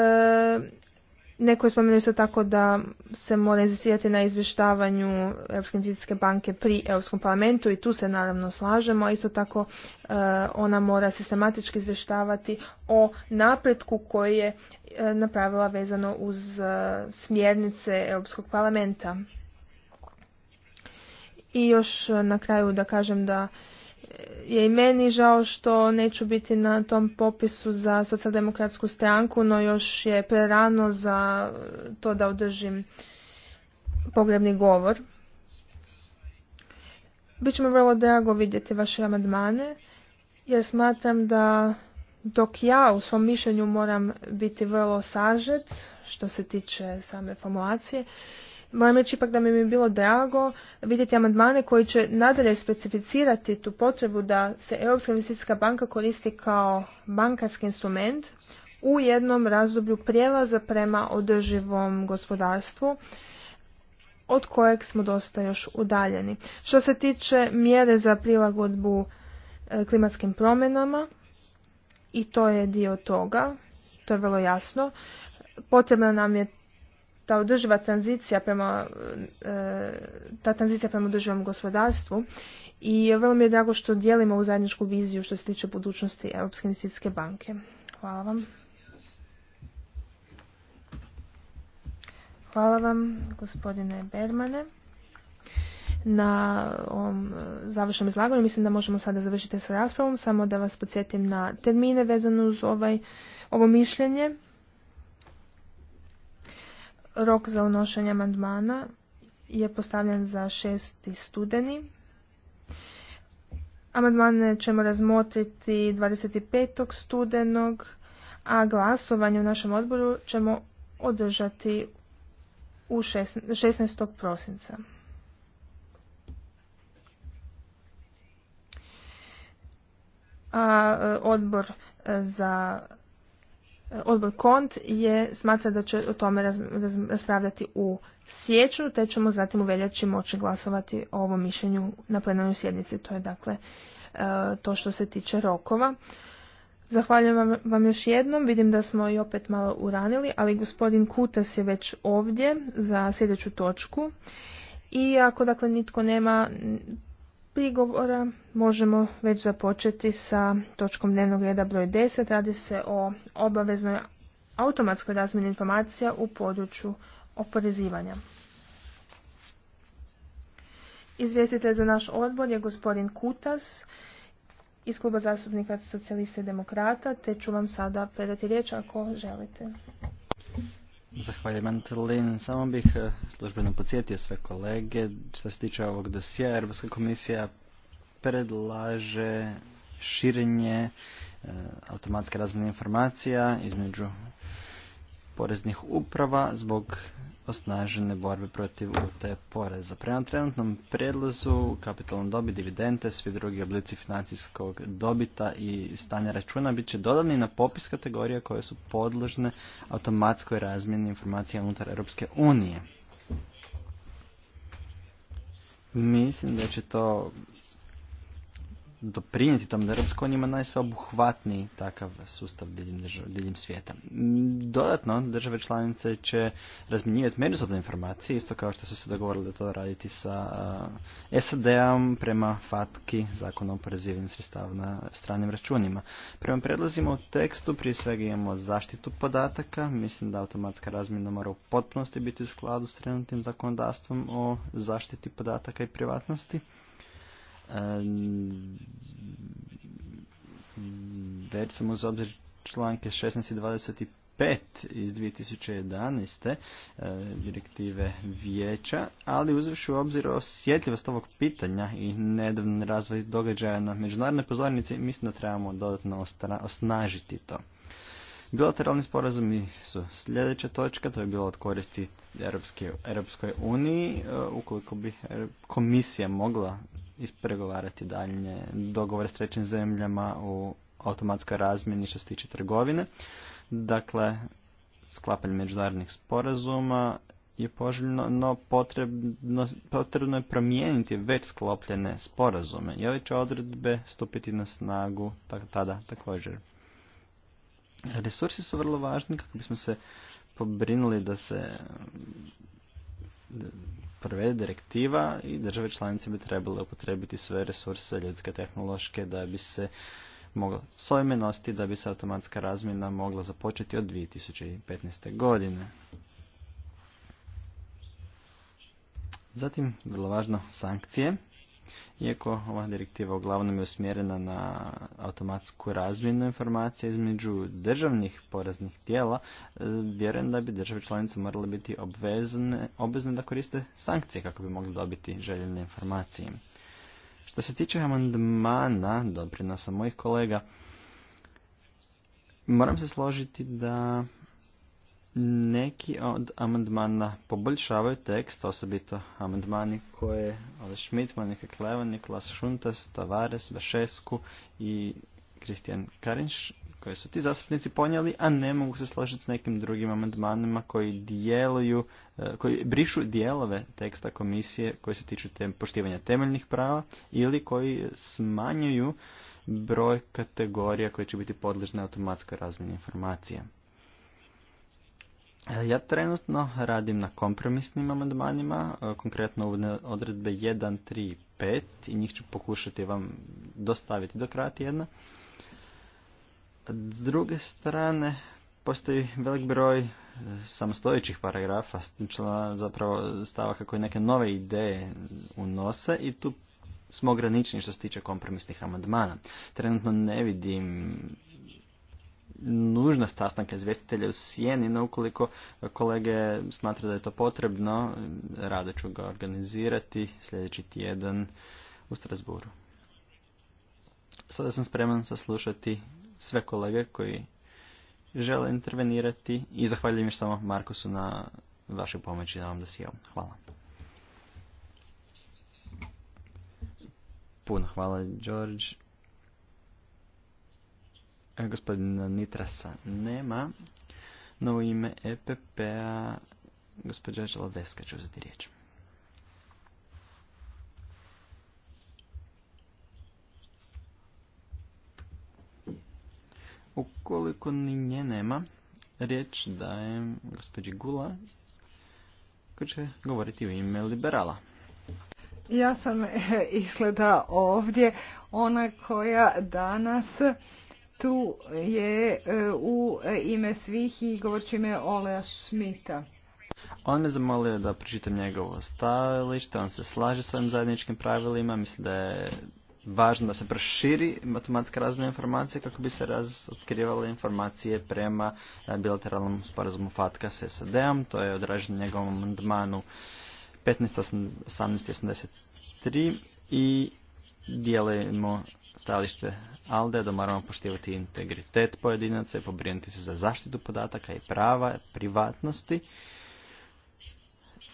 Neko je spomenuo isto tako da se mora inzistirati na izvještavanju Europske investicijske banke pri Europskom parlamentu i tu se naravno slažemo, a isto tako e, ona mora sistematički izvještavati o napretku koji je e, napravila vezano uz e, smjernice Europskog parlamenta. I još na kraju da kažem da je i meni žao što neću biti na tom popisu za socijaldemokratsku stranku, no još je prerano za to da održim pogrebni govor. Bićemo mi vrlo drago vidjeti vaše amandmane, jer smatram da dok ja u svom mišljenju moram biti vrlo sažet što se tiče same formulacije, Moram reći ipak da mi je bilo drago vidjeti amandmane koji će nadalje specificirati tu potrebu da se Europska investicijska banka koristi kao bankarski instrument u jednom razdoblju prijelaza prema održivom gospodarstvu od kojeg smo dosta još udaljeni. Što se tiče mjere za prilagodbu e, klimatskim promjenama, i to je dio toga, to je vrlo jasno, potrebna nam je ta održiva tranzicija prema, e, ta tranzicija prema održivom gospodarstvu i vrlo mi je drago što dijelimo u zajedničku viziju što se tiče budućnosti Europske investicijske banke. Hvala vam. Hvala vam gospodine Bermane na ovom e, završnom izlaganju. Mislim da možemo sada završiti sa raspravom, samo da vas podsjetim na termine vezane uz ovaj, ovo mišljenje. Rok za unošenje amandmana je postavljen za 6. studeni. Amandmane ćemo razmotriti 25. studenog, a glasovanje u našem odboru ćemo održati u 16. prosinca. A e, odbor e, za Odbor KONT je smatra da će o tome raspravljati u siječnju, te ćemo zatim u veljači moći glasovati o ovom mišljenju na plenarnoj sjednici. To je dakle e, to što se tiče rokova. Zahvaljujem vam, vam još jednom. Vidim da smo i opet malo uranili, ali gospodin Kutas je već ovdje za sljedeću točku. I ako dakle nitko nema prigovora možemo već započeti sa točkom dnevnog reda broj 10. Radi se o obaveznoj automatskoj razmjeni informacija u području oporezivanja. Izvjestitelj za naš odbor je gospodin Kutas iz Kluba zastupnika socijalista i demokrata, te ću vam sada predati riječ ako želite. Zahvaljujem, Antolin. Samo bih eh, službeno podsjetio sve kolege. Što se tiče ovog dosija, Europska komisija predlaže širenje eh, automatske razmjene informacija između poreznih uprava zbog osnažene borbe protiv utaje poreza. Prema trenutnom predlazu kapitalnom dobi, dividende, svi drugi oblici financijskog dobita i stanja računa bit će dodani na popis kategorija koje su podložne automatskoj razmjeni informacija unutar Europske unije. Mislim da će to doprinijeti tom da Europska unija ima najsveobuhvatniji takav sustav diljem, svijeta. Dodatno, države članice će razminjivati međusobne informacije, isto kao što su se dogovorili da to raditi sa SAD-om prema FATKI, zakonom o oporezivanju sredstava na stranim računima. Prema predlazima u tekstu, prije svega imamo zaštitu podataka, mislim da automatska razmjena mora u potpunosti biti u skladu s trenutnim zakonodavstvom o zaštiti podataka i privatnosti već sam uz obzir članke 16 i 25 iz 2011. Eh, direktive vijeća, ali uzevši u obzir osjetljivost ovog pitanja i nedavni razvoj događaja na međunarodnoj pozornici, mislim da trebamo dodatno osnažiti to. Bilateralni sporazumi su sljedeća točka, to je bilo od koristi Europske, Europskoj uniji, eh, ukoliko bi komisija mogla ispregovarati daljnje dogovore s trećim zemljama u automatskoj razmjeni što se tiče trgovine. Dakle, sklapanje međunarodnih sporazuma je poželjno, no potrebno, je promijeniti već sklopljene sporazume i ove će odredbe stupiti na snagu tada također. Resursi su vrlo važni kako bismo se pobrinuli da se provede direktiva i države članice bi trebale upotrebiti sve resurse ljudske tehnološke da bi se mogla s nositi da bi se automatska razmjena mogla započeti od 2015. godine. Zatim, vrlo važno, sankcije. Iako ova direktiva uglavnom je usmjerena na automatsku razmjenu informacija između državnih poreznih tijela, e, vjerujem da bi države članice morale biti obvezne, obvezne da koriste sankcije kako bi mogli dobiti željene informacije. Što se tiče amandmana, doprinosa mojih kolega, moram se složiti da neki od amandmana poboljšavaju tekst, osobito amandmani koje Ole Schmidt, Monika Klevan, Niklas Šuntas, Tavares, Vašesku i Kristijan Karinš, koje su ti zastupnici ponijeli, a ne mogu se složiti s nekim drugim amandmanima koji djeluju, e, koji brišu dijelove teksta komisije koji se tiču poštivanja temeljnih prava ili koji smanjuju broj kategorija koje će biti podložne automatskoj razmjeni informacija. E, ja trenutno radim na kompromisnim amandmanima, e, konkretno u odredbe 1, 3 i 5 i njih ću pokušati vam dostaviti do kraja tjedna. S druge strane, postoji velik broj e, samostojećih paragrafa, zapravo stavaka koji neke nove ideje unose i tu smo ograničeni što se tiče kompromisnih amandmana. Trenutno ne vidim nužnost sastanka izvjestitelja u Sijeni, no ukoliko kolege smatra da je to potrebno, rado ću ga organizirati sljedeći tjedan u Strasburu. Sada sam spreman saslušati sve kolege koji žele intervenirati i zahvaljujem još samo Markusu na vašoj pomoći na ovom dosijelu. Hvala. Puno hvala, George. E, Gospodina Nitrasa nema, no u ime EPP-a gospođa Žalaveska će uzeti riječ. Ukoliko ni nje nema, riječ dajem gospođi Gula koja će govoriti u ime liberala. Ja sam e, izgleda ovdje ona koja danas tu je e, u e, ime svih i govorit ću ime Olea Šmita. On me zamolio da pročitam njegovo stajalište, on se slaže s ovim zajedničkim pravilima, mislim da je važno da se proširi matematska razmjena informacije kako bi se razotkrivale informacije prema e, bilateralnom sporazumu FATKA s SAD-om. To je odraženo njegovom amandmanu 15.18.83 i dijelimo stajalište ALDE da moramo poštivati integritet pojedinaca i pobrinuti se za zaštitu podataka i prava, privatnosti.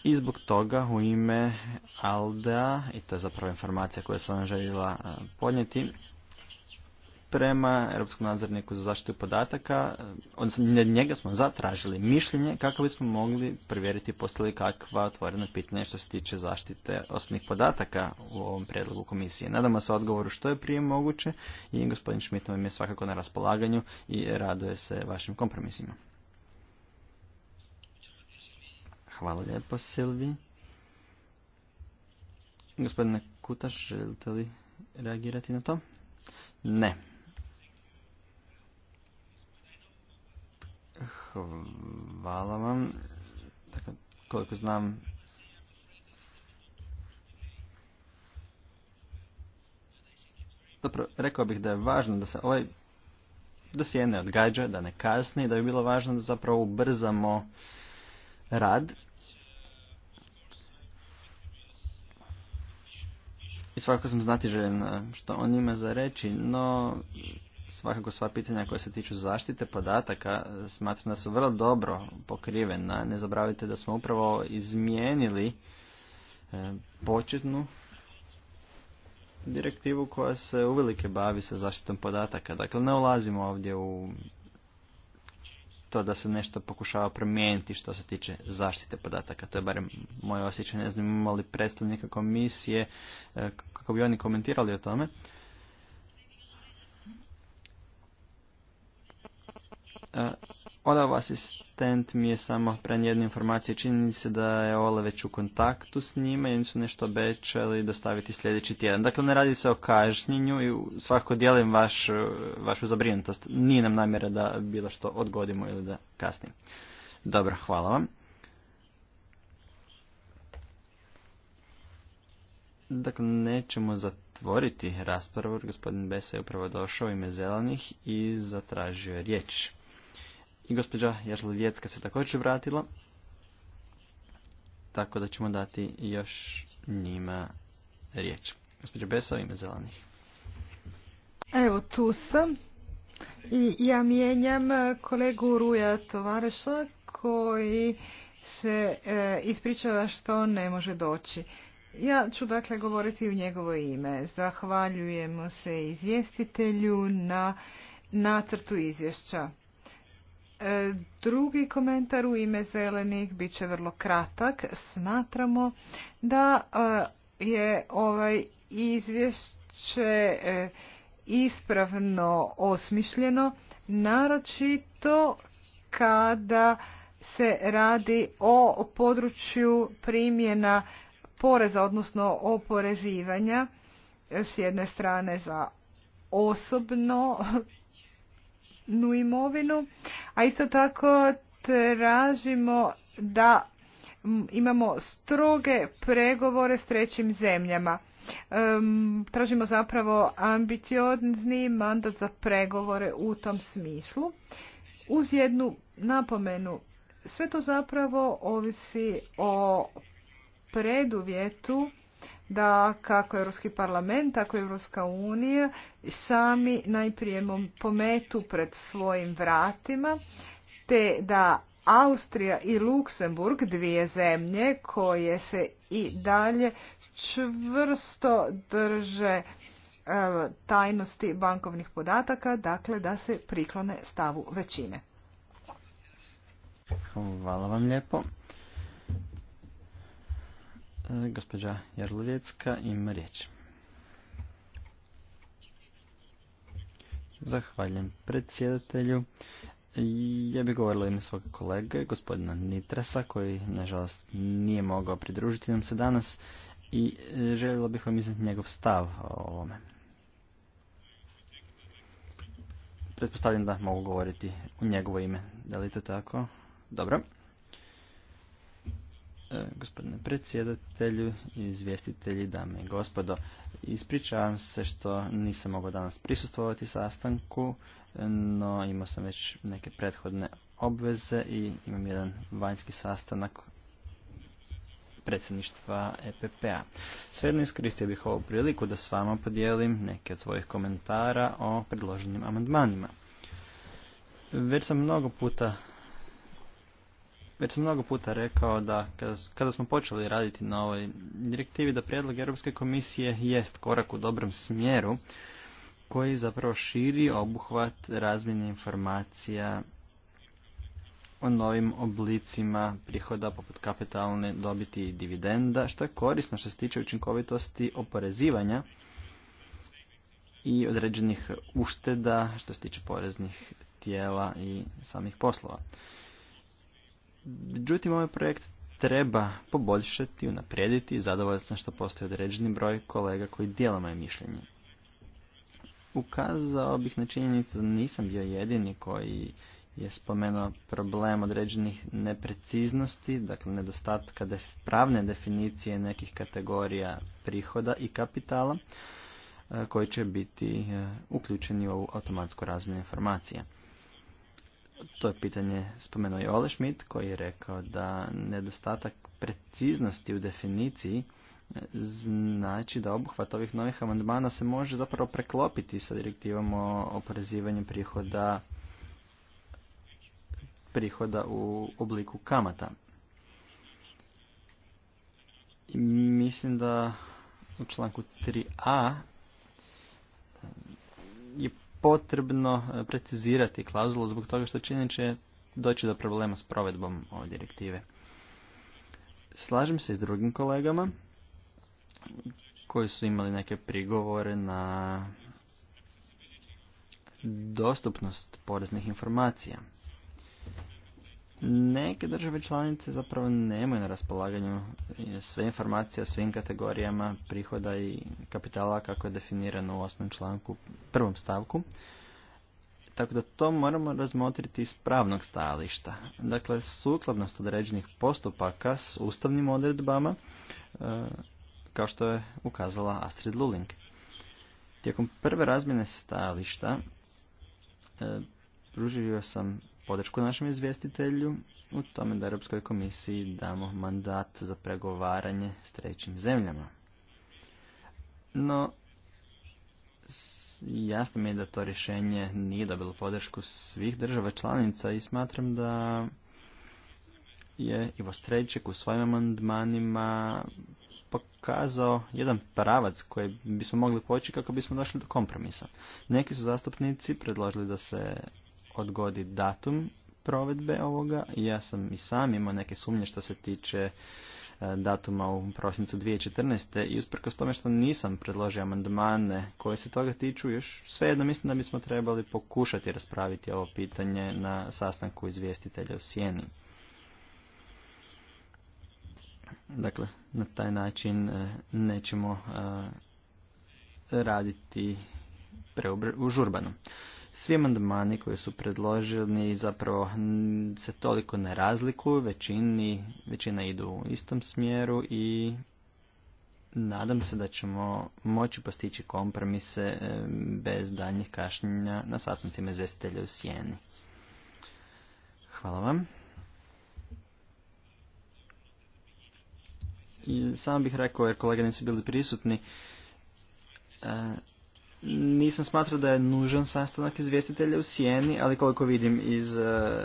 I zbog toga u ime ALDA, i to je zapravo informacija koju sam željela podnijeti, prema Europskom nadzorniku za zaštitu podataka, e, odnosno njega smo zatražili mišljenje kako bismo mogli provjeriti postoji kakva otvorena pitanja što se tiče zaštite osobnih podataka u ovom prijedlogu komisije. Nadamo se odgovoru što je prije moguće i gospodin Šmit vam je svakako na raspolaganju i raduje se vašim kompromisima. Hvala lijepo Silvi. Gospodine Kutaš, želite li reagirati na to? Ne. Hvala vam. Dakle, koliko znam, Dobro, rekao bih da je važno da se ovaj se ne odgađa, da ne kasni, da bi bilo važno da zapravo ubrzamo rad. I svakako sam znati željen eh, što on ima za reći, no svakako sva pitanja koja se tiču zaštite podataka e, smatram da su vrlo dobro pokrivena. Ne zabravite da smo upravo izmijenili e, početnu direktivu koja se uvelike bavi sa zaštitom podataka. Dakle, ne ulazimo ovdje u to da se nešto pokušava promijeniti što se tiče zaštite podataka. To je barem moje osjećaj. Ne znam imamo li predstavnika komisije e, kako bi oni komentirali o tome. E, Olav asistent mi je samo prenio jednu informaciju. Čini se da je Ola već u kontaktu s njima i oni su nešto obećali dostaviti sljedeći tjedan. Dakle, ne radi se o kažnjenju i svakako dijelim vaš, e, vašu zabrinutost. Nije nam namjera da bilo što odgodimo ili da kasnije. Dobro, hvala vam. Dakle, nećemo zatvoriti raspravu. Gospodin Besa je upravo došao ime zelenih i zatražio riječ. I gospođa Jažlovjecka se također vratila. Tako da ćemo dati još njima riječ. Gospođa Besa, ime zelanih. Evo tu sam. I ja mijenjam kolegu Ruja Tovareša koji se e, ispričava što ne može doći. Ja ću dakle govoriti u njegovo ime. Zahvaljujemo se izvjestitelju na nacrtu izvješća. E, drugi komentar u ime zelenih bit će vrlo kratak. Smatramo da e, je ovaj izvješće e, ispravno osmišljeno, naročito kada se radi o području primjena poreza, odnosno oporezivanja s jedne strane za osobno imovinu, a isto tako tražimo da imamo stroge pregovore s trećim zemljama. Tražimo zapravo ambiciozni mandat za pregovore u tom smislu. Uz jednu napomenu, sve to zapravo ovisi o preduvjetu da kako Europski parlament, tako i Europska unija sami najprije pometu pred svojim vratima, te da Austrija i Luksemburg, dvije zemlje koje se i dalje čvrsto drže e, tajnosti bankovnih podataka, dakle da se priklone stavu većine. Hvala vam lijepo. E, gospođa Jarlovjecka ima riječ. Zahvaljujem predsjedatelju. Ja bih govorila ime svog kolege, gospodina Nitresa, koji nažalost nije mogao pridružiti nam se danas i e, željela bih vam iznijeti njegov stav o ovome. Pretpostavljam da mogu govoriti u njegovo ime. Da li je to tako? Dobro. E, gospodine predsjedatelju, izvjestitelji, dame i gospodo, ispričavam se što nisam mogao danas prisustvovati sastanku, no imao sam već neke prethodne obveze i imam jedan vanjski sastanak predsjedništva EPP-a. Svejedno iskoristio bih ovu priliku da s vama podijelim neke od svojih komentara o predloženim amandmanima. Već sam mnogo puta već sam mnogo puta rekao da kada, smo počeli raditi na ovoj direktivi da prijedlog Europske komisije jest korak u dobrom smjeru koji zapravo širi obuhvat razmjene informacija o novim oblicima prihoda poput kapitalne dobiti i dividenda, što je korisno što se tiče učinkovitosti oporezivanja i određenih ušteda što se tiče poreznih tijela i samih poslova. Međutim, ovaj projekt treba poboljšati, unaprijediti i zadovoljan sam što postoji određeni broj kolega koji dijela moje mišljenje. Ukazao bih na činjenicu da nisam bio jedini koji je spomenuo problem određenih nepreciznosti, dakle nedostatka pravne definicije nekih kategorija prihoda i kapitala e, koji će biti e, uključeni u automatsku razmjenu informacija. To je pitanje spomenuo i Ole Schmidt koji je rekao da nedostatak preciznosti u definiciji e, znači da obuhvat ovih novih amandmana se može zapravo preklopiti sa direktivom o oporezivanju prihoda prihoda u obliku kamata. I mislim da u članku 3a e, je potrebno e, precizirati klauzulu zbog toga što čini će doći do problema s provedbom ove direktive. Slažem se i s drugim kolegama koji su imali neke prigovore na dostupnost poreznih informacija. Neke države članice zapravo nemaju na raspolaganju e, sve informacije o svim kategorijama prihoda i kapitala kako je definirano u osmom članku, prvom stavku. Tako da to moramo razmotriti iz pravnog stajališta. Dakle, sukladnost određenih postupaka s ustavnim odredbama, e, kao što je ukazala Astrid Luling. Tijekom prve razmjene stajališta e, pružio sam podršku našem izvjestitelju u tome da Europskoj komisiji damo mandat za pregovaranje s trećim zemljama. No, jasno mi je da to rješenje nije dobilo podršku svih država članica i smatram da je Ivo Strejček u svojim amandmanima pokazao jedan pravac koji bismo mogli poći kako bismo došli do kompromisa. Neki su zastupnici predložili da se odgodi datum provedbe ovoga. Ja sam i sam imao neke sumnje što se tiče e, datuma u prosincu 2014. i usprkos tome što nisam predložio amandmane koje se toga tiču, još svejedno mislim da bismo trebali pokušati raspraviti ovo pitanje na sastanku izvjestitelja u Sijeni. Dakle, na taj način e, nećemo e, raditi u žurbanu. Svi amandmani koji su predloženi zapravo se toliko ne razlikuju, većini, većina idu u istom smjeru i nadam se da ćemo moći postići kompromise e, bez daljnjih kašnjenja na sastancima izvestitelja u Sijeni. Hvala vam. samo bih rekao, jer kolege nisu bili prisutni, e, nisam smatrao da je nužan sastanak izvjestitelja u Sijeni, ali koliko vidim iz e,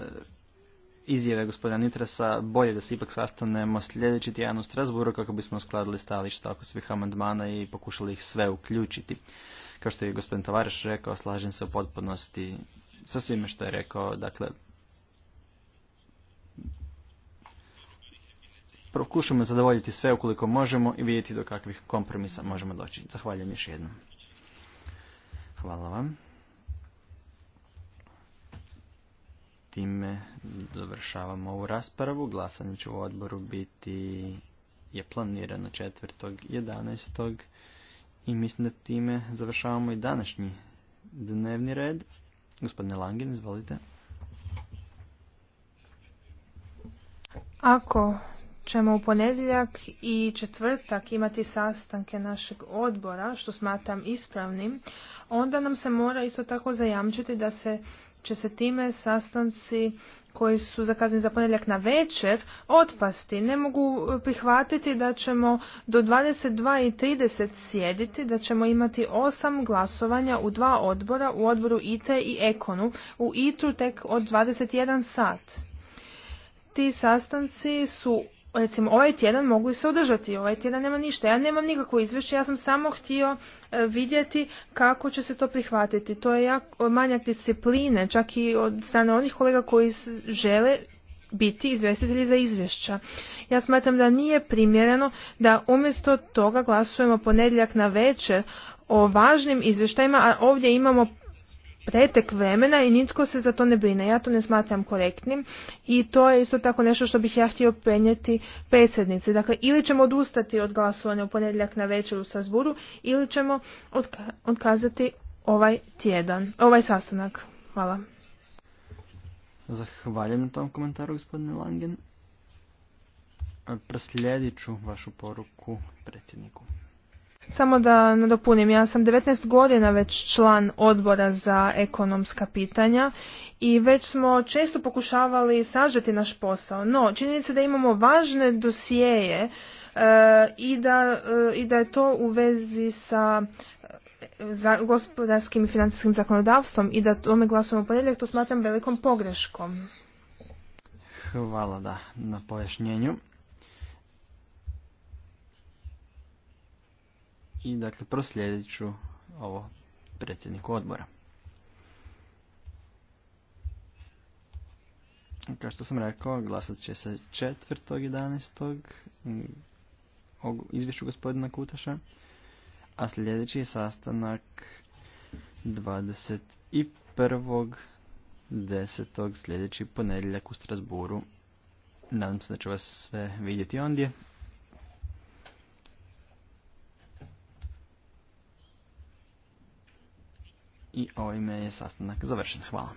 izjave gospodina Nitrasa, bolje da se ipak sastanemo sljedeći tjedan u Strasburu kako bismo uskladili stališta oko svih amandmana i pokušali ih sve uključiti. Kao što je gospodin Tavareš rekao, slažem se u potpunosti sa svime što je rekao, dakle, prokušamo zadovoljiti sve ukoliko možemo i vidjeti do kakvih kompromisa možemo doći. Zahvaljujem još jednom. Hvala vam. Time završavamo ovu raspravu. Glasanje će u odboru biti je planirano 4.11. I mislim da time završavamo i današnji dnevni red. Gospodine Langin, izvolite. Ako ćemo u ponedjeljak i četvrtak imati sastanke našeg odbora, što smatram ispravnim, onda nam se mora isto tako zajamčiti da se će se time sastanci koji su zakazani za ponedjeljak na večer otpasti. Ne mogu e, prihvatiti da ćemo do 22.30 sjediti, da ćemo imati osam glasovanja u dva odbora, u odboru IT i Ekonu, u ITU tek od 21 sat. Ti sastanci su recimo ovaj tjedan mogu se održati, ovaj tjedan nema ništa. Ja nemam nikakvo izvješće, ja sam samo htio e, vidjeti kako će se to prihvatiti. To je jako manjak discipline, čak i od strane onih kolega koji žele biti izvjestitelji za izvješća. Ja smatram da nije primjereno da umjesto toga glasujemo ponedjeljak na večer o važnim izvještajima, a ovdje imamo pretek vremena i nitko se za to ne brine. Ja to ne smatram korektnim i to je isto tako nešto što bih ja htio prenijeti predsjednici. Dakle, ili ćemo odustati od glasovanja u ponedjeljak na večer u Sazburu ili ćemo odkazati ovaj tjedan, ovaj sastanak. Hvala. Zahvaljujem na tom komentaru, gospodine Langen. E, proslijedit ću vašu poruku predsjedniku. Samo da nadopunim, ja sam 19 godina već član odbora za ekonomska pitanja i već smo često pokušavali sažeti naš posao. No, činjenica da imamo važne dosijeje e, i, da, e, i da je to u vezi sa e, gospodarskim i financijskim zakonodavstvom i da tome glasujemo ponedjeljak, to smatram velikom pogreškom. Hvala da na pojašnjenju. i dakle proslijedit ću ovo predsjedniku odbora. Kao što sam rekao, glasat će se 4.11. Mm, o izvješću gospodina Kutaša, a sljedeći je sastanak 21.10. sljedeći ponedjeljak u Strasburu. Nadam se da će vas sve vidjeti ondje. I ovime je sastanak završen. Hvala.